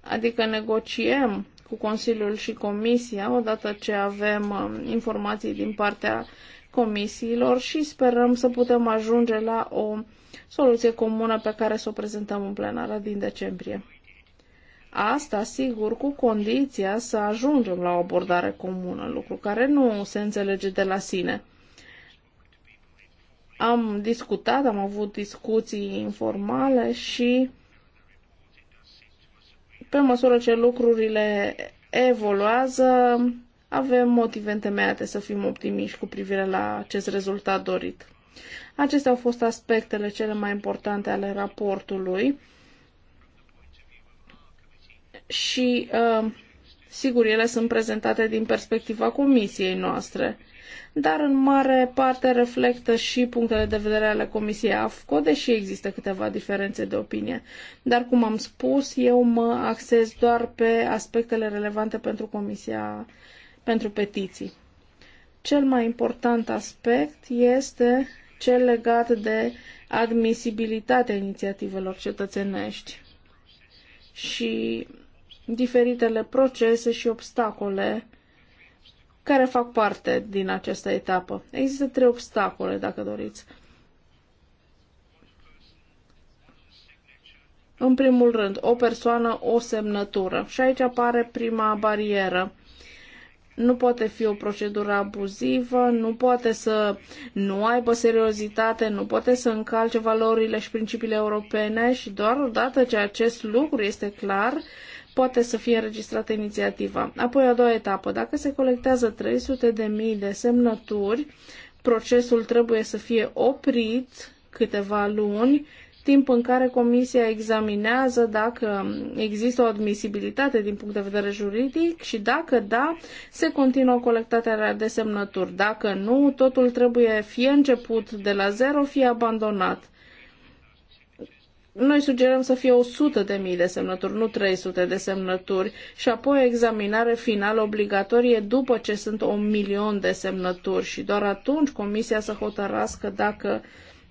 Adică negociem cu Consiliul și Comisia odată ce avem um, informații din partea comisiilor și sperăm să putem ajunge la o soluție comună pe care să o prezentăm în plenară din decembrie. Asta, sigur, cu condiția să ajungem la o abordare comună, lucru care nu se înțelege de la sine. Am discutat, am avut discuții informale și pe măsură ce lucrurile evoluează, avem motive întemeiate să fim optimiști cu privire la acest rezultat dorit. Acestea au fost aspectele cele mai importante ale raportului și, uh, sigur, ele sunt prezentate din perspectiva comisiei noastre, dar în mare parte reflectă și punctele de vedere ale comisiei AFCO, deși există câteva diferențe de opinie. Dar, cum am spus, eu mă axez doar pe aspectele relevante pentru comisia pentru petiții. Cel mai important aspect este cel legat de admisibilitatea inițiativelor cetățenești și diferitele procese și obstacole care fac parte din această etapă. Există trei obstacole, dacă doriți. În primul rând, o persoană, o semnătură. Și aici apare prima barieră. Nu poate fi o procedură abuzivă, nu poate să nu aibă seriozitate, nu poate să încalce valorile și principiile europene și doar odată ce acest lucru este clar, uh, poate să fie înregistrată inițiativa. Apoi a doua etapă, dacă se colectează 300 de mii de semnături, procesul trebuie să fie oprit câteva luni, timp în care comisia examinează dacă există o admisibilitate din punct de vedere juridic și dacă da, se continuă colectarea de semnături. Dacă nu, totul trebuie fie început de la zero, fie abandonat. Noi sugerăm să fie 100 de mii de semnături, nu 300 de semnături și apoi o examinare finală obligatorie după ce sunt un milion de semnături și doar atunci comisia să hotărască dacă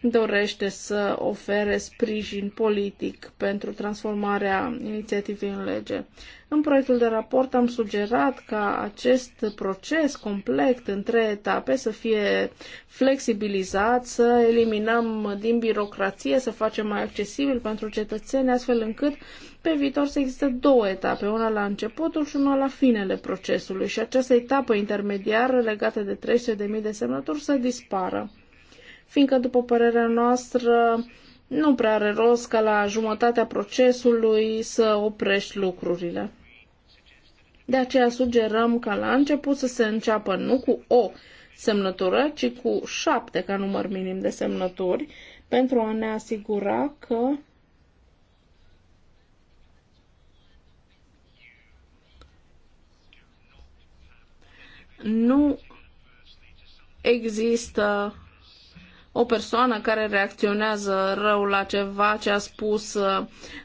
dorește să ofere sprijin politic pentru transformarea inițiativei în lege. În proiectul de raport am sugerat ca acest proces complet, în trei etape să fie flexibilizat, să eliminăm din birocrație, să facem mai accesibil pentru cetățeni, astfel încât pe viitor să existe două etape, una la începutul și una la finele procesului și această etapă intermediară legată de 300.000 de semnături să dispară fiindcă, după părerea noastră, nu prea are rost ca la jumătatea procesului să oprești lucrurile. De aceea sugerăm ca la început să se înceapă nu cu o semnătură, ci cu șapte ca număr minim de semnături, pentru a ne asigura că nu există o persoană care reacționează rău la ceva ce a spus uh,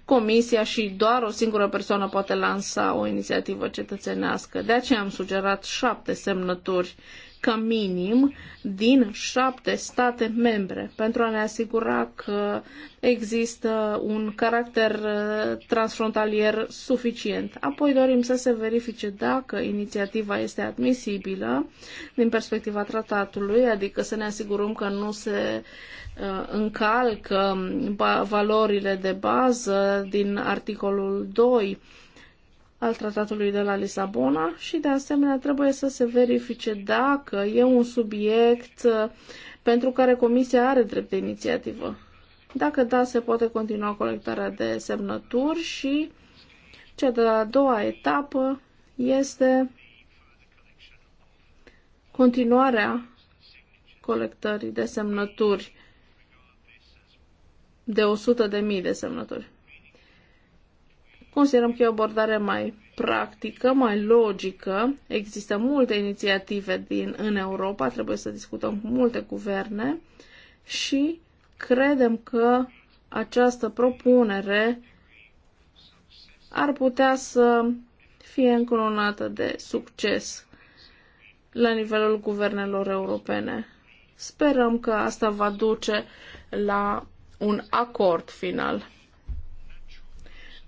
comisia și doar o singură persoană poate lansa o inițiativă cetățenească. De aceea am sugerat șapte semnături ca minim din șapte state membre pentru a ne asigura că există un caracter uh, transfrontalier suficient. Apoi dorim să se verifice dacă inițiativa este admisibilă din perspectiva tratatului, adică să ne asigurăm că nu se uh, încalcă valorile de bază din articolul 2 al tratatului de la Lisabona și de asemenea trebuie să se verifice dacă e un subiect uh, pentru care Comisia are drept de inițiativă. Dacă da, se poate continua colectarea de semnături și cea de la a doua etapă este continuarea colectării de semnături de 100.000 de semnături. Considerăm că e o abordare mai practică, mai logică. Există multe inițiative din, în Europa, trebuie să discutăm cu multe guverne și credem că această propunere ar putea să fie încolonată de succes la nivelul guvernelor europene. Sperăm că asta va duce la un acord final.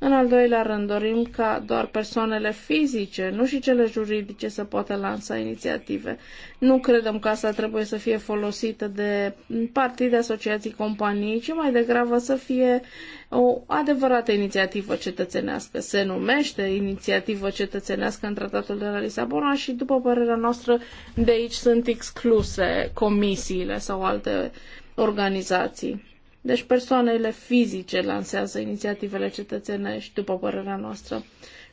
În al doilea rând, dorim ca doar persoanele fizice, nu și cele juridice, să poată lansa inițiative. Nu credem că asta trebuie să fie folosită de partide, asociații, companii, ci mai degrabă să fie o adevărată inițiativă cetățenească. Se numește inițiativă cetățenească în Tratatul de la Lisabona și, după părerea noastră, de aici sunt excluse comisiile sau alte organizații. Deci persoanele fizice lansează inițiativele cetățenești, după părerea noastră.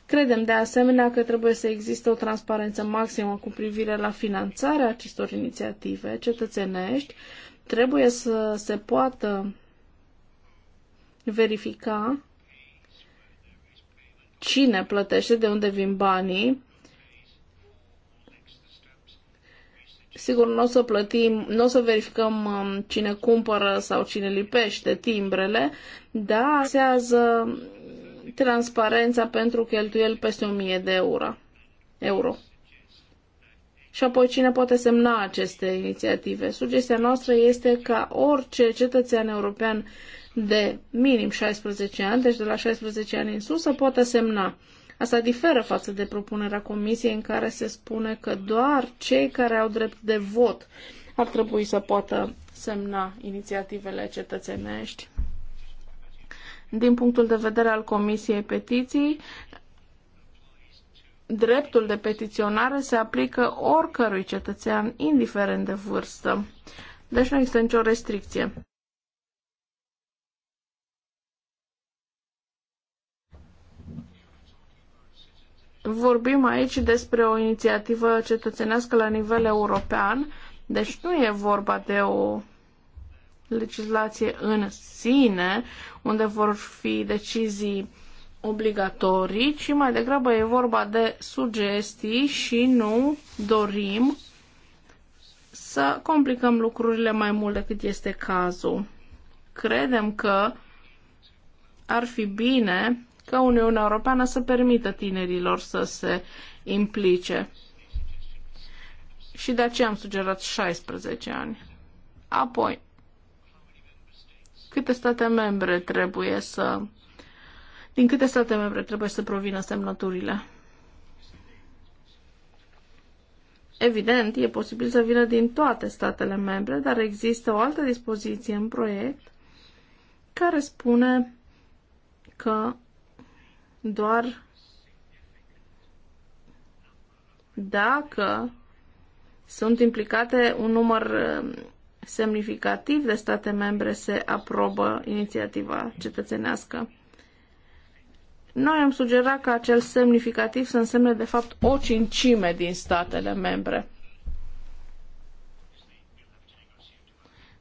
Credem de asemenea că trebuie să existe o transparență maximă cu privire la finanțarea acestor inițiative cetățenești. Trebuie să se poată verifica cine plătește, de unde vin banii, Sigur, nu o să plătim, nu o să verificăm um, cine cumpără sau cine lipește timbrele, dar asează transparența pentru cheltuieli peste 1000 de euro. euro. Și apoi cine poate semna aceste inițiative? Sugestia noastră este ca orice cetățean european de minim 16 ani, deci de la 16 ani în sus, să poată semna Asta diferă față de propunerea comisiei în care se spune că doar cei care au drept de vot ar trebui să poată semna inițiativele cetățenești. Din punctul de vedere al Comisiei Petiții, dreptul de petiționare se aplică oricărui cetățean, indiferent de vârstă. Deci nu există nicio restricție. Vorbim aici despre o inițiativă cetățenească la nivel european, deci nu e vorba de o legislație în sine, unde vor fi decizii obligatorii, ci mai degrabă e vorba de sugestii și nu dorim să complicăm lucrurile mai mult decât este cazul. Credem că ar fi bine ca Uniunea Europeană să permită tinerilor să se implice. Și de aceea am sugerat 16 ani. Apoi, câte state membre trebuie să. Din câte state membre trebuie să provină semnăturile? Evident, e posibil să vină din toate statele membre, dar există o altă dispoziție în proiect care spune că doar dacă sunt implicate un număr uh, semnificativ de state membre se aprobă inițiativa cetățenească. Noi am sugerat că acel semnificativ să însemne de fapt o cincime din statele membre.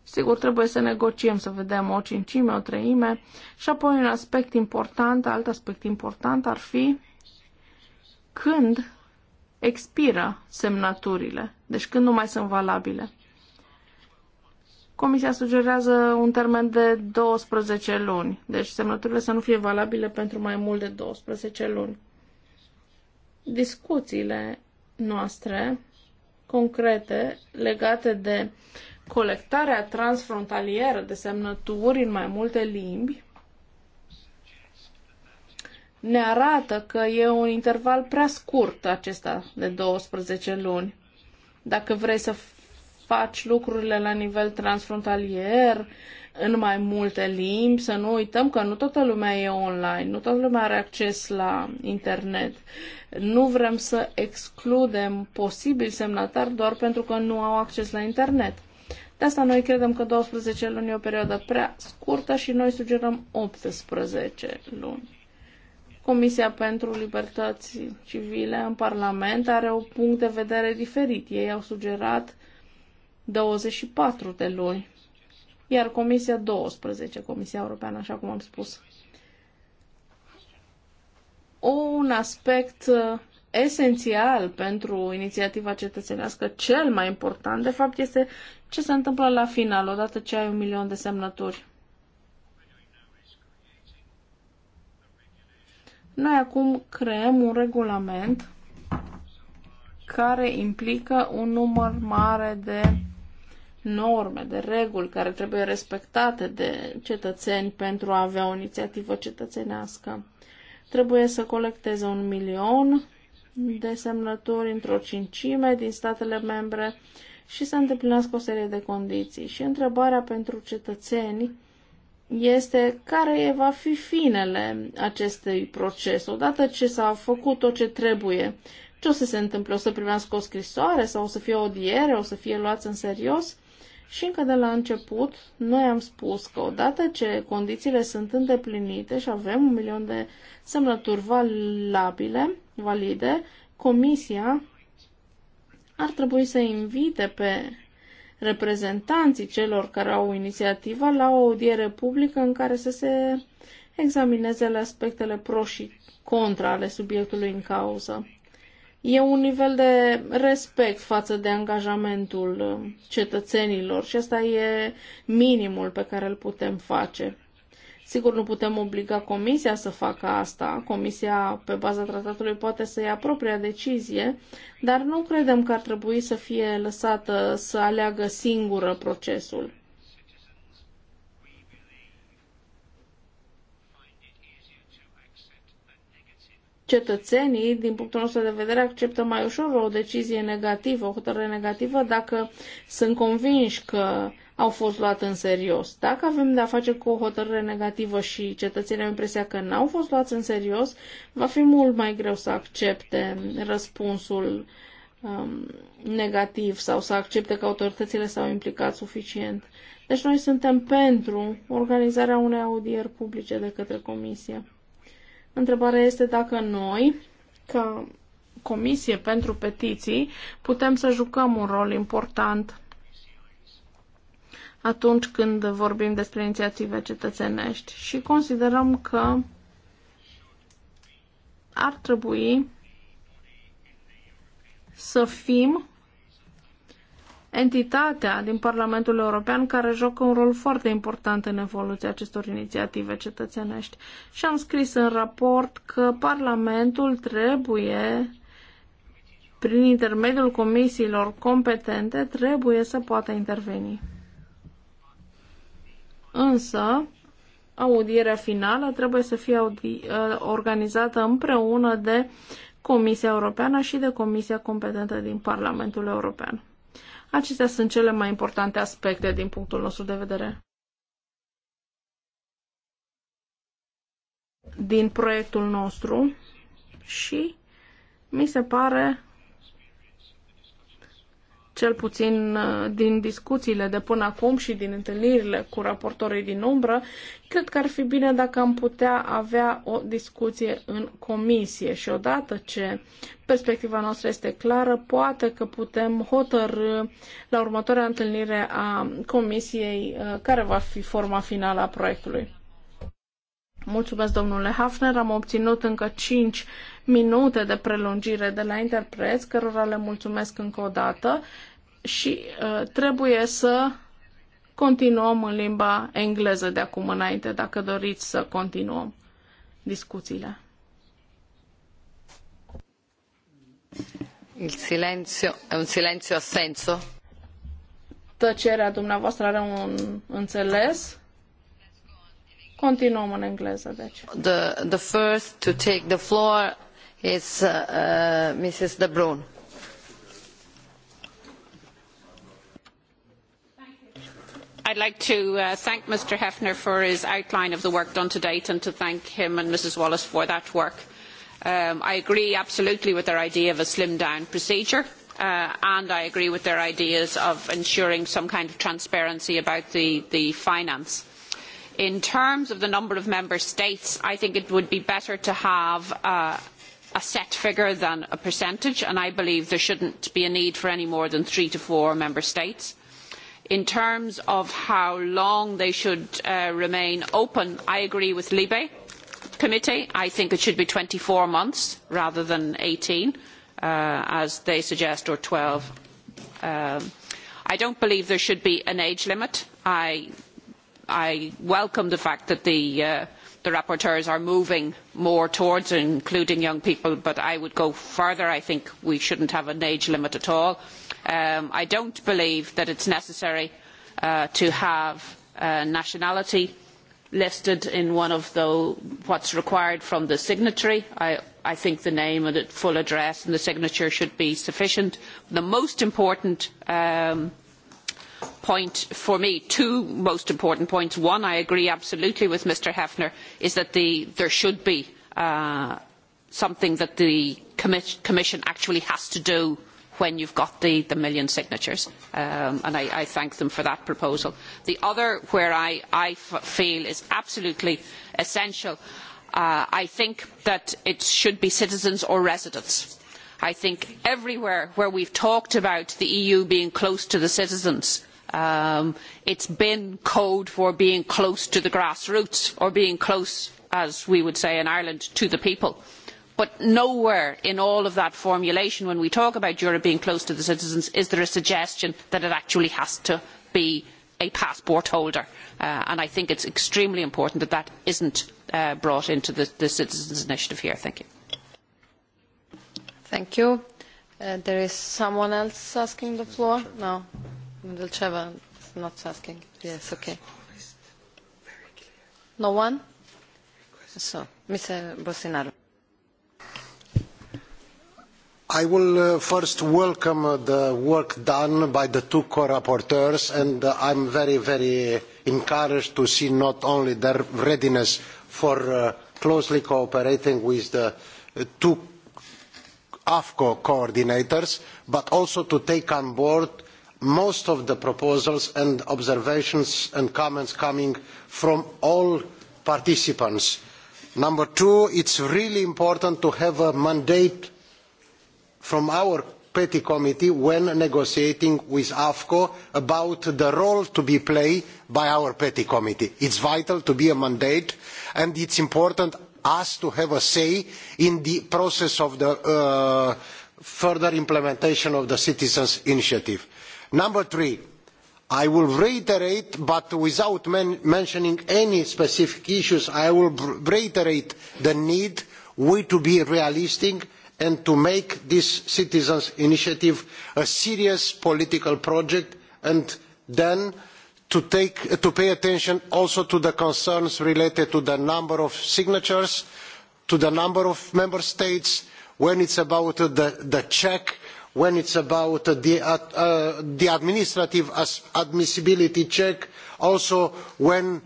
Sigur, trebuie să negociem, să vedem o cincime, o treime. Și apoi un aspect important, alt aspect important ar fi când expiră semnăturile, deci când nu mai sunt valabile. Comisia sugerează un termen de 12 luni, deci semnăturile să nu fie valabile pentru mai mult de 12 luni. Discuțiile noastre concrete legate de colectarea transfrontalieră de semnături în mai multe limbi ne arată că e un interval prea scurt acesta de 12 luni. Dacă vrei să faci lucrurile la nivel transfrontalier, în mai multe limbi, să nu uităm că nu toată lumea e online, nu toată lumea are acces la internet. Nu vrem să excludem posibil semnatari doar pentru că nu au acces la internet. De asta noi credem că 12 luni e o perioadă prea scurtă și noi sugerăm 18 luni. Comisia pentru Libertăți Civile în Parlament are un punct de vedere diferit. Ei au sugerat 24 de luni iar Comisia 12, Comisia Europeană, așa cum am spus. Un aspect uh, esențial pentru inițiativa cetățenească, cel mai important, de fapt, este ce se întâmplă la final, odată ce ai un milion de semnături. Noi acum creăm un regulament care implică un număr mare de norme, de reguli care trebuie respectate de cetățeni pentru a avea o inițiativă cetățenească. Trebuie să colecteze un milion de semnături într-o cincime din statele membre și să îndeplinească o serie de condiții. Și întrebarea pentru cetățeni este care va fi finele acestui proces. Odată ce s-a făcut tot ce trebuie, ce o să se întâmple? O să primească o scrisoare sau o să fie o diere, o să fie luați în serios? Și încă de la început, noi am spus că odată ce condițiile sunt îndeplinite și avem un milion de semnături valabile, valide, comisia ar trebui să invite pe reprezentanții celor care au inițiativa la o audiere publică în care să se examineze aspectele pro și contra ale subiectului în cauză. E un nivel de respect față de angajamentul uh, cetățenilor și asta e minimul pe care îl putem face. Sigur, nu putem obliga Comisia să facă asta. Comisia, pe baza tratatului, poate să ia propria decizie, dar nu credem că ar trebui să fie lăsată să aleagă singură procesul. cetățenii, din punctul nostru de vedere, acceptă mai ușor o decizie negativă, o hotărâre negativă, dacă sunt convinși că au fost luate în serios. Dacă avem de-a face cu o hotărâre negativă și cetățenii au impresia că n-au fost luați în serios, va fi mult mai greu să accepte răspunsul um, negativ sau să accepte că autoritățile s-au implicat suficient. Deci noi suntem pentru organizarea unei audieri publice de către Comisie. Întrebarea este dacă noi, ca Comisie pentru Petiții, putem să jucăm un rol important atunci când vorbim despre inițiative cetățenești și considerăm că ar trebui să fim entitatea din Parlamentul European care joacă un rol foarte important în evoluția acestor inițiative cetățenești. Și am scris în raport că Parlamentul trebuie prin intermediul comisiilor competente, trebuie să poată interveni. Însă, audierea finală trebuie să fie uh, organizată împreună de Comisia Europeană și de Comisia competentă din Parlamentul European. Acestea sunt cele mai importante aspecte din punctul nostru de vedere. Din proiectul nostru și mi se pare cel puțin uh, din discuțiile de până acum și din întâlnirile cu raportorii din umbră, cred că ar fi bine dacă am putea avea o discuție în comisie și odată ce perspectiva noastră este clară, poate că putem hotărâ la următoarea întâlnire a comisiei uh, care va fi forma finală a proiectului. Mulțumesc, domnule Hafner. Am obținut încă 5 minute de prelungire de la interpreți, cărora le mulțumesc încă o dată și uh, trebuie să continuăm în limba engleză de acum înainte, dacă doriți să continuăm discuțiile. Il silenzio è un silenzio senso? Tăcerea dumneavoastră are un înțeles? Continuăm în engleză, deci. The, the first to take the floor is uh, uh, Mrs. De Bruyne. I'd like to uh, thank Mr Hefner for his outline of the work done to date and to thank him and Mrs Wallace for that work. Um, I agree absolutely with their idea of a slimmed down procedure uh, and I agree with their ideas of ensuring some kind of transparency about the, the finance in terms of the number of member states, I think it would be better to have uh, a set figure than a percentage, and I believe there shouldn't be a need for any more than three to four member states. In terms of how long they should uh, remain open, I agree with Libe committee. I think it should be 24 months rather than 18, uh, as they suggest, or 12. Um, I don't believe there should be an age limit. I I welcome the fact that uh, the, rapporteurs are moving more towards including young people, but I would go further. I think we shouldn't have an age limit at all. i um, I don't believe that it's necessary uh, to have nationality listed in one of the what's required from the signatory. I, think the name and the full address and the signature should be sufficient. The most important um, point for me, two most important points. One, I agree absolutely with Mr Hefner, is that the, there should be uh, something that the Commission actually has to do when you've got the, the million signatures, um, and I, I, thank them for that proposal. The other where I, I feel is absolutely essential, uh, I think that it should be citizens or residents. I think everywhere where we've talked about the EU being close to the citizens, Um, it's been code for being close to the grassroots or being close, as we would say in Ireland, to the people. But nowhere in all of that formulation, when we talk about Europe being close to the citizens, is there a suggestion that it actually has to be a passport holder. Uh, and I think it's extremely important that that isn't uh, brought into the, the citizens' initiative here. Thank you. Thank you. Uh, there is someone else asking the floor? No. Vilcheva is not asking. Yes, okay. No one? So, Mr. Bolsonaro. I will uh, first welcome uh, the work done by the two co-rapporteurs and uh, I'm very, very encouraged to see not only their readiness for uh, closely cooperating with the uh, two AFCO coordinators, but also to take on board most of the proposals and observations and comments coming from all participants. number two it is really important to have a mandate from our peti committee when negotiating with afco about the role to be played by our peti committee. it is vital to be a mandate and it is important us to have a say in the process of the uh, further implementation of the citizens' initiative number three i will reiterate but without mentioning any specific issues i will reiterate the need we to be realistic and to make this citizens' initiative a serious political project and then to, pay attention also to the concerns related to the number of signatures to the number of member states when it is about the, the check when it is about the, uh, uh, administrative admissibility check also when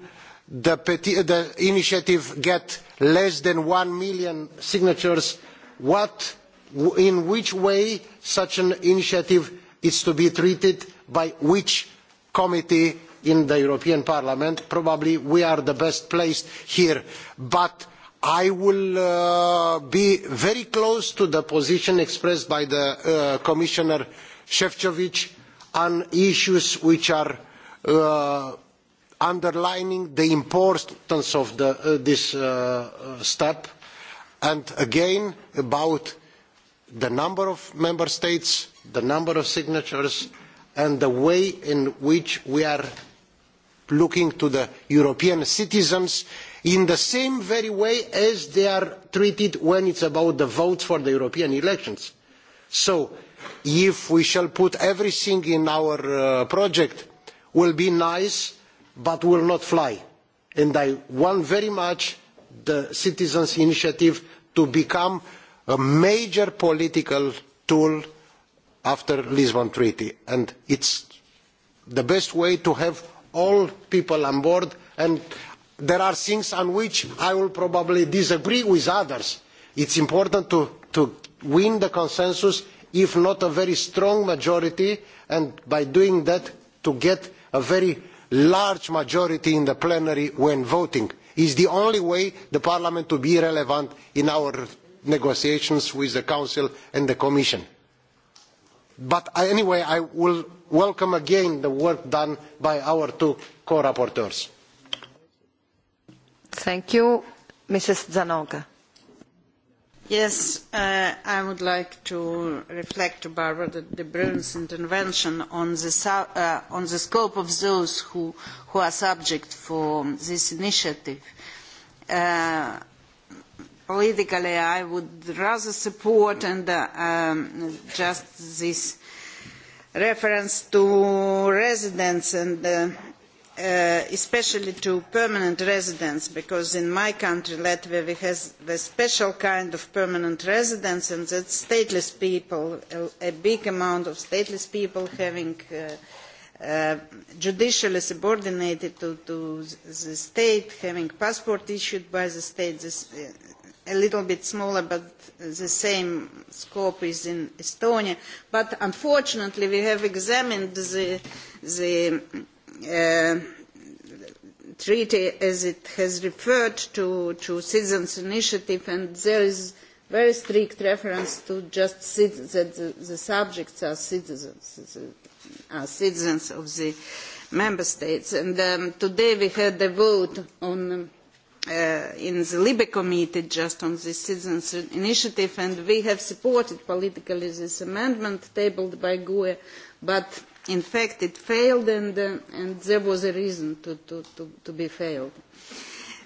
the, initiative gets less than one million signatures what, in which way such an initiative is to be treated by which committee in the european parliament probably we are the best placed here but i will uh, be very close to the position expressed by the, uh, commissioner efovi on issues which are uh, underlining the importance of the, uh, this uh, step and again about the number of member states the number of signatures and the way in which we are looking to the European citizens in the same very way as they are treated when it is about the votes for the European elections. So if we shall put everything in our project uh, project, will be nice, but will not fly. And I want very much the citizens' initiative to become a major political tool after the Lisbon Treaty. And it's the best way to have all people on board and there are things on which i will probably disagree with others. it is important to, to win the consensus if not a very strong majority and by doing that to get a very large majority in the plenary when voting is the only way the parliament to be relevant in our negotiations with the council and the commission. but anyway i will welcome again the work done by our two co rapporteurs. Thank you. Mrs. Zanoga. Yes, uh, I would like to reflect on Barbara de brn's intervention on the, uh, on the scope of those who, who are subject for this initiative. Uh, politically, I would rather support and uh, um, just this reference to residents and uh, uh, especially to permanent residents because in my country Latvia we have a special kind of permanent residents and is stateless people, a, big amount of stateless people having uh, uh, judicially subordinated to, to, the state, having passport issued by the state. This, a little bit smaller, but the same scope is in Estonia. But unfortunately, we have examined the, the uh, treaty as it has referred to, to citizens' initiative, and there is very strict reference to just that the, the subjects are citizens, are citizens of the member states. And um, today we had a vote on. Um, Uh, in the Libe committee just on the citizens initiative and we have supported politically this amendment tabled by GUE but in fact it failed and, uh, and there was a reason to, to, to, to be failed.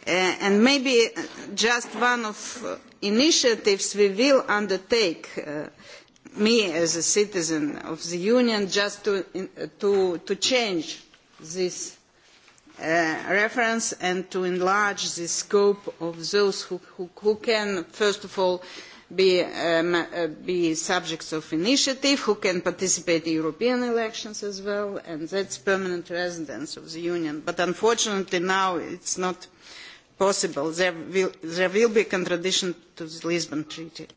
Uh, and maybe just one of uh, initiatives we will undertake uh, me as a citizen of the union just to, uh, to change this Uh, reference and to enlarge the scope of those who, who, who can, first of all, be, um, uh, be subjects of initiative, who can participate in European elections as well, and that's permanent residents of the Union. But unfortunately now it's not possible. There will, there will be a contradiction to the Lisbon Treaty.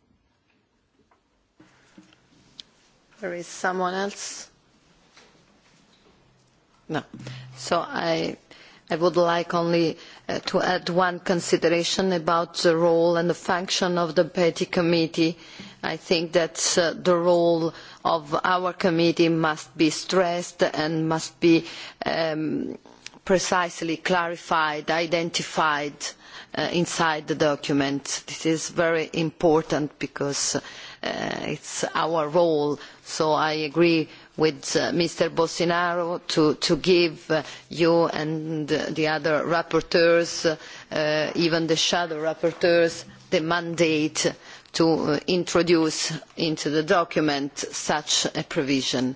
There is someone else? No. So I I would like only uh, to add one consideration about the role and the function of the Petty Committee. I think that uh, the role of our committee must be stressed and must be um, precisely clarified, identified uh, inside the document. This is very important because uh, it's our role. So I agree with uh, Mr. Bolsonaro to, to give uh, you and the other rapporteurs, uh, even the shadow rapporteurs, the mandate to uh, introduce into the document such a provision.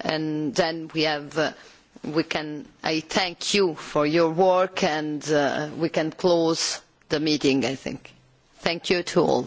And then we have, uh, we can, I thank you for your work and uh, we can close the meeting, I think. Thank you to all.